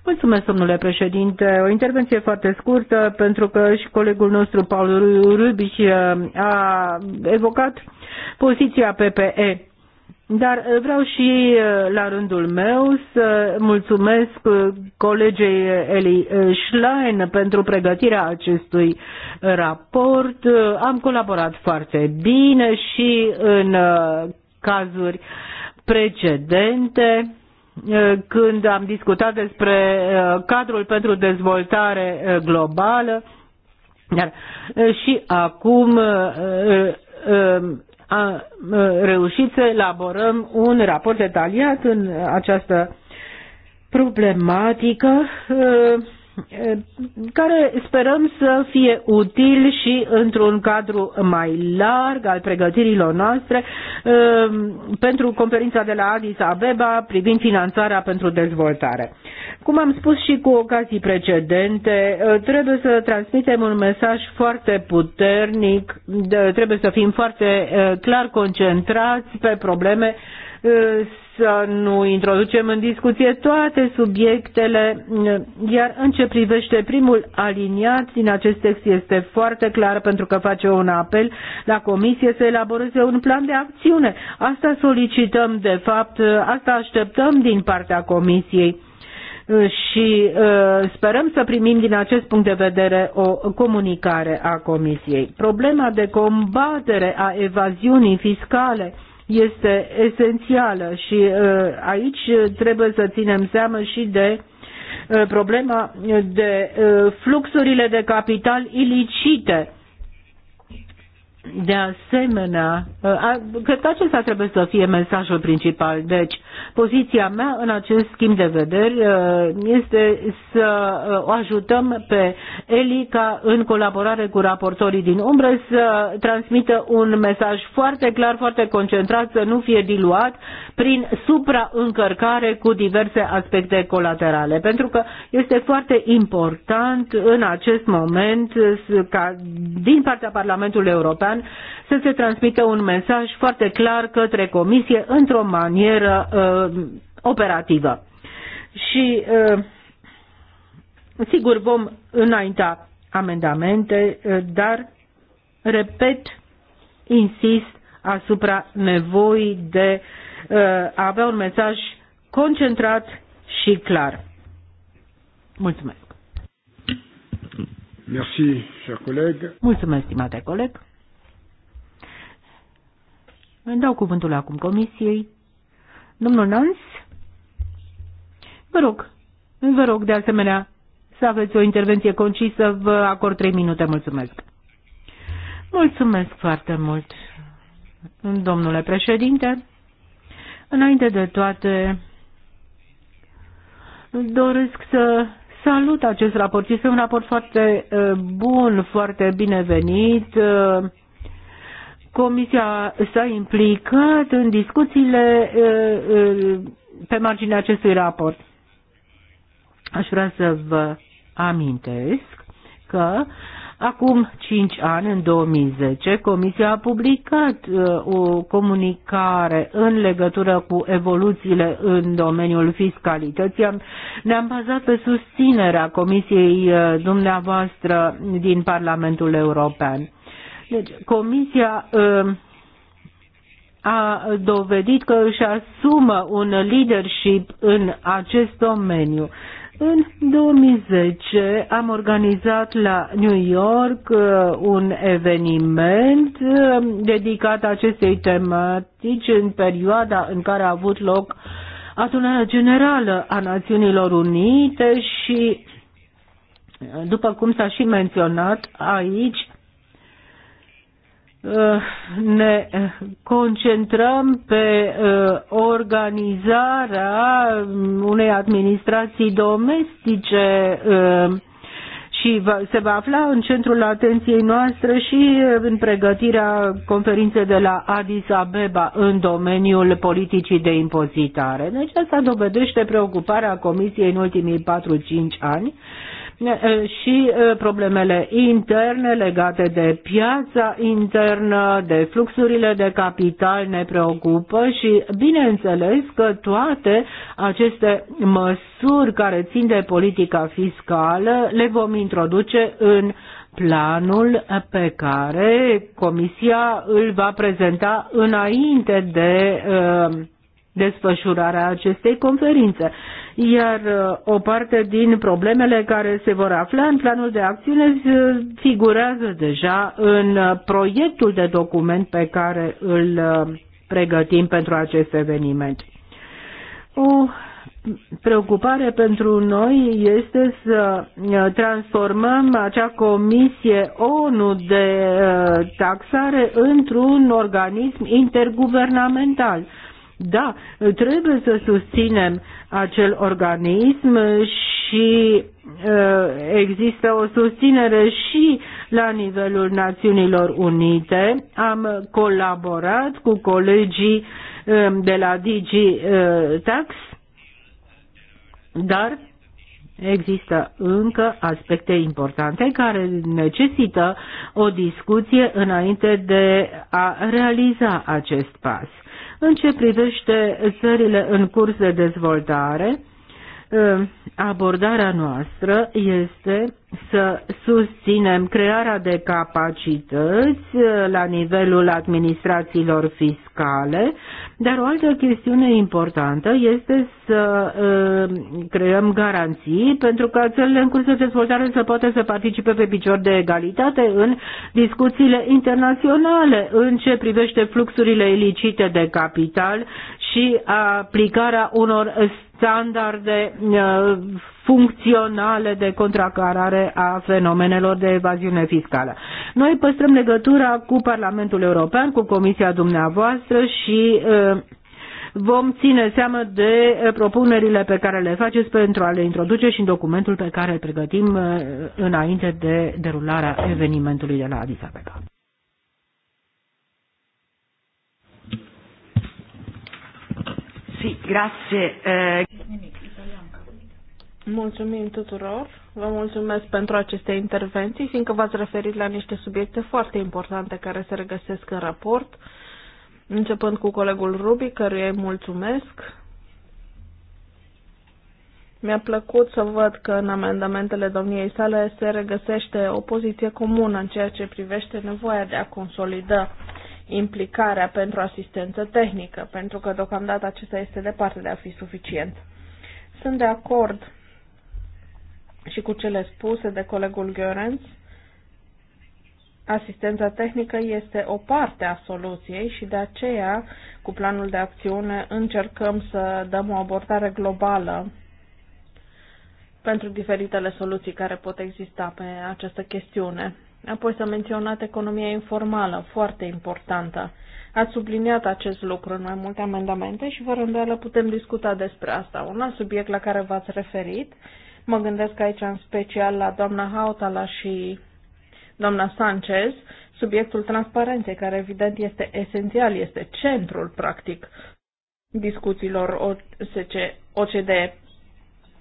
Mulțumesc, domnule președinte. O intervenție foarte scurtă, pentru că și colegul nostru, Paul Rubiș, a evocat poziția PPE. Dar vreau și la rândul meu să mulțumesc colegei Eli Schlein pentru pregătirea acestui raport. Am colaborat foarte bine și în cazuri precedente când am discutat despre cadrul pentru dezvoltare globală, și acum am reușit să elaborăm un raport detaliat în această problematică care sperăm să fie util și într-un cadru mai larg al pregătirilor noastre uh, pentru conferința de la Addis Abeba privind finanțarea pentru dezvoltare. Cum am spus și cu ocazii precedente, uh, trebuie să transmitem un mesaj foarte puternic, trebuie să fim foarte uh, clar concentrați pe probleme să nu introducem în discuție toate subiectele, iar în ce privește primul aliniat din acest text este foarte clar pentru că face un apel la Comisie să elaboreze un plan de acțiune. Asta solicităm de fapt, asta așteptăm din partea Comisiei și uh, sperăm să primim din acest punct de vedere o comunicare a Comisiei. Problema de combatere a evaziunii fiscale este esențială și uh, aici trebuie să ținem seama și de uh, problema de uh, fluxurile de capital ilicite de asemenea, cred că acesta trebuie să fie mesajul principal. Deci, poziția mea în acest schimb de vederi este să o ajutăm pe Eli ca în colaborare cu raportorii din umbră să transmită un mesaj foarte clar, foarte concentrat, să nu fie diluat prin supraîncărcare cu diverse aspecte colaterale. Pentru că este foarte important în acest moment ca din partea Parlamentului European European să se transmită un mesaj foarte clar către Comisie într-o manieră uh, operativă. Și uh, sigur vom înainta amendamente, uh, dar repet, insist asupra nevoii de uh, a avea un mesaj concentrat și clar. Mulțumesc. Merci, cher collègue. Mulțumesc, stimate coleg. Dau cuvântul acum comisiei. Domnul Nans? Vă rog, vă rog de asemenea să aveți o intervenție concisă, vă acord trei minute, mulțumesc. Mulțumesc foarte mult, domnule președinte. Înainte de toate, doresc să salut acest raport. Este un raport foarte eh, bun, foarte binevenit. Eh, Comisia s-a implicat în discuțiile pe marginea acestui raport. Aș vrea să vă amintesc că acum 5 ani, în 2010, Comisia a publicat o comunicare în legătură cu evoluțiile în domeniul fiscalității. Ne-am bazat pe susținerea Comisiei dumneavoastră din Parlamentul European. Deci, Comisia um, a dovedit că își asumă un leadership în acest domeniu. În 2010 am organizat la New York uh, un eveniment uh, dedicat acestei tematici în perioada în care a avut loc adunarea generală a Națiunilor Unite și după cum s-a și menționat aici, ne concentrăm pe uh, organizarea unei administrații domestice uh, și se va afla în centrul atenției noastre și în pregătirea conferinței de la Addis Abeba în domeniul politicii de impozitare. Deci asta dovedește preocuparea Comisiei în ultimii 4-5 ani și problemele interne legate de piața internă, de fluxurile de capital ne preocupă și bineînțeles că toate aceste măsuri care țin de politica fiscală le vom introduce în planul pe care Comisia îl va prezenta înainte de uh, desfășurarea acestei conferințe iar uh, o parte din problemele care se vor afla în planul de acțiune uh, figurează deja în uh, proiectul de document pe care îl pregătim pentru acest eveniment. O preocupare pentru noi este să transformăm acea comisie ONU de taxare într-un organism interguvernamental da, trebuie să susținem acel organism și ă, există o susținere și la nivelul Națiunilor Unite. Am colaborat cu colegii ă, de la DG ă, Tax, dar există încă aspecte importante care necesită o discuție înainte de a realiza acest pas. În ce privește țările în curs de dezvoltare, Ă, abordarea noastră este să susținem crearea de capacități ă, la nivelul administrațiilor fiscale, dar o altă chestiune importantă este să ă, creăm garanții pentru ca țările în curs de dezvoltare să poată să participe pe picior de egalitate în discuțiile internaționale în ce privește fluxurile ilicite de capital și aplicarea unor standarde eh, funcționale de contracarare a fenomenelor de evaziune fiscală. Noi păstrăm legătura cu Parlamentul European, cu Comisia dumneavoastră și eh, vom ține seamă de propunerile pe care le faceți pentru a le introduce și în documentul pe care îl pregătim eh, înainte de derularea evenimentului de la Addis Abeba. Sì, grazie. Eh... Mulțumim tuturor. Vă mulțumesc pentru aceste intervenții, fiindcă v-ați referit la niște subiecte foarte importante care se regăsesc în raport, începând cu colegul Rubi, căruia îi mulțumesc. Mi-a plăcut să văd că în amendamentele domniei sale se regăsește o poziție comună în ceea ce privește nevoia de a consolida implicarea pentru asistență tehnică, pentru că deocamdată acesta este departe de a fi suficient. Sunt de acord și cu cele spuse de colegul Gheorenț, asistența tehnică este o parte a soluției și de aceea, cu planul de acțiune, încercăm să dăm o abordare globală pentru diferitele soluții care pot exista pe această chestiune. Apoi s-a menționat economia informală, foarte importantă. Ați subliniat acest lucru în mai multe amendamente și fără îndoială putem discuta despre asta. Un alt subiect la care v-ați referit Mă gândesc aici în special la doamna Hautala și doamna Sanchez, subiectul transparenței, care evident este esențial, este centrul practic discuțiilor OCDE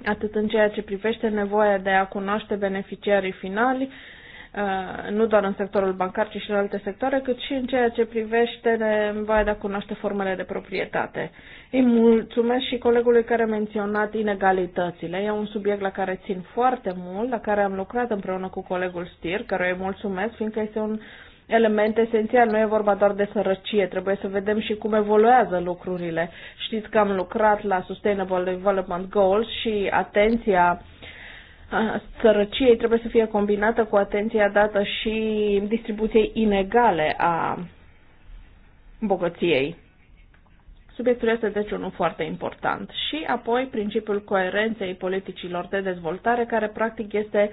atât în ceea ce privește nevoia de a cunoaște beneficiarii finali, Uh, nu doar în sectorul bancar, ci și în alte sectoare, cât și în ceea ce privește nevoia de a cunoaște formele de proprietate. Îi mulțumesc și colegului care a menționat inegalitățile. E un subiect la care țin foarte mult, la care am lucrat împreună cu colegul Stir, care îi mulțumesc, fiindcă este un element esențial. Nu e vorba doar de sărăcie, trebuie să vedem și cum evoluează lucrurile. Știți că am lucrat la Sustainable Development Goals și atenția uh, sărăciei trebuie să fie combinată cu atenția dată și distribuției inegale a bogăției. Subiectul este deci unul foarte important. Și apoi principiul coerenței politicilor de dezvoltare, care practic este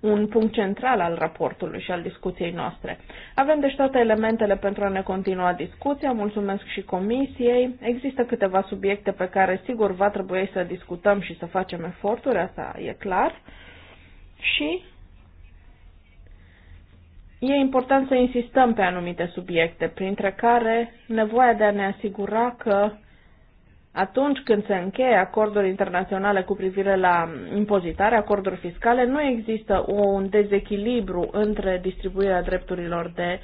un punct central al raportului și al discuției noastre. Avem deci toate elementele pentru a ne continua discuția, mulțumesc și comisiei. Există câteva subiecte pe care sigur va trebui să discutăm și să facem eforturi, asta e clar. Și E important să insistăm pe anumite subiecte, printre care nevoia de a ne asigura că atunci când se încheie acorduri internaționale cu privire la impozitare, acorduri fiscale, nu există un dezechilibru între distribuirea drepturilor, de,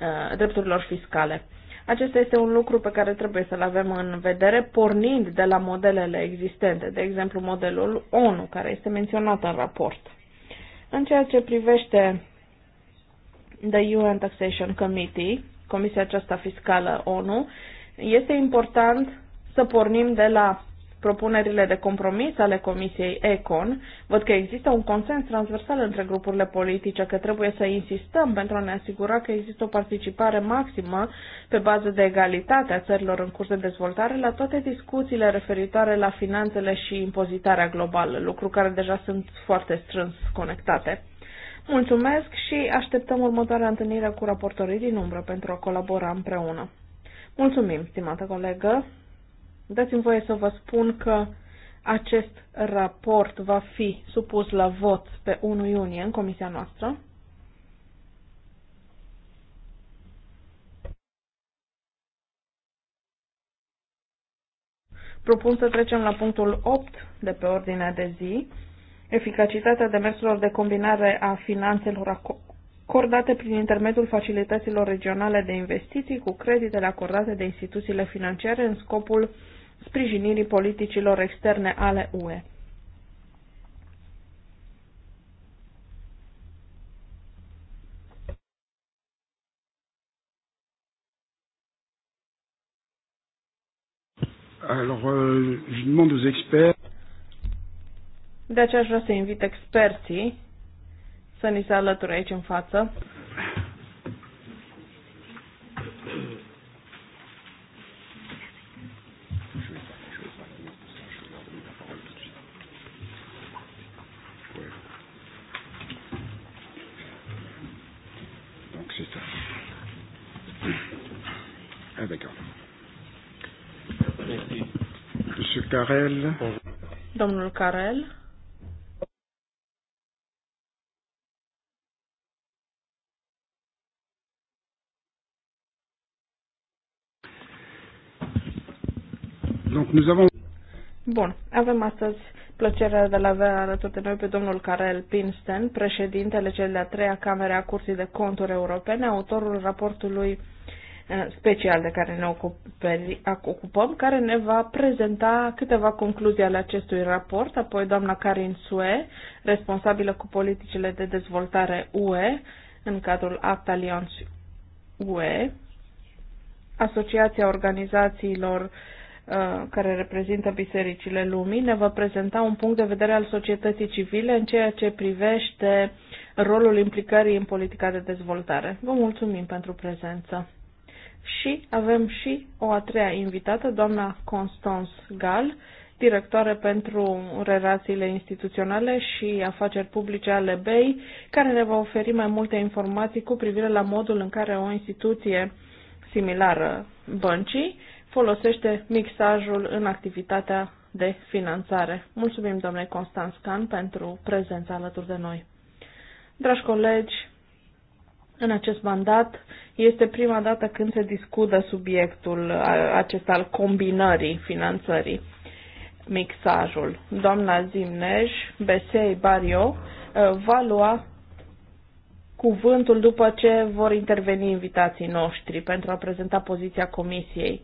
uh, drepturilor fiscale. Acesta este un lucru pe care trebuie să-l avem în vedere, pornind de la modelele existente, de exemplu modelul ONU, care este menționat în raport. În ceea ce privește The UN Taxation Committee, Comisia aceasta fiscală ONU, este important să pornim de la propunerile de compromis ale Comisiei ECON. Văd că există un consens transversal între grupurile politice că trebuie să insistăm pentru a ne asigura că există o participare maximă pe bază de egalitate a țărilor în curs de dezvoltare la toate discuțiile referitoare la finanțele și impozitarea globală, lucru care deja sunt foarte strâns conectate. Mulțumesc și așteptăm următoarea întâlnire cu raportorii din umbră pentru a colabora împreună. Mulțumim, stimată colegă! Dați-mi voie să vă spun că acest raport va fi supus la vot pe 1 iunie în comisia noastră. Propun să trecem la punctul 8 de pe ordinea de zi, eficacitatea demersurilor de combinare a finanțelor acordate prin intermediul facilităților regionale de investiții cu creditele acordate de instituțiile financiare în scopul sprijinirii politicilor externe ale UE. Alors, euh, je demande aux experts. De aceea aș vrea să invit experții să ni se alăture aici în față. Rebecca. Merci. Monsieur Carel. Domnul Carel. Donc nous avons... Bun, avem astăzi plăcerea de a avea alături de noi pe domnul Karel Pinsten, președintele cel de-a treia camere a Curții de Conturi Europene, autorul raportului Eh, special de care ne ocupăm, care ne va prezenta câteva concluzii ale acestui raport, apoi doamna Karin Sue, responsabilă cu politicile de dezvoltare UE în cadrul Act Alliance UE, Asociația Organizațiilor eh, care reprezintă bisericile lumii, ne va prezenta un punct de vedere al societății civile în ceea ce privește rolul implicării în politica de dezvoltare. Vă mulțumim pentru prezență și avem și o a treia invitată, doamna Constance Gall, directoare pentru relațiile instituționale și afaceri publice ale BEI, care ne va oferi mai multe informații cu privire la modul în care o instituție similară băncii folosește mixajul în activitatea de finanțare. Mulțumim, domnule Constanț Can, pentru prezența alături de noi. Dragi colegi, în acest mandat este prima dată când se discută subiectul acesta al combinării finanțării, mixajul. Doamna Zimneș, Besei Bario, uh, va lua cuvântul după ce vor interveni invitații noștri pentru a prezenta poziția comisiei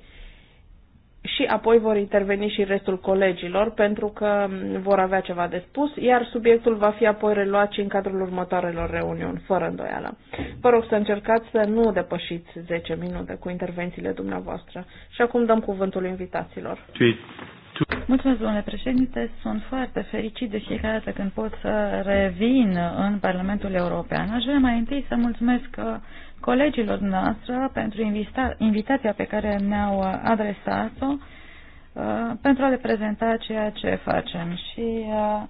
și apoi vor interveni și restul colegilor pentru că vor avea ceva de spus, iar subiectul va fi apoi reluat și în cadrul următoarelor reuniuni, fără îndoială. Vă rog să încercați să nu depășiți 10 minute cu intervențiile dumneavoastră. Și acum dăm cuvântul invitaților. Mulțumesc, domnule președinte. Sunt foarte fericit de fiecare dată când pot să revin în Parlamentul European. Aș vrea mai întâi să mulțumesc uh, colegilor noastre pentru invita invitația pe care ne-au uh, adresat-o uh, pentru a le prezenta ceea ce facem. Și, uh,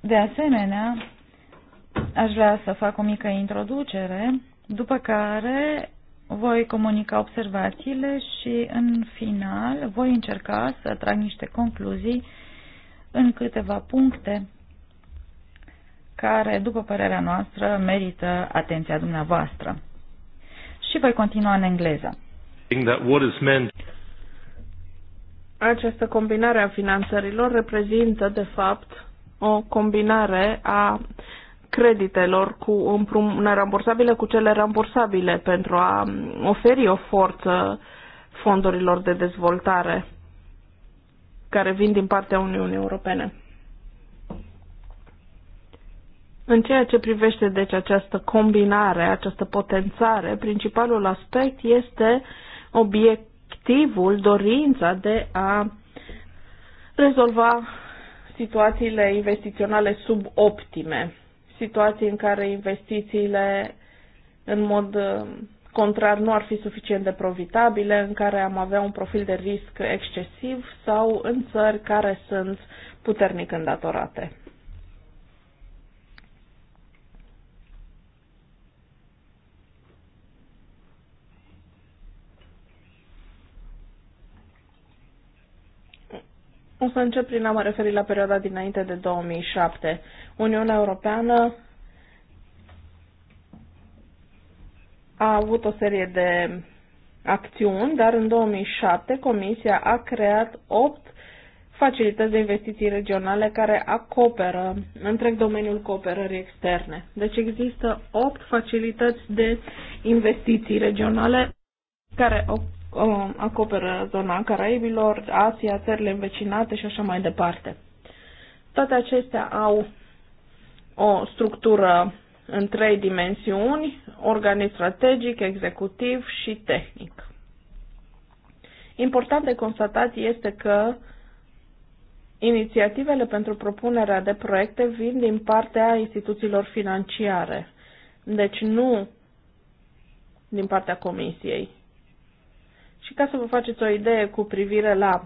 de asemenea, aș vrea să fac o mică introducere, după care voi comunica observațiile și, în final, voi încerca să trag niște concluzii în câteva puncte care, după părerea noastră, merită atenția dumneavoastră. Și voi continua în engleză. Această combinare a finanțărilor reprezintă, de fapt, o combinare a creditelor cu împrum- nerambursabile cu cele rambursabile pentru a oferi o forță fondurilor de dezvoltare care vin din partea Uniunii Europene. În ceea ce privește deci această combinare, această potențare, principalul aspect este obiectivul, dorința de a rezolva situațiile investiționale suboptime, situații în care investițiile în mod uh, contrar nu ar fi suficient de profitabile, în care am avea un profil de risc excesiv sau în țări care sunt puternic îndatorate. O să încep prin a mă referi la perioada dinainte de 2007. Uniunea Europeană a avut o serie de acțiuni, dar în 2007 Comisia a creat 8 facilități de investiții regionale care acoperă întreg domeniul cooperării externe. Deci există 8 facilități de investiții regionale care Um, acoperă zona Caraibilor, Asia, țările învecinate și așa mai departe. Toate acestea au o structură în trei dimensiuni, organic, strategic, executiv și tehnic. Important de constatat este că inițiativele pentru propunerea de proiecte vin din partea instituțiilor financiare, deci nu din partea comisiei. Și ca să vă faceți o idee cu privire la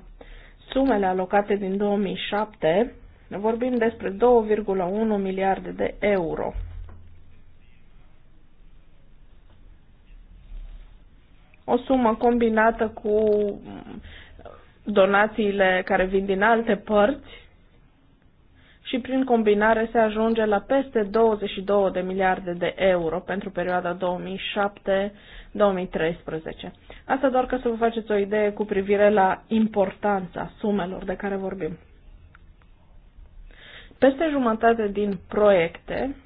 sumele alocate din 2007, vorbim despre 2,1 miliarde de euro. O sumă combinată cu donațiile care vin din alte părți și prin combinare se ajunge la peste 22 de miliarde de euro pentru perioada 2007 2013. Asta doar ca să vă faceți o idee cu privire la importanța sumelor de care vorbim. Peste jumătate din proiecte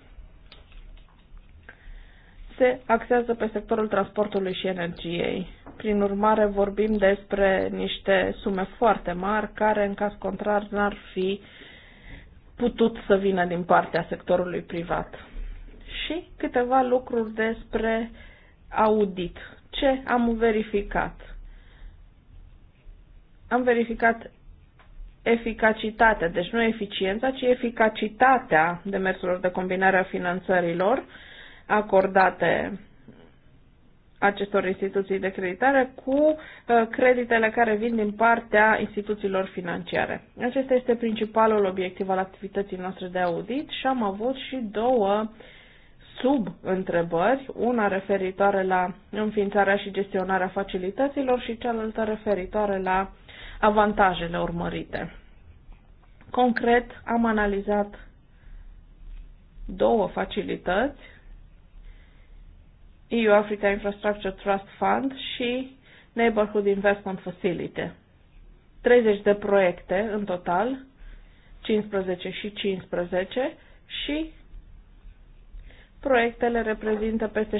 se axează pe sectorul transportului și energiei. Prin urmare, vorbim despre niște sume foarte mari care, în caz contrar, n-ar fi putut să vină din partea sectorului privat. Și câteva lucruri despre uh, audit. Ce am verificat? Am verificat eficacitatea, deci nu eficiența, ci eficacitatea demersurilor de combinare a finanțărilor acordate acestor instituții de creditare cu uh, creditele care vin din partea instituțiilor financiare. Acesta este principalul obiectiv al activității noastre de audit și am avut și două uh, sub întrebări, una referitoare la înființarea și gestionarea facilităților și cealaltă referitoare la avantajele urmărite. Concret, am analizat două facilități, EU Africa Infrastructure Trust Fund și Neighborhood Investment Facility. 30 de proiecte în total, 15 și 15, și Proiectele reprezintă peste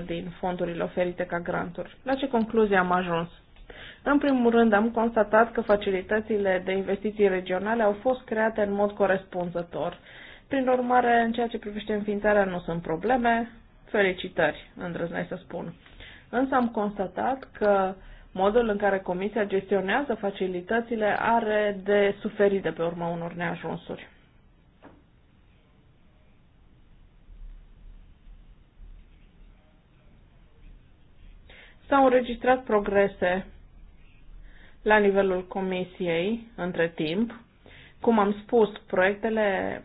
70% din fondurile oferite ca granturi. La ce concluzie am ajuns? În primul rând, am constatat că facilitățile de investiții regionale au fost create în mod corespunzător. Prin urmare, în ceea ce privește înființarea, nu sunt probleme. Felicitări, îndrăznesc să spun. Însă am constatat că modul în care Comisia gestionează facilitățile are de suferit de pe urma unor neajunsuri. S-au înregistrat progrese la nivelul comisiei între timp. Cum am spus, proiectele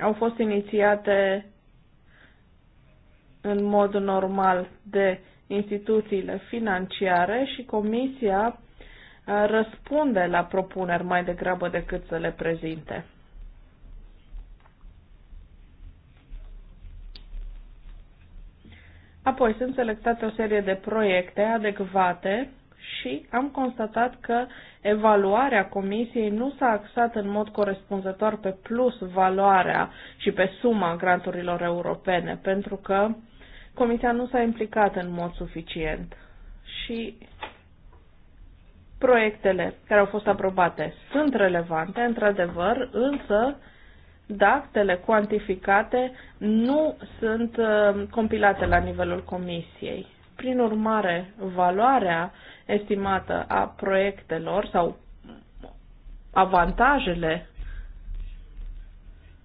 au fost inițiate în mod normal de instituțiile financiare și comisia uh, răspunde la propuneri mai degrabă decât să le prezinte. Apoi sunt selectate o serie de proiecte adecvate și am constatat că evaluarea comisiei nu s-a axat în mod corespunzător pe plus valoarea și pe suma granturilor europene, pentru că comisia nu s-a implicat în mod suficient. Și proiectele care au fost aprobate sunt relevante, într-adevăr, însă datele cuantificate nu sunt uh, compilate la nivelul comisiei. Prin urmare, valoarea estimată a proiectelor sau avantajele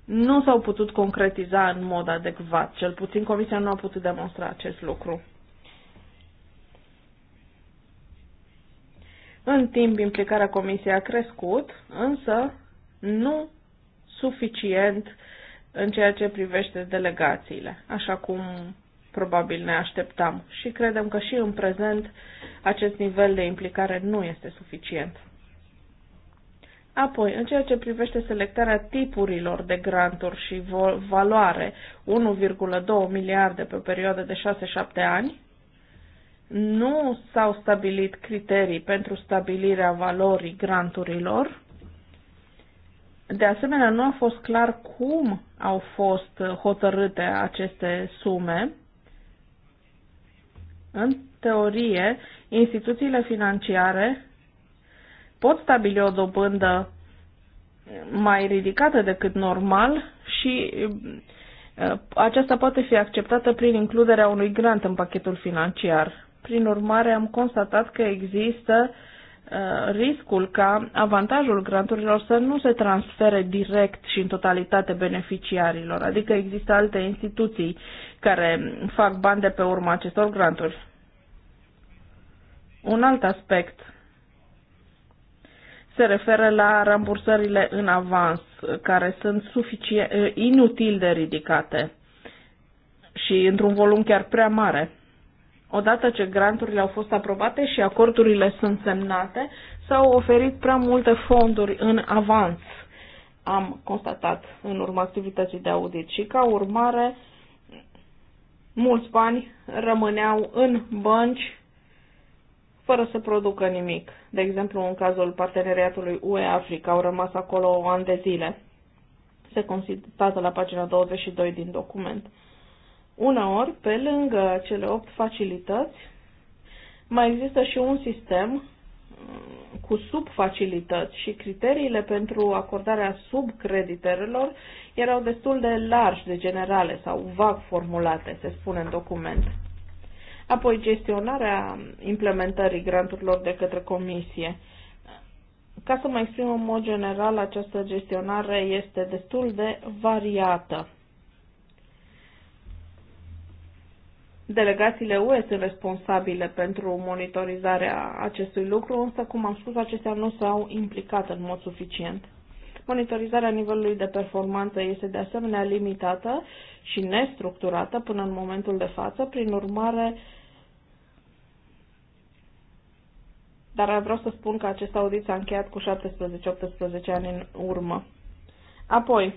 nu s-au putut concretiza în mod adecvat. Cel puțin Comisia nu a putut demonstra acest lucru. În timp, implicarea Comisiei a crescut, însă nu suficient în ceea ce privește delegațiile, așa cum probabil ne așteptam și credem că și în prezent acest nivel de implicare nu este suficient. Apoi, în ceea ce privește selectarea tipurilor de granturi și valoare, 1,2 miliarde pe perioadă de 6-7 ani, nu s-au stabilit criterii pentru stabilirea valorii granturilor, de asemenea, nu a fost clar cum au fost hotărâte aceste sume. În teorie, instituțiile financiare pot stabili o dobândă mai ridicată decât normal și eh, aceasta poate fi acceptată prin includerea unui grant în pachetul financiar. Prin urmare, am constatat că există uh, Uh, riscul ca avantajul granturilor să nu se transfere direct și în totalitate beneficiarilor. Adică există alte instituții care fac bani de pe urma acestor granturi. Un alt aspect se referă la rambursările în avans, care sunt suficient, uh, inutil de ridicate și într-un volum chiar prea mare odată ce granturile au fost aprobate și acordurile sunt semnate, s-au oferit prea multe fonduri în avans, am constatat în urma activității de audit și ca urmare mulți bani rămâneau în bănci fără să producă nimic. De exemplu, în cazul parteneriatului UE-Africa au rămas acolo o an de zile. Se constată la pagina 22 din document. Uneori, pe lângă cele 8 facilități, mai există și un sistem mm, cu subfacilități și criteriile pentru acordarea subcreditelor erau destul de largi, de generale sau vag formulate, se spune în document. Apoi, gestionarea implementării granturilor de către comisie. Ca să mă exprim în mod general, această gestionare este destul de variată. Delegațiile UE sunt responsabile pentru monitorizarea acestui lucru, însă, cum am spus, acestea nu s-au implicat în mod suficient. Monitorizarea nivelului de performanță este de asemenea limitată și nestructurată până în momentul de față, prin urmare, dar vreau să spun că acest audit s-a încheiat cu 17-18 ani în urmă. Apoi,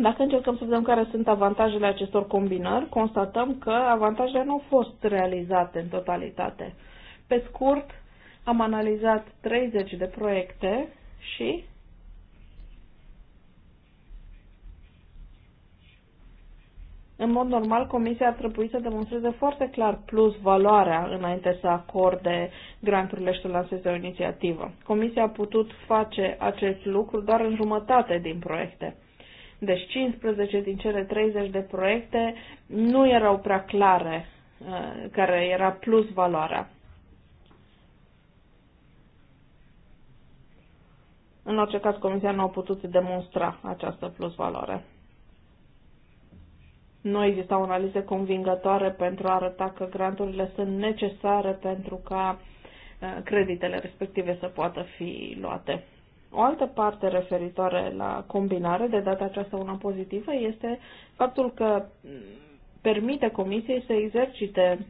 dacă încercăm să vedem care sunt avantajele acestor combinări, constatăm că avantajele nu au fost realizate în totalitate. Pe scurt, am analizat 30 de proiecte și În mod normal, comisia ar trebui să demonstreze foarte clar plus valoarea înainte să acorde granturile și să lanseze o inițiativă. Comisia a putut face acest lucru doar în jumătate din proiecte. Deci 15 din cele 30 de proiecte nu erau prea clare uh, care era plus valoarea. În orice caz, Comisia nu a putut demonstra această plus valoare. Nu existau analize convingătoare pentru a arăta că granturile sunt necesare pentru ca uh, creditele respective să poată fi luate. O altă parte referitoare la combinare, de data aceasta una pozitivă, este faptul că permite Comisiei să exercite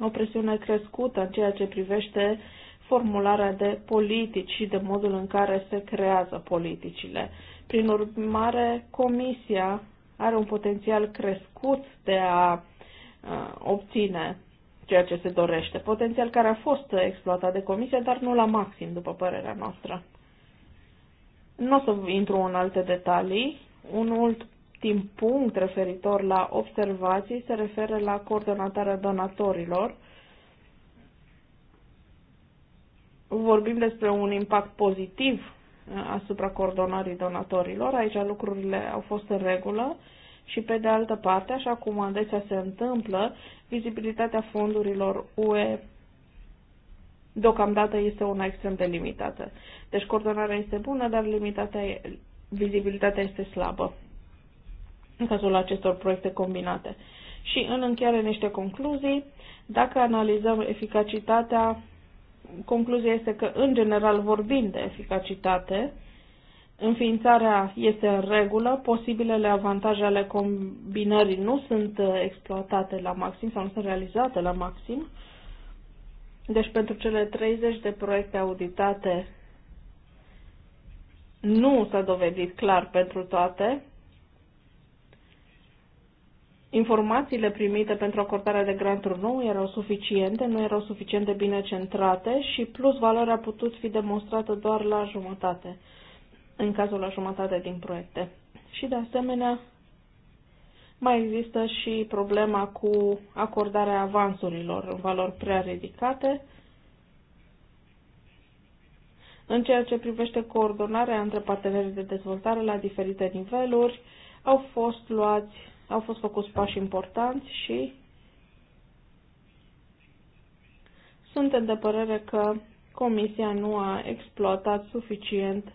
o presiune crescută în ceea ce privește formularea de politici și de modul în care se creează politicile. Prin urmare, Comisia are un potențial crescut de a uh, obține ceea ce se dorește, potențial care a fost exploatat de Comisie, dar nu la maxim, după părerea noastră. Nu o să intru în alte detalii. Un ultim punct referitor la observații se referă la coordonatarea donatorilor. Vorbim despre un impact pozitiv uh, asupra coordonării donatorilor. Aici lucrurile au fost în regulă și pe de altă parte, așa cum adesea se întâmplă, vizibilitatea fondurilor UE deocamdată este una extrem de limitată. Deci coordonarea este bună, dar limitatea vizibilitatea este slabă în cazul acestor proiecte combinate. Și în încheiere niște concluzii, dacă analizăm eficacitatea, concluzia este că, în general, vorbind de eficacitate, înființarea este în regulă, posibilele avantaje ale combinării nu sunt uh, exploatate la maxim sau nu sunt realizate la maxim, deci pentru cele 30 de proiecte auditate nu s-a dovedit clar pentru toate. Informațiile primite pentru acordarea de granturi nu erau suficiente, nu erau suficient de bine centrate și plus valoarea a putut fi demonstrată doar la jumătate, în cazul la jumătate din proiecte. Și de asemenea, mai există și problema cu acordarea avansurilor în valori prea ridicate. În ceea ce privește coordonarea între partenerii de dezvoltare la diferite niveluri, au fost luați, au fost făcuți pași importanți și suntem de părere că Comisia nu a exploatat suficient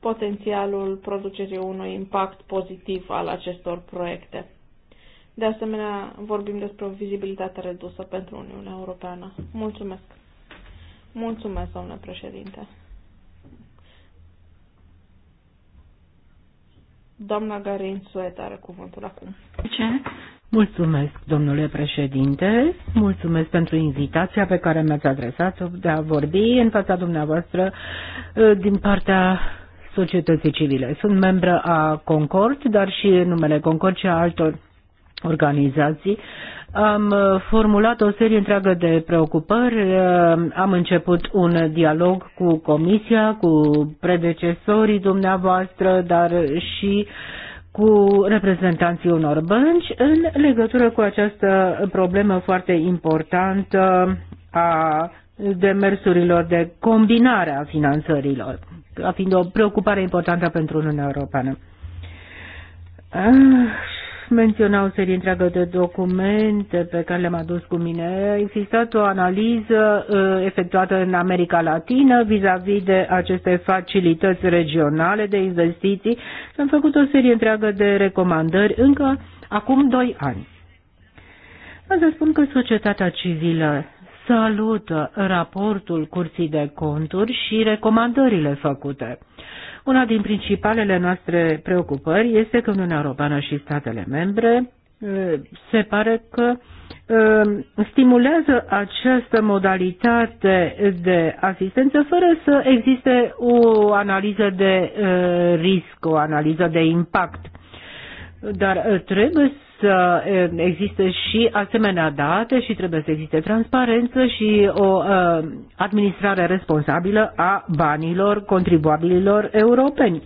potențialul producerii unui impact pozitiv al acestor proiecte. De asemenea, vorbim despre o vizibilitate redusă pentru Uniunea Europeană. Mulțumesc. Mulțumesc, domnule președinte. Doamna Garin Sueta are cuvântul acum. Ce? Mulțumesc, domnule președinte, mulțumesc pentru invitația pe care mi-ați adresat-o de a vorbi în fața dumneavoastră ă, din partea societății civile. Sunt membră a Concord, dar și în numele Concord și a altor organizații. Am uh, formulat o serie întreagă de preocupări, uh, am început un dialog cu Comisia, cu predecesorii dumneavoastră, dar și cu reprezentanții unor bănci în legătură cu această problemă foarte importantă a demersurilor de combinare a finanțărilor, fiind o preocupare importantă pentru Uniunea Europeană. Ah, menționa o serie întreagă de documente pe care le-am adus cu mine. A existat o analiză uh, efectuată în America Latină vis-a-vis -vis de aceste facilități regionale de investiții s am făcut o serie întreagă de recomandări încă acum doi ani. Am să spun că societatea civilă salută raportul Curții de Conturi și recomandările făcute. Una din principalele noastre preocupări este că Uniunea Europeană și statele membre uh, se pare că uh, stimulează această modalitate de asistență fără să existe o analiză de uh, risc, o analiză de impact. Dar trebuie să existe și asemenea date și trebuie să existe transparență și o administrare responsabilă a banilor contribuabililor europeni.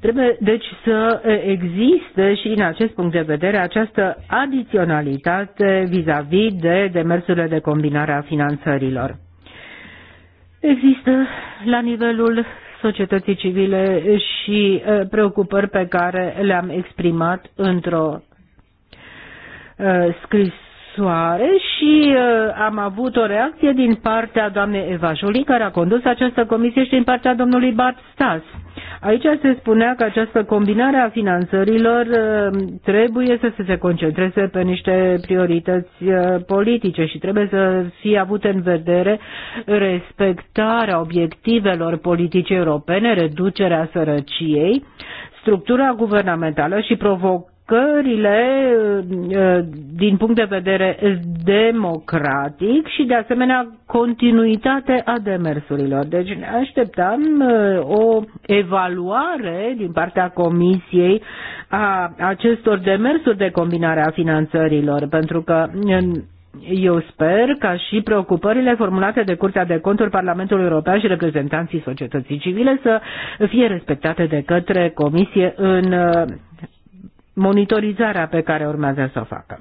Trebuie deci să existe și în acest punct de vedere această adiționalitate vis-a-vis -vis de demersurile de combinare a finanțărilor. Există la nivelul societății civile și preocupări pe care le-am exprimat într-o scrisoare și am avut o reacție din partea doamnei Eva Jolie, care a condus această comisie și din partea domnului Bart Stas Aici se spunea că această combinare a finanțărilor uh, trebuie să se concentreze pe niște priorități uh, politice și trebuie să fie avute în vedere respectarea obiectivelor politice europene, reducerea sărăciei, structura guvernamentală și provocarea provocările uh, uh, din punct de vedere democratic și de asemenea continuitate a demersurilor. Deci ne așteptăm uh, o evaluare din partea Comisiei a acestor demersuri de combinare a finanțărilor, pentru că eu sper ca și preocupările formulate de Curtea de Conturi Parlamentului European și reprezentanții societății civile să fie respectate de către Comisie în monitorizarea pe care urmează să o facă.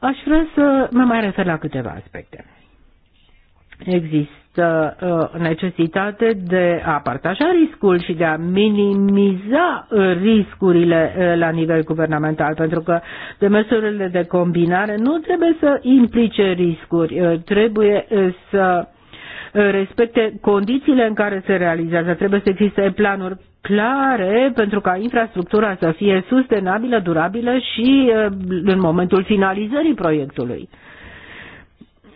Aș vrea să mă mai refer la câteva aspecte. Există uh, necesitate de a partaja riscul și de a minimiza uh, riscurile uh, la nivel guvernamental, pentru că demersurile de combinare nu trebuie să implice riscuri, uh, trebuie uh, să uh, respecte condițiile în care se realizează. Trebuie să existe planuri clare pentru ca infrastructura să fie sustenabilă, durabilă și uh, în momentul finalizării proiectului.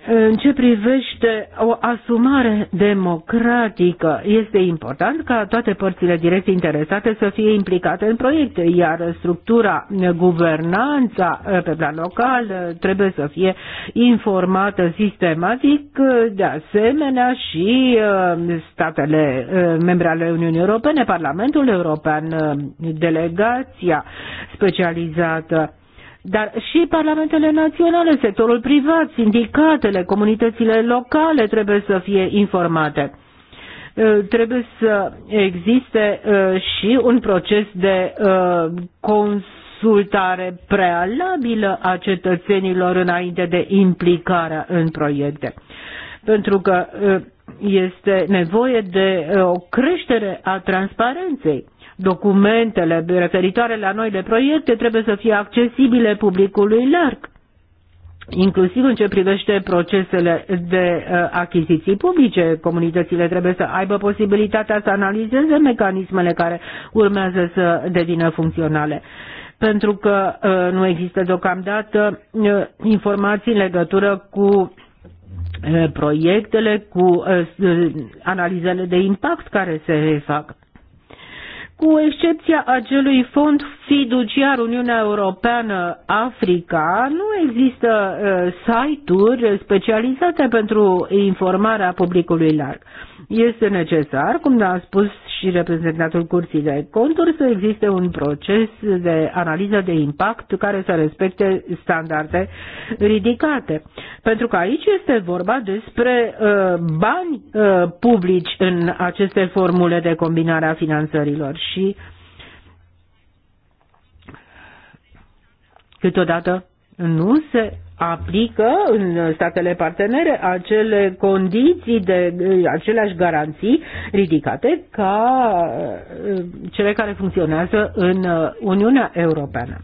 În ce privește o asumare democratică, este important ca toate părțile direct interesate să fie implicate în proiecte, iar structura, guvernanța eh, pe plan local eh, trebuie să fie informată sistematic, eh, de asemenea și statele membre ale Uniunii Europene, Parlamentul European, delegația specializată dar și parlamentele naționale, sectorul privat, sindicatele, comunitățile locale trebuie să fie informate uh, trebuie să existe uh, și un proces de uh, consultare prealabilă a cetățenilor înainte de implicarea în proiecte. Pentru că este nevoie de o creștere a transparenței documentele referitoare la noile proiecte trebuie să fie accesibile publicului larg, inclusiv în ce privește procesele de uh, achiziții publice. Comunitățile trebuie să aibă posibilitatea să analizeze mecanismele care urmează să devină funcționale pentru că uh, nu există deocamdată uh, informații în legătură cu proiectele, cu analizele de impact care se fac cu excepția acelui fond fiduciar Uniunea Europeană Africa, nu există uh, site-uri specializate pentru informarea publicului larg. Este necesar, cum a spus și reprezentatul curții de conturi să existe un proces de analiză de impact care să respecte standarde ridicate. Pentru că aici este vorba despre uh, bani uh, publici în aceste formule de combinare a finanțărilor și câteodată nu se aplică în statele partenere acele condiții de aceleași garanții ridicate ca uh, cele care funcționează în uh, Uniunea Europeană.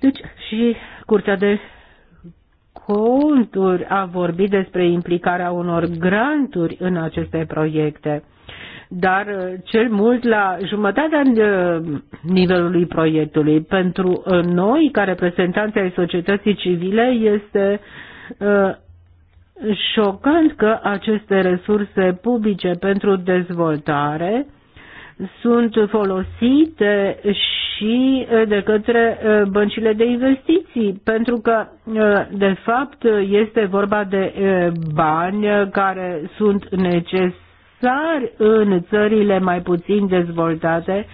Deci și Curtea de Conturi a vorbit despre implicarea unor granturi în aceste proiecte dar uh, cel mult la jumătatea uh, nivelului proiectului. Pentru uh, noi, ca reprezentanți ai societății civile, este șocant că aceste resurse publice pentru dezvoltare sunt folosite și de către băncile de investiții, pentru că, de fapt, este vorba de bani care sunt necesari necesari în țările mai puțin dezvoltate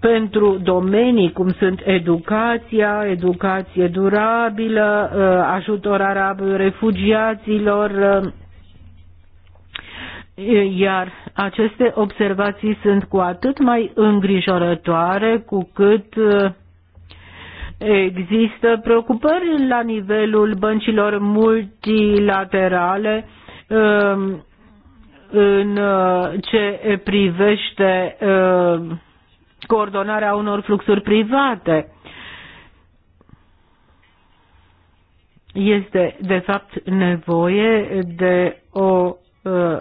pentru domenii cum sunt educația, educație durabilă, uh, ajutorarea refugiaților, uh, iar aceste observații sunt cu atât mai îngrijorătoare cu cât uh, există preocupări la nivelul băncilor multilaterale în uh, ce privește uh, coordonarea unor fluxuri private. Este, de fapt, nevoie de o uh,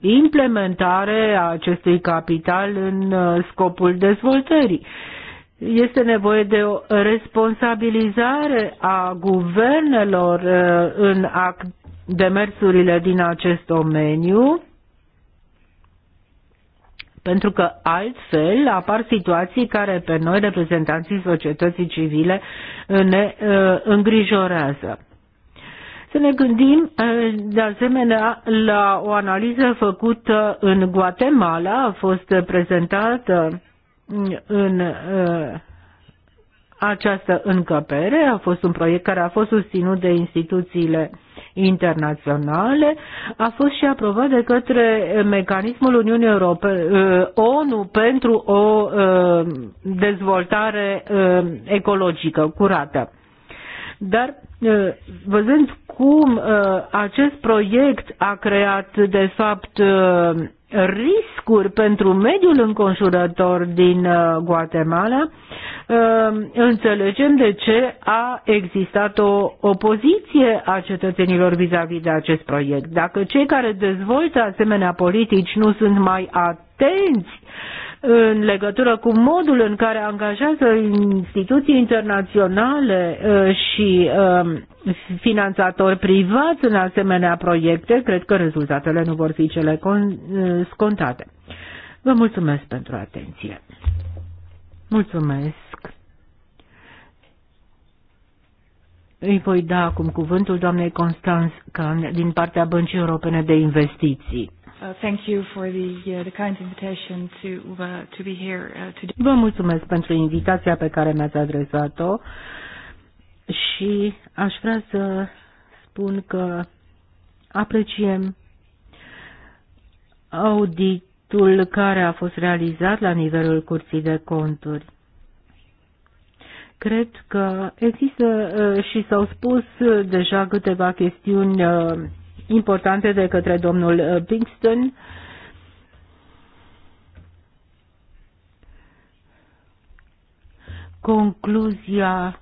implementare a acestui capital în scopul dezvoltării. Este nevoie de o responsabilizare a guvernelor în act demersurile din acest domeniu, pentru că altfel apar situații care pe noi, reprezentanții societății civile, ne uh, îngrijorează. Să ne gândim uh, de asemenea la o analiză făcută în Guatemala, a fost prezentată în uh, această încăpere, a fost un proiect care a fost susținut de instituțiile internaționale a fost și aprobat de către mecanismul Uniunii Europene, uh, ONU pentru o uh, dezvoltare uh, ecologică curată. Dar văzând cum acest proiect a creat de fapt riscuri pentru mediul înconjurător din uh, Guatemala, uh, înțelegem de ce a existat o opoziție a cetățenilor vis-a-vis -vis de acest proiect. Dacă cei care dezvoltă asemenea politici nu sunt mai atenți în legătură cu modul în care angajează instituții internaționale uh, și um, finanțatori privați în asemenea proiecte, cred că rezultatele nu vor fi cele uh, scontate. Vă mulțumesc pentru atenție. Mulțumesc. Îi voi da acum cuvântul doamnei Constanț Can din partea Băncii Europene de Investiții. Uh, thank you for the, uh, kind invitation to, uh, be here today. Vă mulțumesc pentru invitația pe care mi-ați adresat-o și aș vrea să spun că apreciem auditul care a fost realizat la nivelul curții de conturi. Cred că există și s-au spus deja câteva chestiuni importante de către domnul uh, Pinkston. Concluzia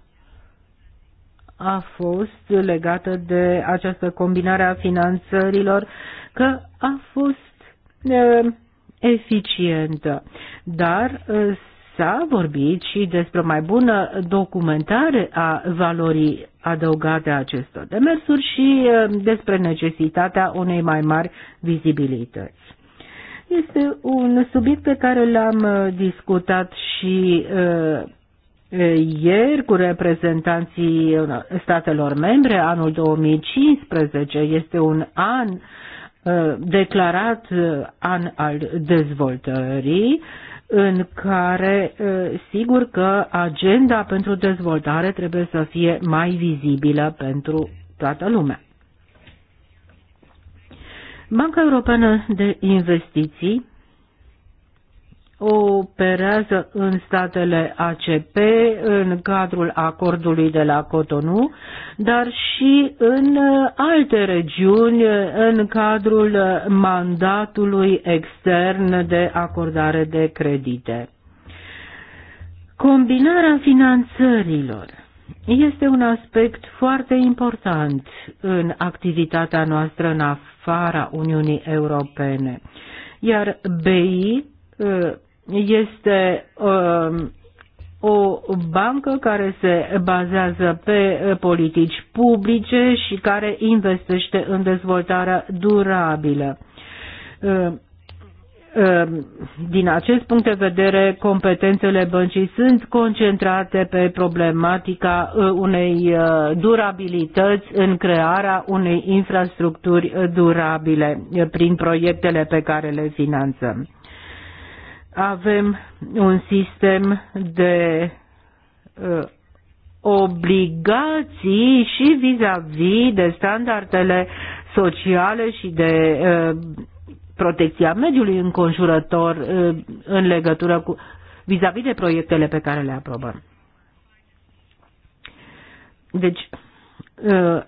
a fost legată de această combinare a finanțărilor că a fost uh, eficientă, dar uh, S-a vorbit și despre o mai bună documentare a valorii adăugate a acestor demersuri și eh, despre necesitatea unei mai mari vizibilități. Este un subiect pe care l-am eh, discutat și eh, ieri cu reprezentanții statelor membre. Anul 2015 este un an declarat an al dezvoltării în care ă, sigur că agenda pentru dezvoltare trebuie să fie mai vizibilă pentru toată lumea. Banca Europeană de Investiții operează în statele ACP în cadrul acordului de la Cotonou, dar și în uh, alte regiuni uh, în cadrul uh, mandatului extern de acordare de credite. Combinarea finanțărilor este un aspect foarte important în activitatea noastră în afara Uniunii Europene, iar BI este um, o bancă care se bazează pe uh, politici publice și care investește în dezvoltarea durabilă. Um, um, din acest punct de vedere, competențele băncii sunt concentrate pe problematica uh, unei uh, durabilități în crearea unei infrastructuri durabile prin proiectele pe care le finanțăm avem un sistem de uh, obligații și vis-a-vis -vis de standardele sociale și de uh, protecția mediului înconjurător uh, în legătură cu vis-a-vis -vis de proiectele pe care le aprobăm. Deci, uh,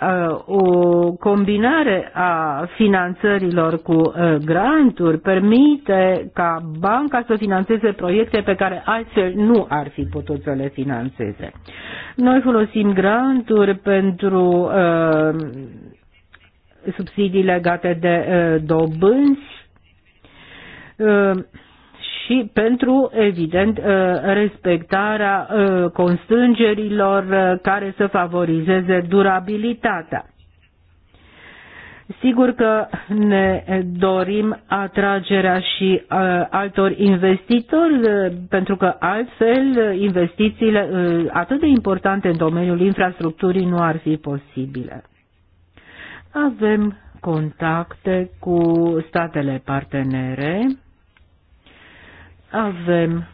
Uh, o combinare a finanțărilor cu uh, granturi permite ca banca să financeze proiecte pe care altfel nu ar fi putut să le financeze. Noi folosim granturi pentru uh, subsidii legate de dobânzi și pentru, evident, uh, respectarea uh, constrângerilor uh, care să favorizeze durabilitatea. Sigur că ne dorim atragerea și altor investitori, pentru că altfel investițiile atât de importante în domeniul infrastructurii nu ar fi posibile. Avem contacte cu statele partenere avem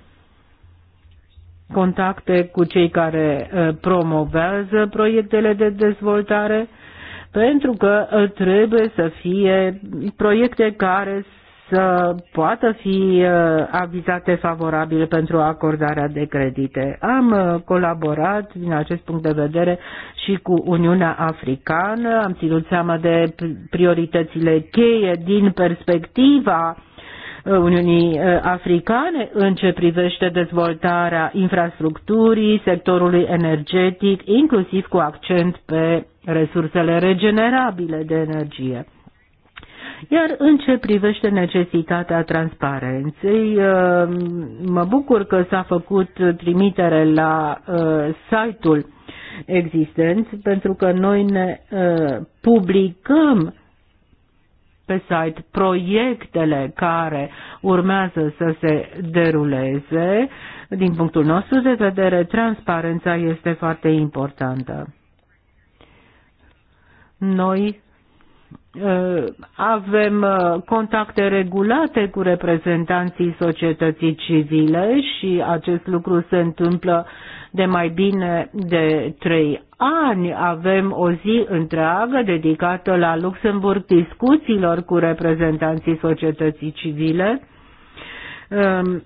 contacte cu cei care uh, promovează proiectele de dezvoltare, pentru că uh, trebuie să fie proiecte care să poată fi uh, avizate favorabil pentru acordarea de credite. Am colaborat din acest punct de vedere și cu Uniunea Africană, am ținut seama de prioritățile cheie din perspectiva Uh, Uniunii uh, Africane în ce privește dezvoltarea infrastructurii, sectorului energetic, inclusiv cu accent pe resursele regenerabile de energie. Iar în ce privește necesitatea transparenței, uh, mă bucur că s-a făcut trimitere la site-ul existenți, pentru că noi ne publicăm pe site proiectele care urmează să se deruleze. Din punctul nostru de vedere, transparența este foarte importantă. Noi uh, avem uh, contacte regulate cu reprezentanții societății civile și acest lucru se întâmplă de mai bine de trei ani avem o zi întreagă dedicată la Luxemburg discuțiilor cu reprezentanții societății civile um,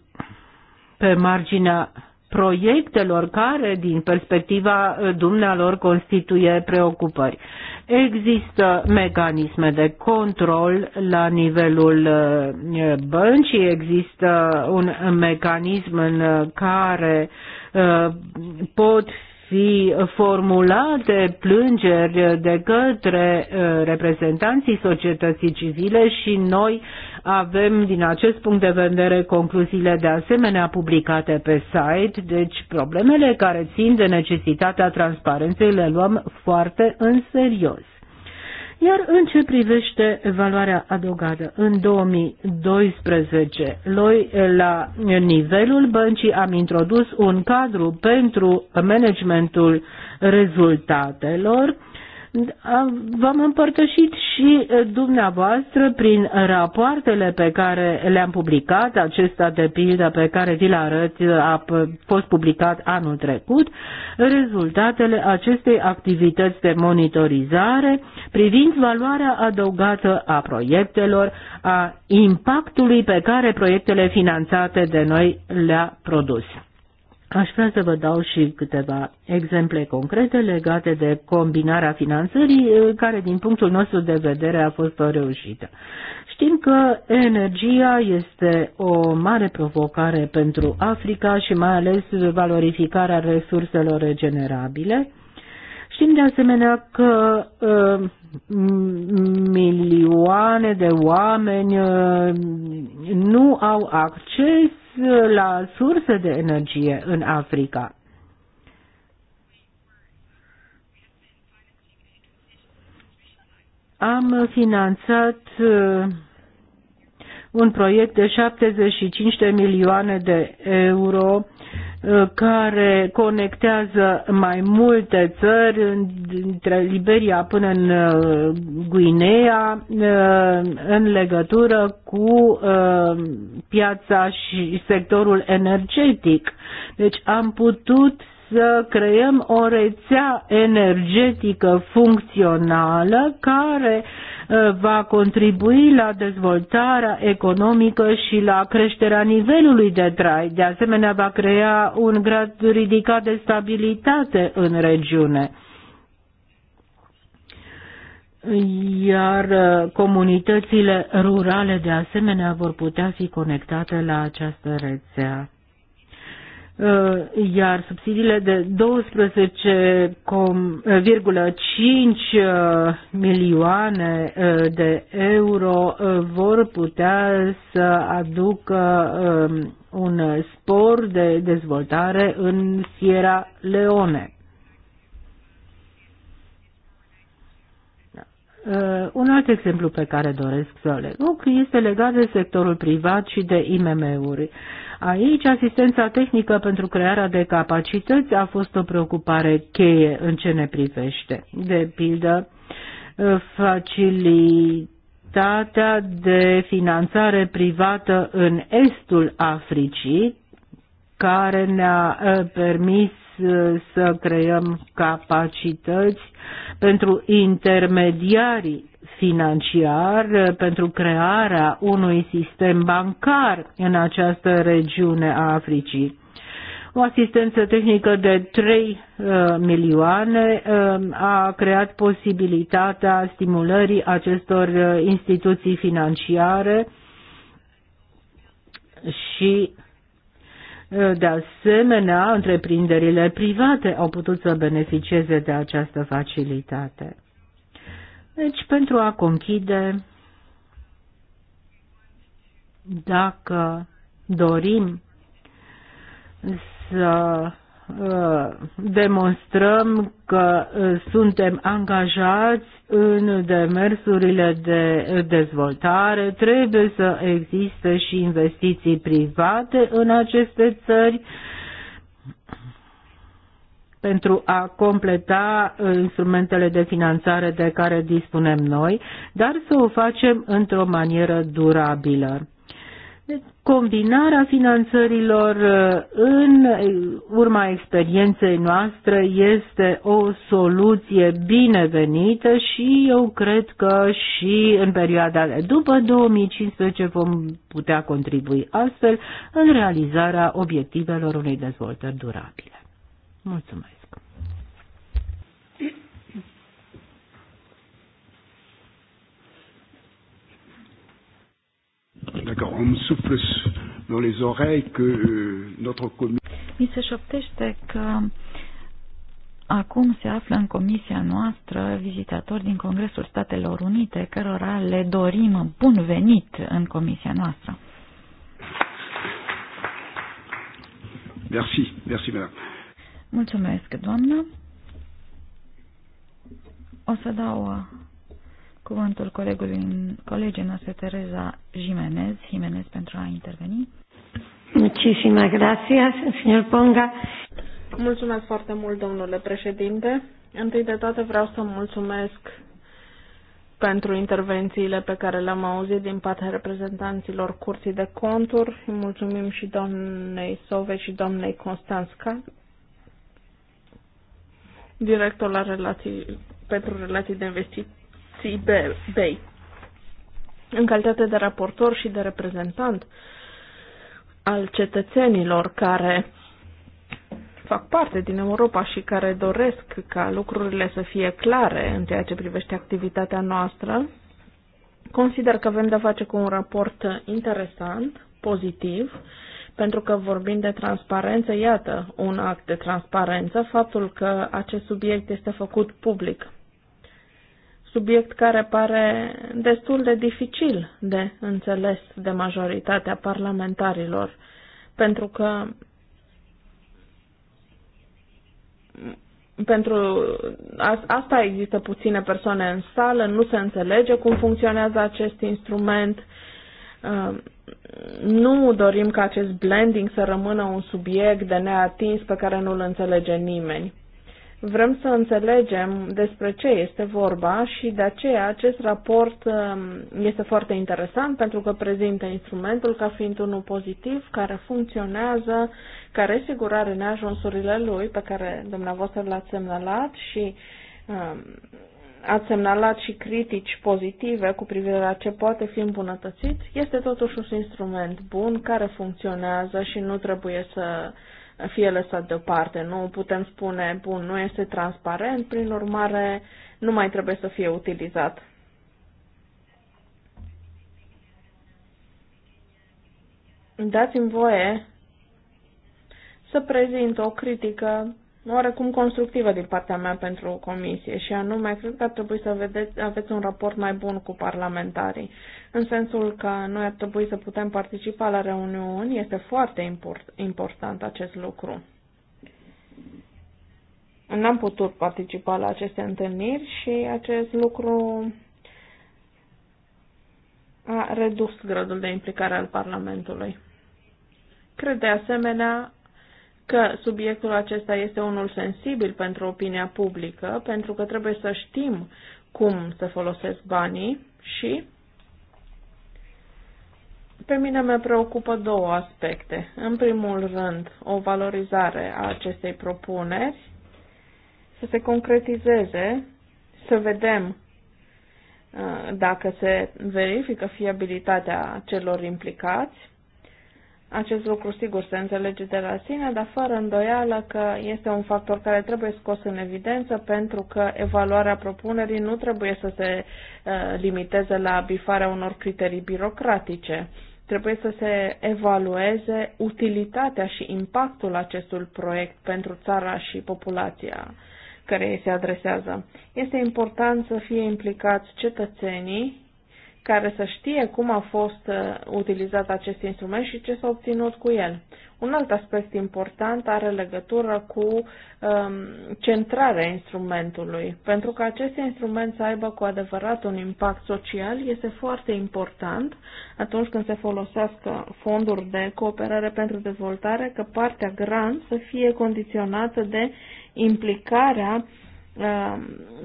pe marginea proiectelor care, din perspectiva uh, dumnealor, constituie preocupări. Există mecanisme de control la nivelul uh, băncii, există un mecanism în uh, care pot fi formulate plângeri de către uh, reprezentanții societății civile și noi avem din acest punct de vedere concluziile de asemenea publicate pe site, deci problemele care țin de necesitatea transparenței le luăm foarte în serios. Iar în ce privește valoarea adăugată, în 2012, noi la nivelul băncii am introdus un cadru pentru managementul rezultatelor V-am împărtășit și dumneavoastră prin rapoartele pe care le-am publicat, acesta de pildă pe care vi-l arăt a fost publicat anul trecut, rezultatele acestei activități de monitorizare privind valoarea adăugată a proiectelor, a impactului pe care proiectele finanțate de noi le-a produs. Aș vrea să vă dau și câteva exemple concrete legate de combinarea finanțării, care din punctul nostru de vedere a fost o reușită. Știm că energia este o mare provocare pentru Africa și mai ales valorificarea resurselor regenerabile. Știm de asemenea că uh, milioane de oameni uh, nu au acces la surse de energie în Africa. Am finanțat uh, un proiect de 75 de milioane de euro care conectează mai multe țări, între Liberia până în uh, Guinea, uh, în legătură cu uh, piața și sectorul energetic. Deci am putut să creăm o rețea energetică funcțională care uh, Uh, va contribui la dezvoltarea economică și la creșterea nivelului de trai. De asemenea, va crea un grad ridicat de stabilitate în regiune iar uh, comunitățile rurale de asemenea vor putea fi conectate la această rețea. Uh, iar subsidiile de 12,5 uh, milioane uh, de euro vor putea să aducă um, un spor de dezvoltare în Sierra Leone. Un alt exemplu pe care doresc să le duc este legat de sectorul privat și de IMM-uri. Aici, asistența tehnică pentru crearea de capacități a fost o preocupare cheie în ce ne privește. De pildă, facilitatea de finanțare privată în estul Africii, care ne-a eh, permis eh, să creăm capacități pentru intermediarii financiar eh, pentru crearea unui sistem bancar în această regiune a Africii o asistență tehnică de 3 eh, milioane eh, a creat posibilitatea stimulării acestor instituții financiare și de asemenea, întreprinderile private au putut să beneficieze de această facilitate. Deci, pentru a conchide, dacă dorim să uh, demonstrăm că uh, suntem angajați în demersurile de dezvoltare, trebuie să existe și investiții private în aceste țări, pentru a completa uh, instrumentele de finanțare de care dispunem noi, dar să o facem într-o manieră durabilă. Deci, combinarea finanțărilor uh, în urma experienței noastre este o soluție binevenită și eu cred că și în perioada de după 2015 vom putea contribui astfel în realizarea obiectivelor unei dezvoltări durabile. Mulțumesc! D'accord, on me souffle dans les oreilles que euh, notre commission... Mi se șoptește că acum se află în comisia noastră vizitatori din Congresul Statelor Unite, cărora le dorim bun venit în comisia noastră. Merci, merci, madame. Mulțumesc, doamnă. O să dau cuvântul colegului, colegii noastre, Tereza Jimenez, Jimenez pentru a interveni. Muchísimas gracias, señor Ponga. Mulțumesc foarte mult, domnule președinte. Întâi de toate vreau să mulțumesc pentru intervențiile pe care le-am auzit din partea reprezentanților Curții de Conturi. Mulțumim și doamnei Sove și doamnei Constanța, director la relații, pentru relații de investiții Comisiei BEI. În calitate de raportor și de reprezentant al cetățenilor care fac parte din Europa și care doresc ca lucrurile să fie clare în ceea ce privește activitatea noastră, consider că avem de-a face cu un raport interesant, pozitiv, pentru că vorbim de transparență, iată un act de transparență, faptul că acest subiect este făcut public subiect care pare destul de dificil de înțeles de majoritatea parlamentarilor, pentru că pentru asta există puține persoane în sală, nu se înțelege cum funcționează acest instrument. Uh, nu dorim ca acest blending să rămână un subiect de neatins pe care nu-l înțelege nimeni. Vrem să înțelegem despre ce este vorba și de aceea acest raport um, este foarte interesant pentru că prezintă instrumentul ca fiind unul pozitiv, care funcționează, care este sigurare neajunsurile lui pe care dumneavoastră l-ați semnalat și um, ați semnalat și critici pozitive cu privire la ce poate fi îmbunătățit, este totuși un instrument bun care funcționează și nu trebuie să fie lăsat deoparte. Nu putem spune, bun, nu este transparent, prin urmare nu mai trebuie să fie utilizat. Dați-mi voie să prezint o critică oarecum constructivă din partea mea pentru comisie și anume cred că ar trebui să vedeți, aveți un raport mai bun cu parlamentarii, în sensul că noi ar trebui să putem participa la reuniuni, este foarte import, important acest lucru. N-am putut participa la aceste întâlniri și acest lucru a redus gradul de implicare al Parlamentului. Cred de asemenea că subiectul acesta este unul sensibil pentru opinia publică, pentru că trebuie să știm cum să folosesc banii și pe mine mă preocupă două aspecte. În primul rând, o valorizare a acestei propuneri, să se concretizeze, să vedem uh, dacă se verifică fiabilitatea celor implicați acest lucru, sigur, se înțelege de la sine, dar fără îndoială că este un factor care trebuie scos în evidență pentru că evaluarea propunerii nu trebuie să se uh, limiteze la bifarea unor criterii birocratice. Trebuie să se evalueze utilitatea și impactul acestui proiect pentru țara și populația care îi se adresează. Este important să fie implicați cetățenii care să știe cum a fost uh, utilizat acest instrument și ce s-a obținut cu el. Un alt aspect important are legătură cu um, centrarea instrumentului. Pentru că acest instrument să aibă cu adevărat un impact social, este foarte important atunci când se folosească fonduri de cooperare pentru dezvoltare, că partea grant să fie condiționată de implicarea uh, Uh,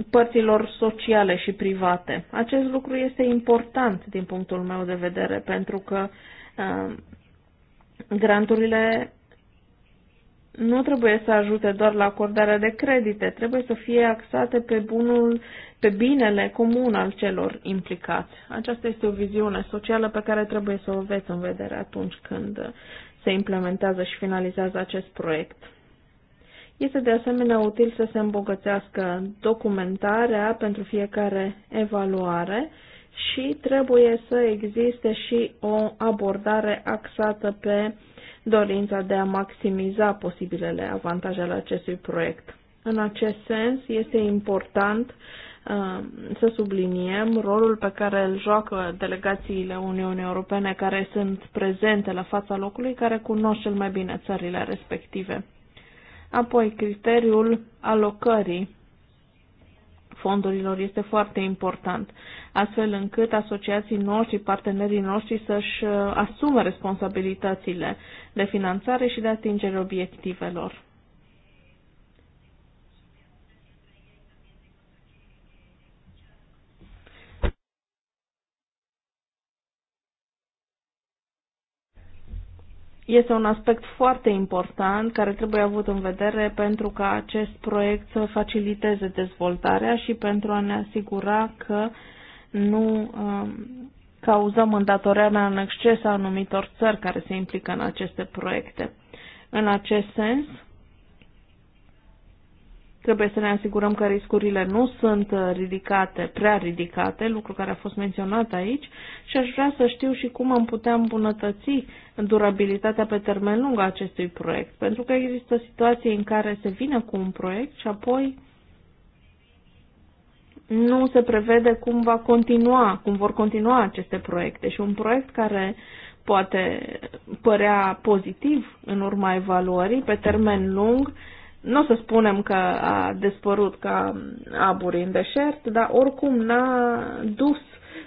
părților sociale și private. Acest lucru este important din punctul meu de vedere pentru că uh, granturile nu trebuie să ajute doar la acordarea de credite, trebuie să fie axate pe bunul, pe binele comun al celor implicați. Aceasta este o viziune socială pe care trebuie să o veți în vedere atunci când se implementează și finalizează acest proiect. Este de asemenea util să se îmbogățească documentarea pentru fiecare evaluare și trebuie să existe și o abordare axată pe dorința de a maximiza posibilele avantajele acestui proiect. În acest sens, este important uh, să subliniem rolul pe care îl joacă delegațiile Uniunii Europene care sunt prezente la fața locului, care cunosc cel mai bine țările respective. Apoi, criteriul alocării fondurilor este foarte important, astfel încât asociații noștri, partenerii noștri să-și uh, asume responsabilitățile de finanțare și de atingere obiectivelor. este un aspect foarte important care trebuie avut în vedere pentru ca acest proiect să faciliteze dezvoltarea și pentru a ne asigura că nu um, cauzăm îndatorarea în exces a anumitor țări care se implică în aceste proiecte. În acest sens, Trebuie să ne asigurăm că riscurile nu sunt uh, ridicate, prea ridicate, lucru care a fost menționat aici, și aș vrea să știu și cum am putea îmbunătăți durabilitatea pe termen lung a acestui proiect. Pentru că există situații în care se vine cu un proiect și apoi nu se prevede cum va continua, cum vor continua aceste proiecte. Și un proiect care poate părea pozitiv în urma evaluării, pe termen lung, nu o să spunem că a despărut ca aburi în deșert, dar oricum n-a dus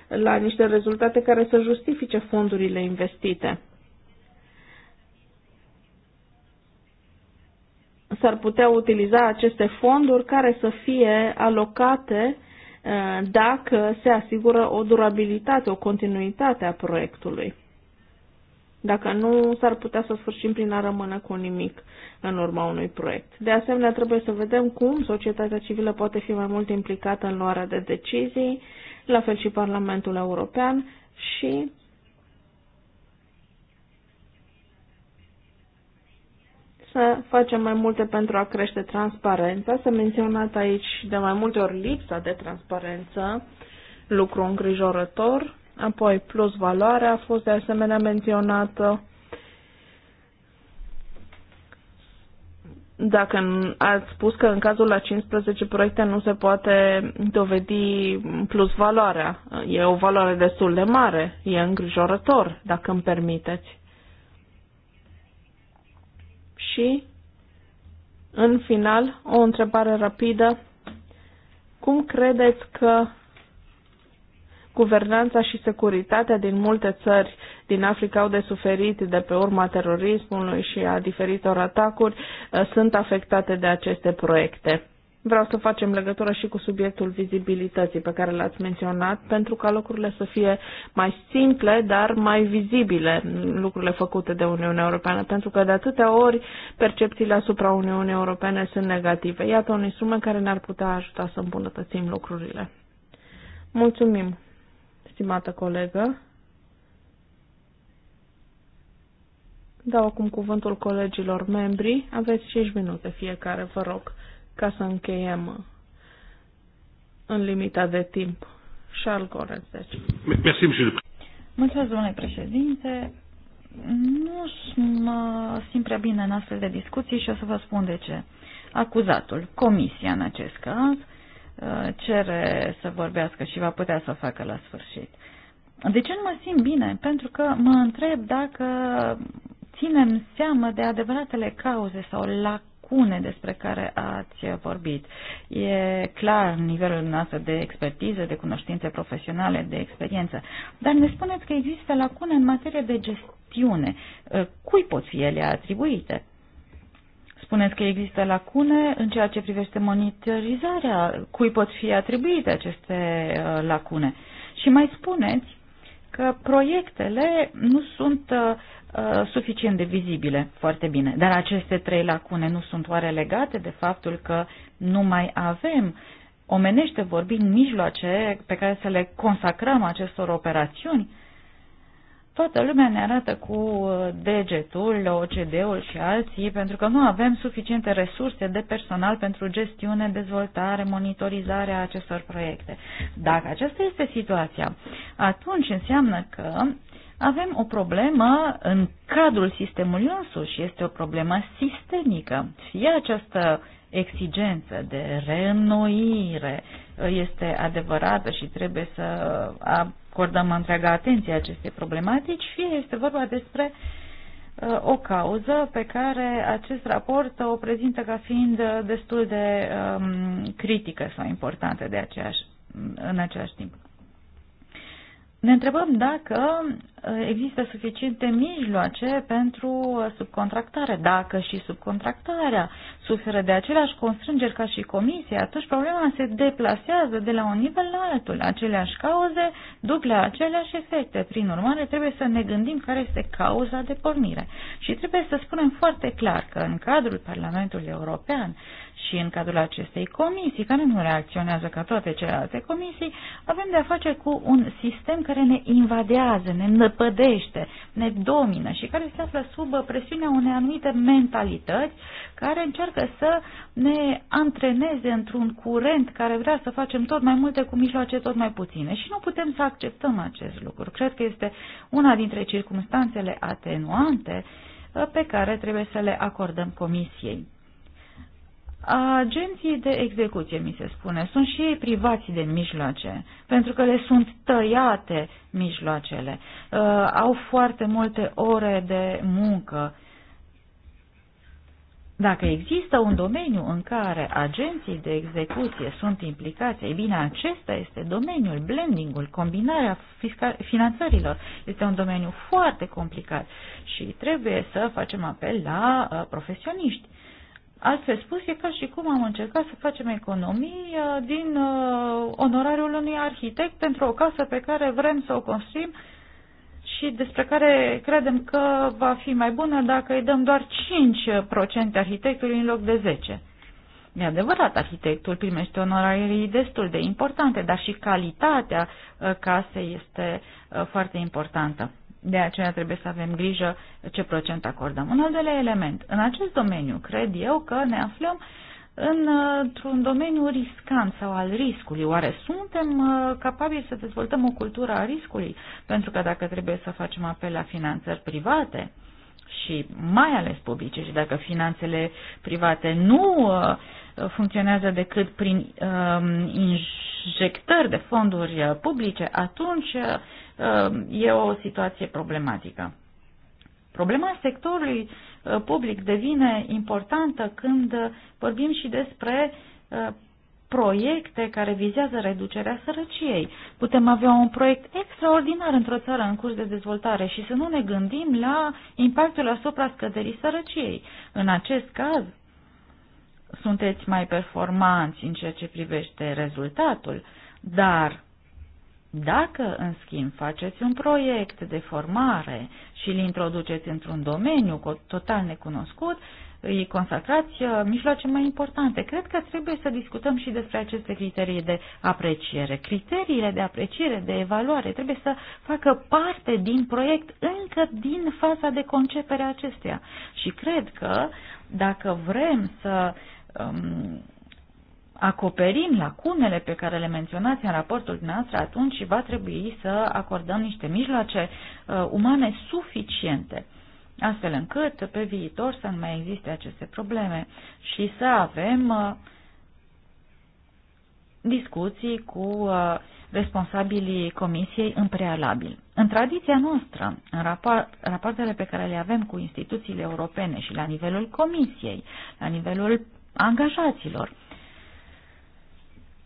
la niște rezultate care să justifice fondurile investite. S-ar putea utiliza aceste fonduri care să fie alocate uh, dacă se asigură o durabilitate, o continuitate a proiectului. Dacă nu, s-ar putea să sfârșim prin a rămâne cu nimic în urma unui proiect. De asemenea, trebuie să vedem cum societatea civilă poate fi mai mult implicată în luarea de decizii, la fel și Parlamentul European și să facem mai multe pentru a crește transparența. S-a menționat aici de mai multe ori lipsa de transparență, lucru îngrijorător. Apoi, plus valoarea a fost de asemenea menționată dacă ați spus că în cazul la 15 proiecte nu se poate dovedi plus valoarea. E o valoare destul de mare, e îngrijorător, dacă îmi permiteți. Și, în final, o întrebare rapidă. Cum credeți că Guvernanța și securitatea din multe țări din Africa au de suferit de pe urma terorismului și a diferitor atacuri, uh, sunt afectate de aceste proiecte. Vreau să facem legătură și cu subiectul vizibilității pe care l-ați menționat, pentru ca lucrurile să fie mai simple, dar mai vizibile, lucrurile făcute de Uniunea Europeană, pentru că de atâtea ori percepțiile asupra Uniunii Europene sunt negative. Iată un instrument care ne-ar putea ajuta să îmbunătățim lucrurile. Mulțumim! stimată colegă. Dau acum cuvântul colegilor membri. Aveți 5 minute fiecare, vă rog, ca să încheiem în limita de timp. Charles Gorenz, deci. Mulțumesc, domnule președinte. Nu mă simt prea bine în astfel de discuții și o să vă spun de ce. Acuzatul, comisia în acest caz, Uh, cere să vorbească și va putea să o facă la sfârșit. De ce nu mă simt bine? Pentru că mă întreb dacă ținem seamă de adevăratele cauze sau lacune despre care ați vorbit. E clar nivelul nostru de expertiză, de cunoștințe profesionale, de experiență, dar ne spuneți că există lacune în materie de gestiune. Uh, cui pot fi ele atribuite? Spuneți că există lacune în ceea ce privește monitorizarea, cui pot fi atribuite aceste uh, lacune. Și mai spuneți că proiectele nu sunt uh, uh, suficient de vizibile foarte bine. Dar aceste trei lacune nu sunt oare legate de faptul că nu mai avem omenește vorbind mijloace pe care să le consacrăm acestor operațiuni? toată lumea ne arată cu uh, degetul, OCD-ul și alții, pentru că nu avem suficiente resurse de personal pentru gestiune, dezvoltare, monitorizarea acestor proiecte. Dacă aceasta este situația, atunci înseamnă că avem o problemă în cadrul sistemului însuși, este o problemă sistemică. Fie această exigență de reînnoire este adevărată și trebuie să acordăm întreaga atenție acestei problematici, fie este vorba despre uh, o cauză pe care acest raport o prezintă ca fiind uh, destul de um, critică sau importantă de aceeași, în același timp ne întrebăm dacă uh, există suficiente mijloace pentru subcontractare. Dacă și subcontractarea suferă de aceleași constrângeri ca și comisia, atunci problema se deplasează de la un nivel la altul. Aceleași cauze duc la aceleași efecte. Prin urmare, trebuie să ne gândim care este cauza de pornire. Și trebuie să spunem foarte clar că în cadrul Parlamentului European și în cadrul acestei comisii, care nu reacționează ca toate celelalte comisii, avem de-a face cu un sistem care ne invadează, ne năpădește, ne domină și care se află sub presiunea unei anumite mentalități care încearcă să ne antreneze într-un curent care vrea să facem tot mai multe cu mijloace tot mai puține și nu putem să acceptăm acest lucru. Cred că este una dintre circumstanțele atenuante pe care trebuie să le acordăm comisiei agenții de execuție, mi se spune, sunt și ei privați de mijloace, pentru că le sunt tăiate mijloacele, uh, au foarte multe ore de muncă. Dacă există un domeniu în care agenții de execuție sunt implicați, ei bine, acesta este domeniul, blendingul, combinarea finanțărilor. Este un domeniu foarte complicat și trebuie să facem apel la uh, profesioniști. Uh, Altfel spus, e ca și cum am încercat să facem economii uh, din uh, onorariul unui arhitect pentru o casă pe care vrem să o construim și despre care credem că va fi mai bună dacă îi dăm doar 5% arhitectului în loc de 10%. E adevărat, arhitectul primește onorarii destul de importante, dar și calitatea uh, casei este foarte importantă. De aceea trebuie să avem grijă ce procent acordăm. Un al doilea element. În acest domeniu, cred eu că ne aflăm într-un domeniu riscant sau al riscului. Oare suntem uh, capabili să dezvoltăm o cultură a riscului? Pentru că dacă trebuie să facem apel la finanțări private, și mai ales publice și dacă finanțele private nu uh, Uh, funcționează decât prin um, injectări de fonduri uh, publice, atunci uh, e o situație problematică. Problema sectorului public devine importantă când vorbim și despre proiecte care vizează reducerea sărăciei. Putem avea un proiect extraordinar într-o țară în curs de dezvoltare și să nu ne gândim la impactul asupra scăderii sărăciei. În acest caz, sunteți mai performanți în ceea ce privește rezultatul, dar dacă, în schimb, faceți un proiect de formare și îl introduceți într-un domeniu total necunoscut, îi consacrați uh, mijloace mai importante. Cred că trebuie să discutăm și despre aceste criterii de apreciere. Criteriile de apreciere, de evaluare, trebuie să facă parte din proiect încă din faza de concepere a Și cred că dacă vrem să um, acoperim lacunele pe care le menționați în raportul dumneavoastră atunci va trebui să acordăm niște mijloace uh, umane suficiente, astfel încât pe viitor să nu mai existe aceste probleme și să avem uh, discuții cu uh, responsabilii comisiei în prealabil. În tradiția noastră, în rapoartele pe care le avem cu instituțiile europene și la nivelul comisiei, la nivelul angajaților.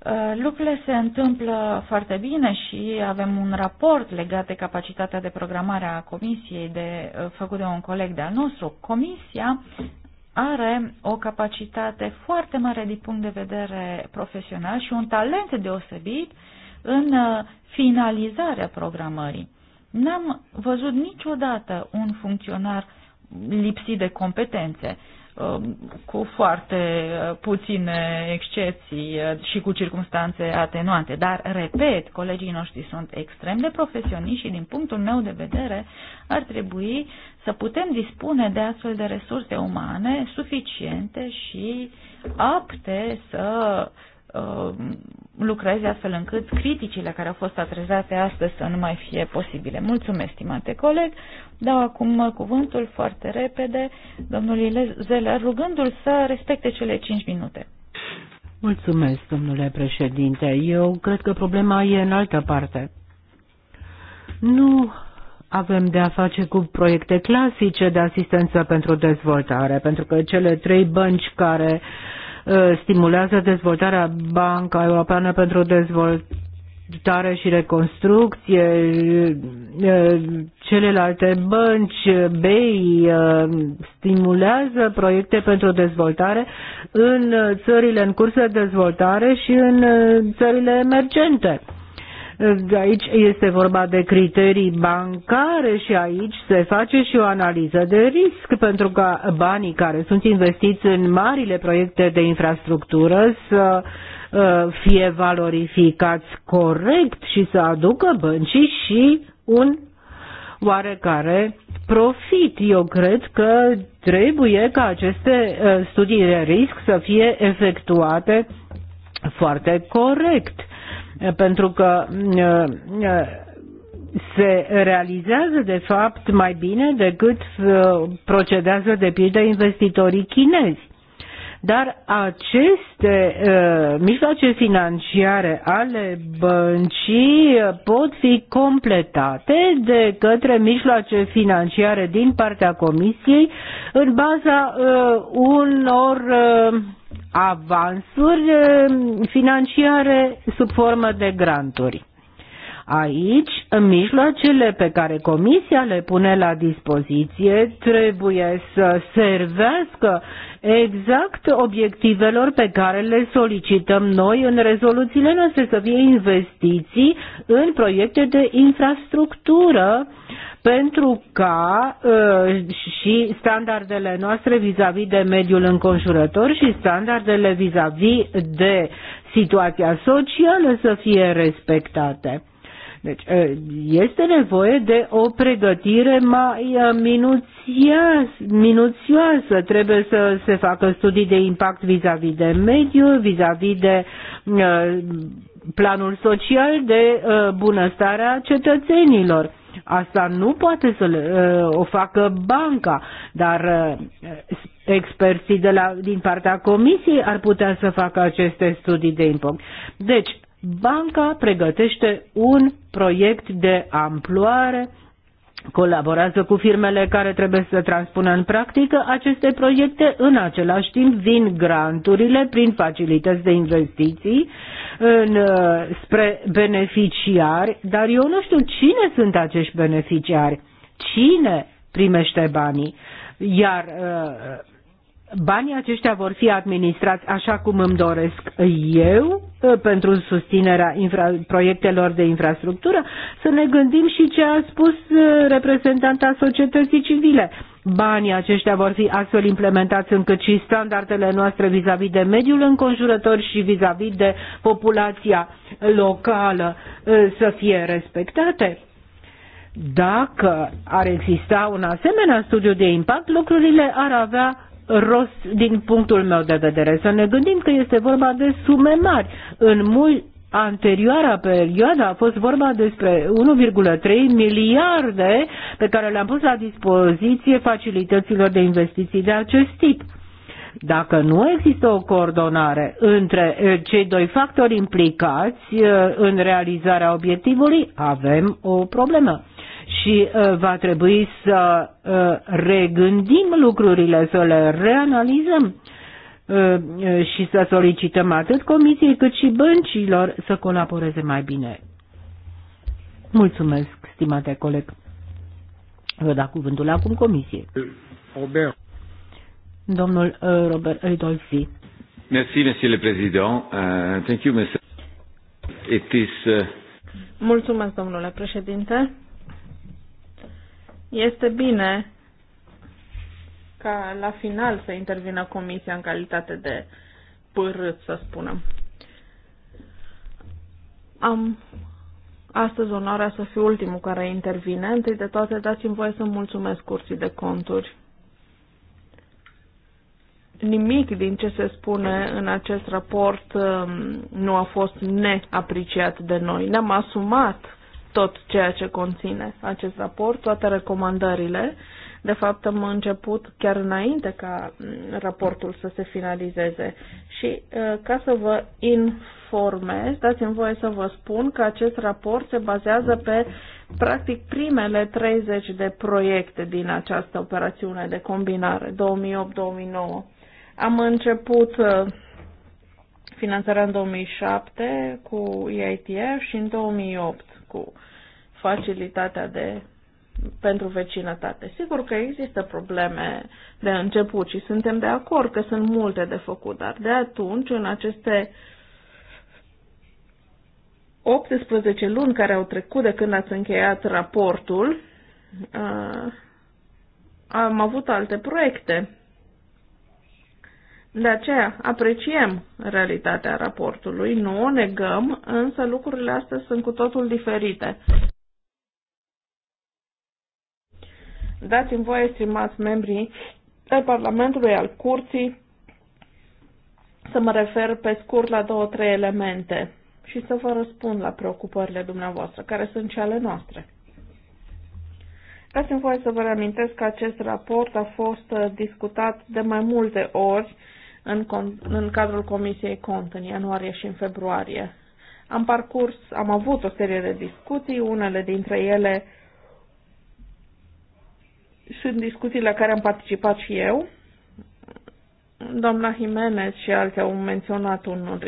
Uh, lucrurile se întâmplă foarte bine și avem un raport legat de capacitatea de programare a comisiei de, uh, făcut de un coleg de-al nostru. Comisia are o capacitate foarte mare din punct de vedere profesional și un talent deosebit în uh, finalizarea programării. N-am văzut niciodată un funcționar lipsit de competențe. Um, cu foarte uh, puține excepții uh, și cu circunstanțe atenuante. Dar, repet, colegii noștri sunt extrem de profesioniști și, din punctul meu de vedere, ar trebui să putem dispune de astfel de resurse umane suficiente și apte să Uh, lucreze astfel încât criticile care au fost atrezate astăzi să nu mai fie posibile. Mulțumesc, stimate coleg. Dau acum cuvântul foarte repede domnului Zeller, rugându-l să respecte cele 5 minute. Mulțumesc, domnule președinte. Eu cred că problema e în altă parte. Nu avem de a face cu proiecte clasice de asistență pentru dezvoltare, pentru că cele trei bănci care uh, stimulează dezvoltarea Banca Europeană pentru Dezvoltare și Reconstrucție, celelalte bănci, BEI, stimulează proiecte pentru dezvoltare în țările în curs de dezvoltare și în țările emergente. Aici este vorba de criterii bancare și aici se face și o analiză de risc pentru ca banii care sunt investiți în marile proiecte de infrastructură să uh, fie valorificați corect și să aducă băncii și un oarecare profit. Eu cred că trebuie ca aceste uh, studii de risc să fie efectuate foarte corect. Eh, pentru că eh, eh, se realizează de fapt mai bine decât procedează de pildă investitorii chinezi. Dar aceste mijloace financiare ale băncii pot fi completate de către mijloace financiare din partea Comisiei în baza unor avansuri eh, financiare sub formă de granturi. Aici, mijloacele pe care Comisia le pune la dispoziție trebuie să servească exact obiectivelor pe care le solicităm noi în rezoluțiile noastre, să fie investiții în proiecte de infrastructură pentru ca uh, și standardele noastre vis-a-vis -vis de mediul înconjurător și standardele vis-a-vis -vis de situația socială să fie respectate. Deci uh, este nevoie de o pregătire mai uh, minuțioasă. Trebuie să se facă studii de impact vis-a-vis -vis de mediu, vis-a-vis -vis de uh, planul social, de bunăstarea cetățenilor. Asta nu poate să ă, o facă banca, dar ă, experții de la, din partea comisiei ar putea să facă aceste studii de impact. Deci, banca pregătește un proiect de amploare colaborează cu firmele care trebuie să transpună în practică aceste proiecte. În același timp vin granturile prin facilități de investiții în, uh, spre beneficiari, dar eu nu știu cine sunt acești beneficiari, cine primește banii. Iar uh, Banii aceștia vor fi administrați așa cum îmi doresc eu ă, pentru susținerea infra, proiectelor de infrastructură, să ne gândim și ce a spus ă, reprezentanta societății civile. Banii aceștia vor fi astfel implementați încât și standardele noastre vis-a-vis -vis de mediul înconjurător și vis-a-vis -vis de populația locală ă, să fie respectate. Dacă ar exista un asemenea studiu de impact, lucrurile ar avea rost din punctul meu de vedere. Să ne gândim că este vorba de sume mari. În mult anterioara perioadă a fost vorba despre 1,3 miliarde pe care le-am pus la dispoziție facilităților de investiții de acest tip. Dacă nu există o coordonare între eh, cei doi factori implicați eh, în realizarea obiectivului, avem o problemă și uh, va trebui să uh, regândim lucrurile, să le reanalizăm uh, și să solicităm atât comisiei cât și băncilor să colaboreze mai bine. Mulțumesc, stimate coleg. Vă da cuvântul acum comisie. Robert. Domnul Robert Eidolfi. Merci, monsieur le président. Uh, thank you, monsieur. It is, uh... Mulțumesc, domnule președinte. Este bine ca la final să intervină comisia în calitate de părât, să spunem. Am astăzi onoarea să fiu ultimul care intervine. Întâi de toate, dați-mi voie să mulțumesc curții de conturi. Nimic din ce se spune în acest raport um, nu a fost neapreciat de noi. Ne-am asumat tot ceea ce conține acest raport, toate recomandările. De fapt, am început chiar înainte ca mm, raportul să se finalizeze. Și uh, ca să vă informez, dați-mi voie să vă spun că acest raport se bazează pe, practic, primele 30 de proiecte din această operațiune de combinare 2008-2009. Am început uh, finanțarea în 2007 cu EITF și în 2008 cu facilitatea de pentru vecinătate. Sigur că există probleme de început și suntem de acord că sunt multe de făcut, dar de atunci, în aceste 18 luni care au trecut de când ați încheiat raportul, uh, am avut alte proiecte de aceea apreciem realitatea raportului, nu o negăm, însă lucrurile astea sunt cu totul diferite. Dați-mi voie, estimați membrii ai Parlamentului, al Curții, să mă refer pe scurt la două, trei elemente și să vă răspund la preocupările dumneavoastră, care sunt cele ale noastre. Dați-mi voie să vă reamintesc că acest raport a fost discutat de mai multe ori în, în cadrul Comisiei Cont în ianuarie și în februarie. Am parcurs, am avut o serie de discuții, unele dintre ele sunt discuții la care am participat și eu. Doamna Jimenez și alții au menționat un un,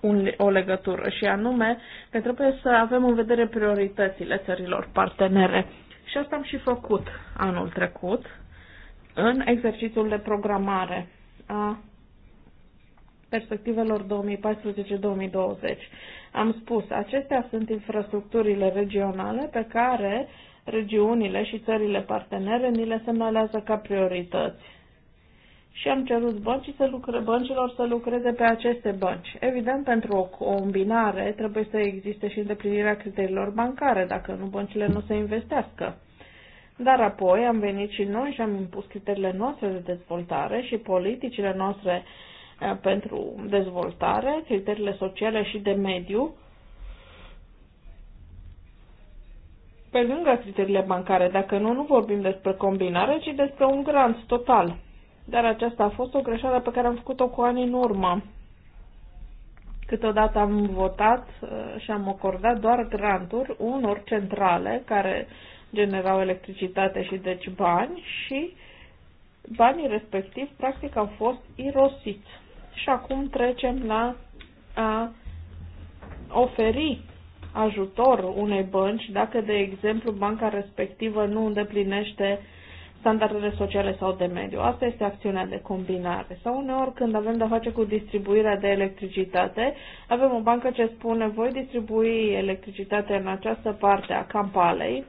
un, o legătură și anume că trebuie să avem în vedere prioritățile țărilor partenere. Și asta am și făcut anul trecut în exercițiul de programare a perspectivelor 2014-2020. Am spus, acestea sunt infrastructurile regionale pe care regiunile și țările partenere ni le semnalează ca priorități. Și am cerut băncii să lucre, băncilor să lucreze pe aceste bănci. Evident, pentru o combinare trebuie să existe și îndeplinirea criteriilor bancare, dacă nu băncile nu se investească. Dar apoi am venit și noi și am impus criteriile noastre de dezvoltare și politicile noastre uh, Eh, pentru dezvoltare, criteriile sociale și de mediu, pe lângă criteriile bancare, dacă nu, nu vorbim despre combinare, ci despre un grant total. Dar aceasta a fost o greșeală pe care am făcut-o cu ani în urmă. Câteodată am votat eh, și am acordat doar granturi unor centrale care generau electricitate și deci bani și banii respectiv practic au fost irosiți. Și acum trecem la a oferi ajutor unei bănci dacă, de exemplu, banca respectivă nu îndeplinește standardele sociale sau de mediu. Asta este acțiunea de combinare. Sau uneori când avem de-a face cu distribuirea de electricitate, avem o bancă ce spune voi distribui electricitate în această parte a Kampalei,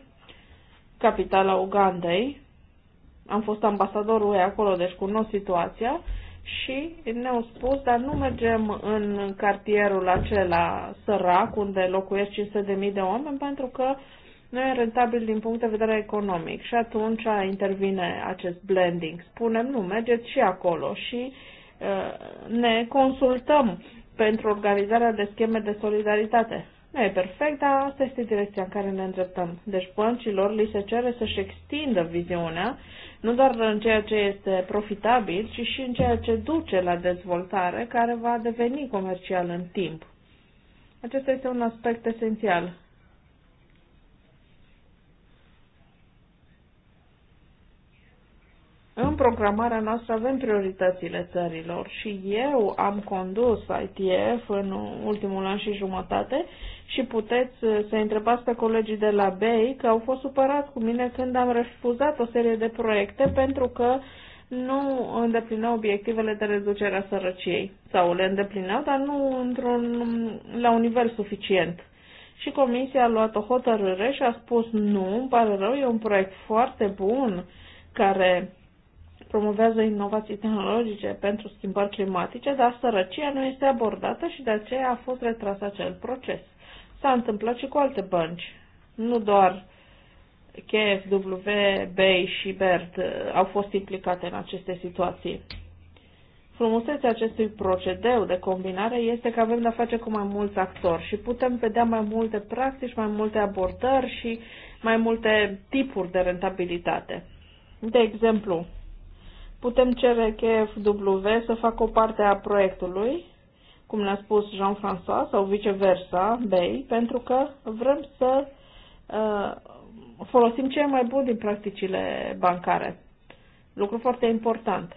capitala Ugandei. Am fost ambasadorul ei acolo, deci cunosc situația și ne-au spus, dar nu mergem în cartierul acela sărac, unde locuiesc 500.000 de oameni, pentru că nu e rentabil din punct de vedere economic. Și atunci intervine acest blending. Spunem, nu, mergeți și acolo și uh, ne consultăm pentru organizarea de scheme de solidaritate. Nu e perfect, dar asta este direcția în care ne îndreptăm. Deci băncilor li se cere să-și extindă viziunea, nu doar în ceea ce este profitabil, ci și în ceea ce duce la dezvoltare, care va deveni comercial în timp. Acesta este un aspect esențial. În programarea noastră avem prioritățile țărilor și eu am condus ITF în ultimul an și jumătate și puteți uh, să întrebați pe colegii de la BEI că au fost supărați cu mine când am refuzat o serie de proiecte pentru că nu îndeplineau obiectivele de reducere a sărăciei sau le îndeplineau, dar nu într-un, la un nivel suficient. Și comisia a luat o hotărâre și a spus nu, îmi pare rău, e un proiect foarte bun care promovează inovații tehnologice pentru schimbări climatice, dar sărăcia nu este abordată și de aceea a fost retras acel proces. S-a întâmplat și cu alte bănci. Nu doar KfW, Bay și BERT uh, au fost implicate în aceste situații. Frumusețea acestui procedeu de combinare este că avem de-a face cu mai mulți actori și putem vedea mai multe practici, mai multe abordări și mai multe tipuri de rentabilitate. De exemplu, putem cere KFW să facă o parte a proiectului cum ne-a spus Jean-François, sau viceversa, Bay, pentru că vrem să uh, folosim cel mai bun din practicile bancare. Lucru foarte important.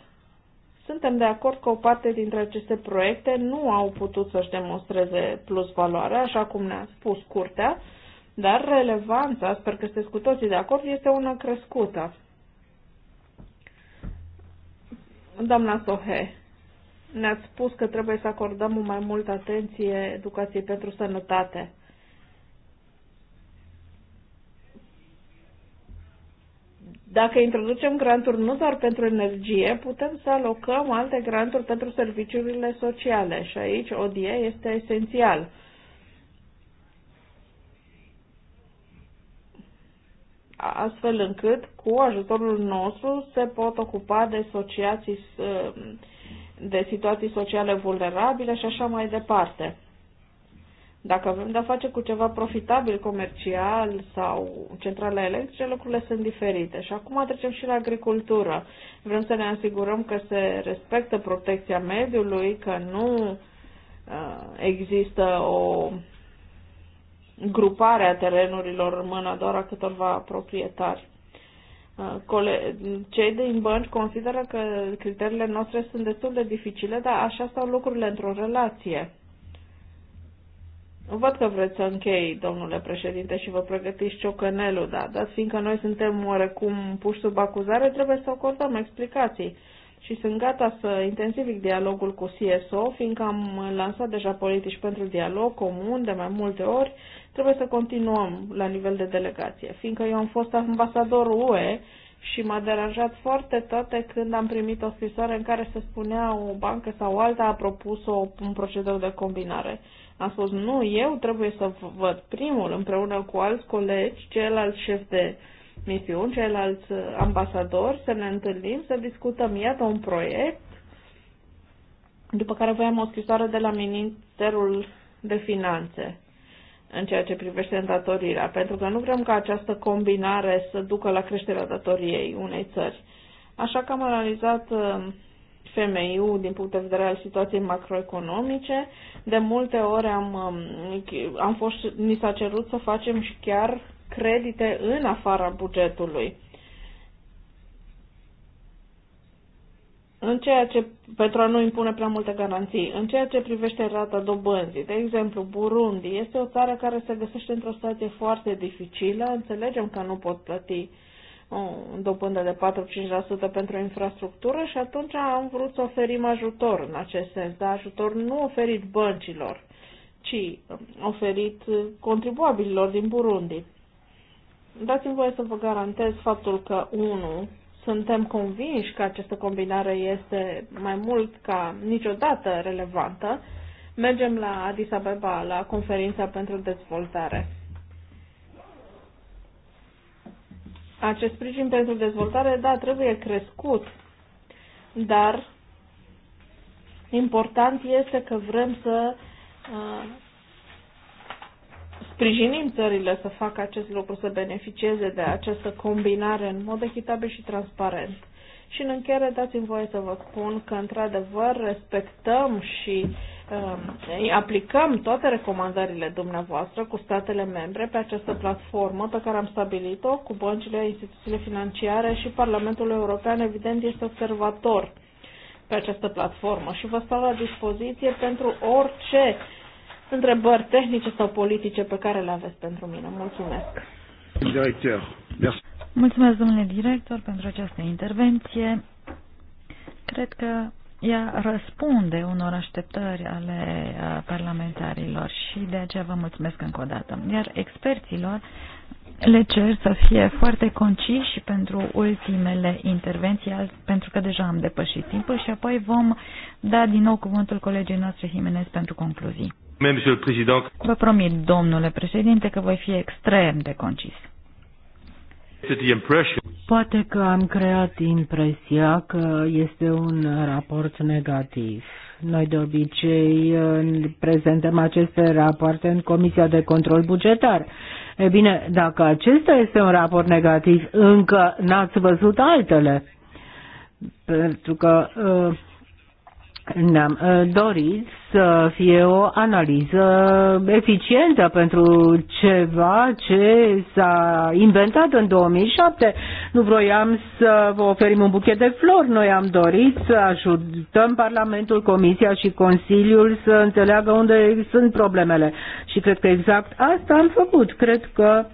Suntem de acord că o parte dintre aceste proiecte nu au putut să-și demonstreze plus valoare, așa cum ne-a spus curtea, dar relevanța, sper că sunteți cu toții de acord, este una crescută. Doamna Sohe, ne-ați spus că trebuie să acordăm mai multă atenție educației pentru sănătate. Dacă introducem granturi nu doar pentru energie, putem să alocăm alte granturi pentru serviciurile sociale și aici ODIE este esențial. Astfel încât, cu ajutorul nostru, se pot ocupa de asociații de situații sociale vulnerabile și așa mai departe. Dacă avem de-a face cu ceva profitabil comercial sau centrale electrice, lucrurile sunt diferite. Și acum trecem și la agricultură. Vrem să ne asigurăm că se respectă protecția mediului, că nu uh, există o grupare a terenurilor în mâna doar a câtorva proprietari. Uh, cei din bănci consideră că criteriile noastre sunt destul de dificile, dar așa stau lucrurile într-o relație. Văd că vreți să închei, domnule președinte, și vă pregătiți ciocănelul, da, dar fiindcă noi suntem oarecum puși sub acuzare, trebuie să acordăm explicații și sunt gata să intensific dialogul cu CSO, fiindcă am lansat deja politici pentru dialog comun de mai multe ori, trebuie să continuăm la nivel de delegație, fiindcă eu am fost ambasador UE și m-a deranjat foarte toate când am primit o scrisoare în care se spunea o bancă sau alta a propus o, un procedeu de combinare. Am spus, nu, eu trebuie să văd primul, împreună cu alți colegi, celălalt șef de uh, misiuni, ceilalți ambasadori, să ne întâlnim, să discutăm, iată, un proiect, după care voiam o scrisoare de la Ministerul de Finanțe în ceea ce privește îndatorirea, pentru că nu vrem ca această combinare să ducă la creșterea datoriei unei țări. Așa că am analizat uh, FMI-ul din punct de vedere al situației macroeconomice. De multe ori am, um, am fost, ni s-a cerut să facem și chiar credite în afara bugetului. În ceea ce, pentru a nu impune prea multe garanții, în ceea ce privește rata dobânzii, de exemplu, Burundi este o țară care se găsește într-o situație foarte dificilă, înțelegem că nu pot plăti o dobândă de 4-5% pentru infrastructură și atunci am vrut să oferim ajutor în acest sens, dar ajutor nu oferit băncilor, ci um, oferit uh, contribuabililor din Burundi. Dați-mi voie să vă garantez faptul că, unu, suntem convinși că această combinare este mai mult ca niciodată relevantă. Mergem la Addis Abeba, la conferința pentru dezvoltare. Acest sprijin pentru dezvoltare, da, trebuie crescut, dar important este că vrem să uh, sprijinim țările să facă acest lucru, să beneficieze de această combinare în mod echitabil și transparent. Și în încheiere dați-mi voie să vă spun că, într-adevăr, respectăm și uh, aplicăm toate recomandările dumneavoastră cu statele membre pe această platformă pe care am stabilit-o cu băncile, instituțiile financiare și Parlamentul European, evident, este observator pe această platformă și vă stau la dispoziție pentru orice întrebări tehnice sau politice pe care le aveți pentru mine. Mulțumesc! Director, Mulțumesc, domnule director, pentru această intervenție. Cred că ea răspunde unor așteptări ale parlamentarilor și de aceea vă mulțumesc încă o dată. Iar experților le cer să fie foarte conciși pentru ultimele intervenții, pentru că deja am depășit timpul și apoi vom da din nou cuvântul colegii noastre Jimenez pentru concluzii. Vă promit, domnule președinte, că voi fi extrem de concis. Poate că am creat impresia că este un raport negativ. Noi de obicei uh, prezentăm aceste rapoarte în Comisia de Control Bugetar. E bine, dacă acesta este un raport negativ, încă n-ați văzut altele. Pentru că uh, ne-am ă, dorit să fie o analiză eficientă pentru ceva ce s-a inventat în 2007. Nu vroiam să vă oferim un buchet de flori, noi am dorit să ajutăm Parlamentul, Comisia și Consiliul să înțeleagă unde sunt problemele. Și cred că exact asta am făcut. Cred că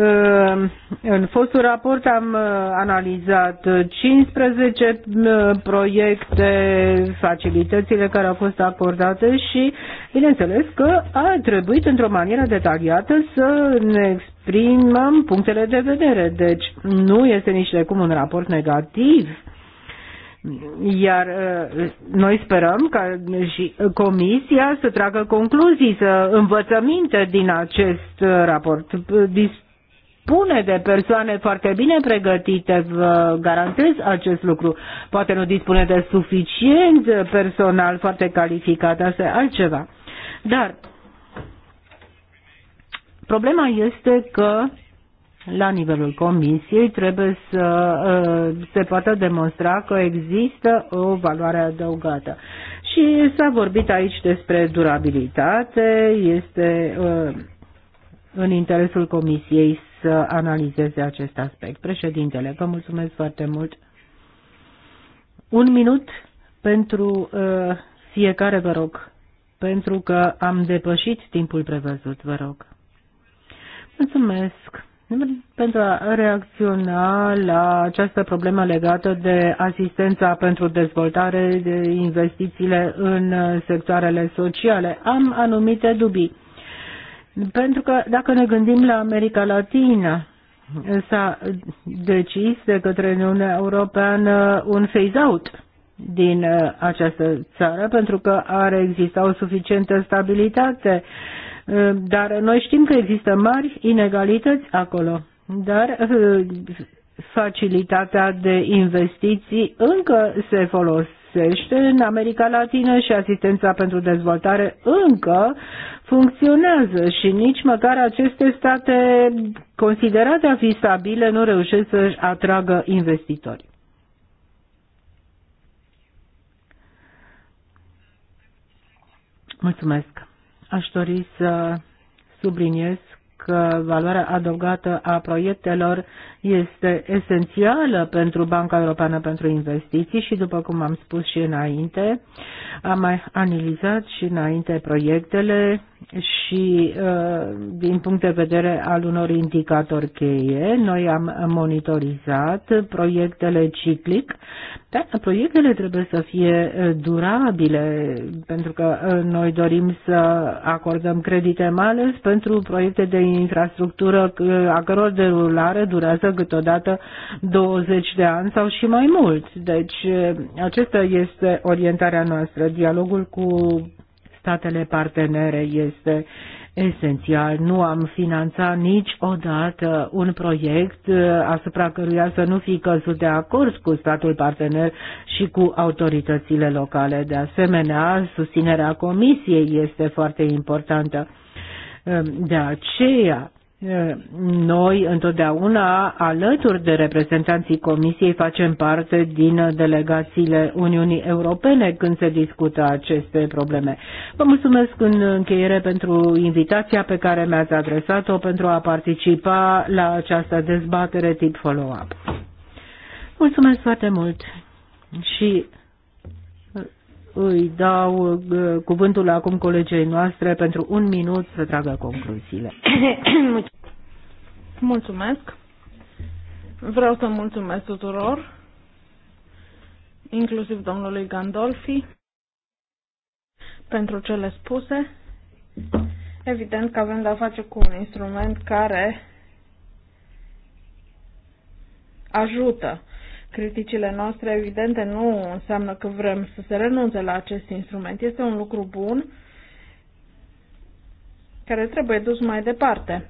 Ehm, în fostul raport am eh, analizat 15 eh, proiecte, facilitățile care au fost acordate și, bineînțeles, că a trebuit într-o manieră detaliată să ne exprimăm punctele de vedere. Deci nu este nici de cum un raport negativ. Iar eh, noi sperăm ca și Comisia să tragă concluzii, să minte din acest raport dispune de persoane foarte bine pregătite, vă garantez acest lucru. Poate nu dispune de suficient personal foarte calificat, asta e altceva. Dar problema este că la nivelul comisiei trebuie să uh, se poată demonstra că există o valoare adăugată. Și s-a vorbit aici despre durabilitate, este uh, în interesul comisiei să analizeze acest aspect. Președintele, vă mulțumesc foarte mult. Un minut pentru uh, fiecare, vă rog, pentru că am depășit timpul prevăzut, vă rog. Mulțumesc. Pentru a reacționa la această problemă legată de asistența pentru dezvoltare de investițiile în sectoarele sociale, am anumite dubii. Pentru că dacă ne gândim la America Latină, s-a decis de către Uniunea Europeană un phase-out din uh, această țară pentru că are exista o suficientă stabilitate, uh, dar noi știm că există mari inegalități acolo, dar uh, facilitatea de investiții încă se folosește lipsește în America Latină și asistența pentru dezvoltare încă funcționează și nici măcar aceste state considerate a fi stabile nu reușesc să-și atragă investitori. Mulțumesc. Aș dori să subliniez că valoarea adăugată a proiectelor este esențială pentru Banca Europeană pentru Investiții și, după cum am spus și înainte, am mai analizat și înainte proiectele și uh, din punct de vedere al unor indicatori cheie, noi am monitorizat proiectele ciclic, dar proiectele trebuie să fie uh, durabile, pentru că uh, noi dorim să acordăm credite, mai ales pentru proiecte de infrastructură a căror derulare durează câteodată 20 de ani sau și mai mult. Deci acesta este orientarea noastră, dialogul cu statele partenere este esențial. Nu am finanțat niciodată un proiect uh, asupra căruia să nu fi căzut de acord cu statul partener și cu autoritățile locale. De asemenea, susținerea comisiei este foarte importantă. Um, de aceea, noi întotdeauna, alături de reprezentanții Comisiei, facem parte din delegațiile Uniunii Europene când se discută aceste probleme. Vă mulțumesc în încheiere pentru invitația pe care mi-ați adresat-o pentru a participa la această dezbatere tip follow-up. Mulțumesc foarte mult și îi dau uh, cuvântul acum colegei noastre pentru un minut să tragă concluziile. Mulțumesc. Vreau să mulțumesc tuturor, inclusiv domnului Gandolfi, pentru cele spuse. Evident că avem de-a face cu un instrument care ajută Criticile noastre, evidente, nu înseamnă că vrem să se renunțe la acest instrument. Este un lucru bun care trebuie dus mai departe.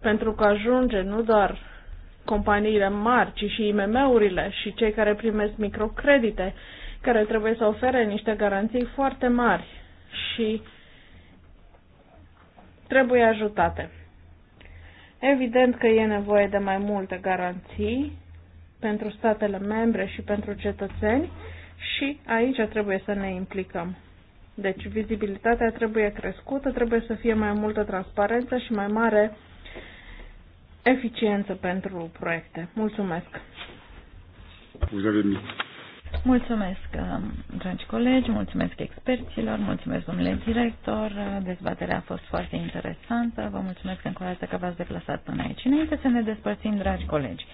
Pentru că ajunge nu doar companiile mari, ci și IMM-urile și cei care primesc microcredite, care trebuie să ofere niște garanții foarte mari și trebuie ajutate. Evident că e nevoie de mai multe garanții pentru statele membre și pentru cetățeni și aici trebuie să ne implicăm. Deci vizibilitatea trebuie crescută, trebuie să fie mai multă transparență și mai mare eficiență pentru proiecte. Mulțumesc! Mulțumesc, um, dragi colegi, mulțumesc experților, mulțumesc domnule director, dezbaterea a fost foarte interesantă, vă mulțumesc încă o dată că v-ați deplasat până aici. Înainte să ne despărțim, dragi colegi,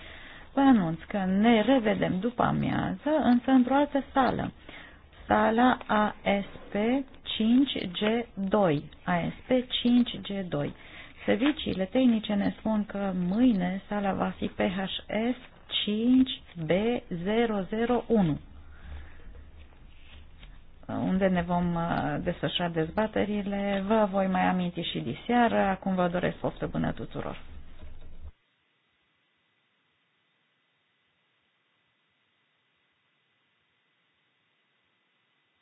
Vă anunț că ne revedem după amiază, însă într-o altă sală. Sala ASP 5G2. ASP 5G2. Serviciile tehnice ne spun că mâine sala va fi PHS 5B001 unde ne vom uh, desfășura dezbaterile. Vă voi mai aminti și diseară. Acum vă doresc poftă bună tuturor!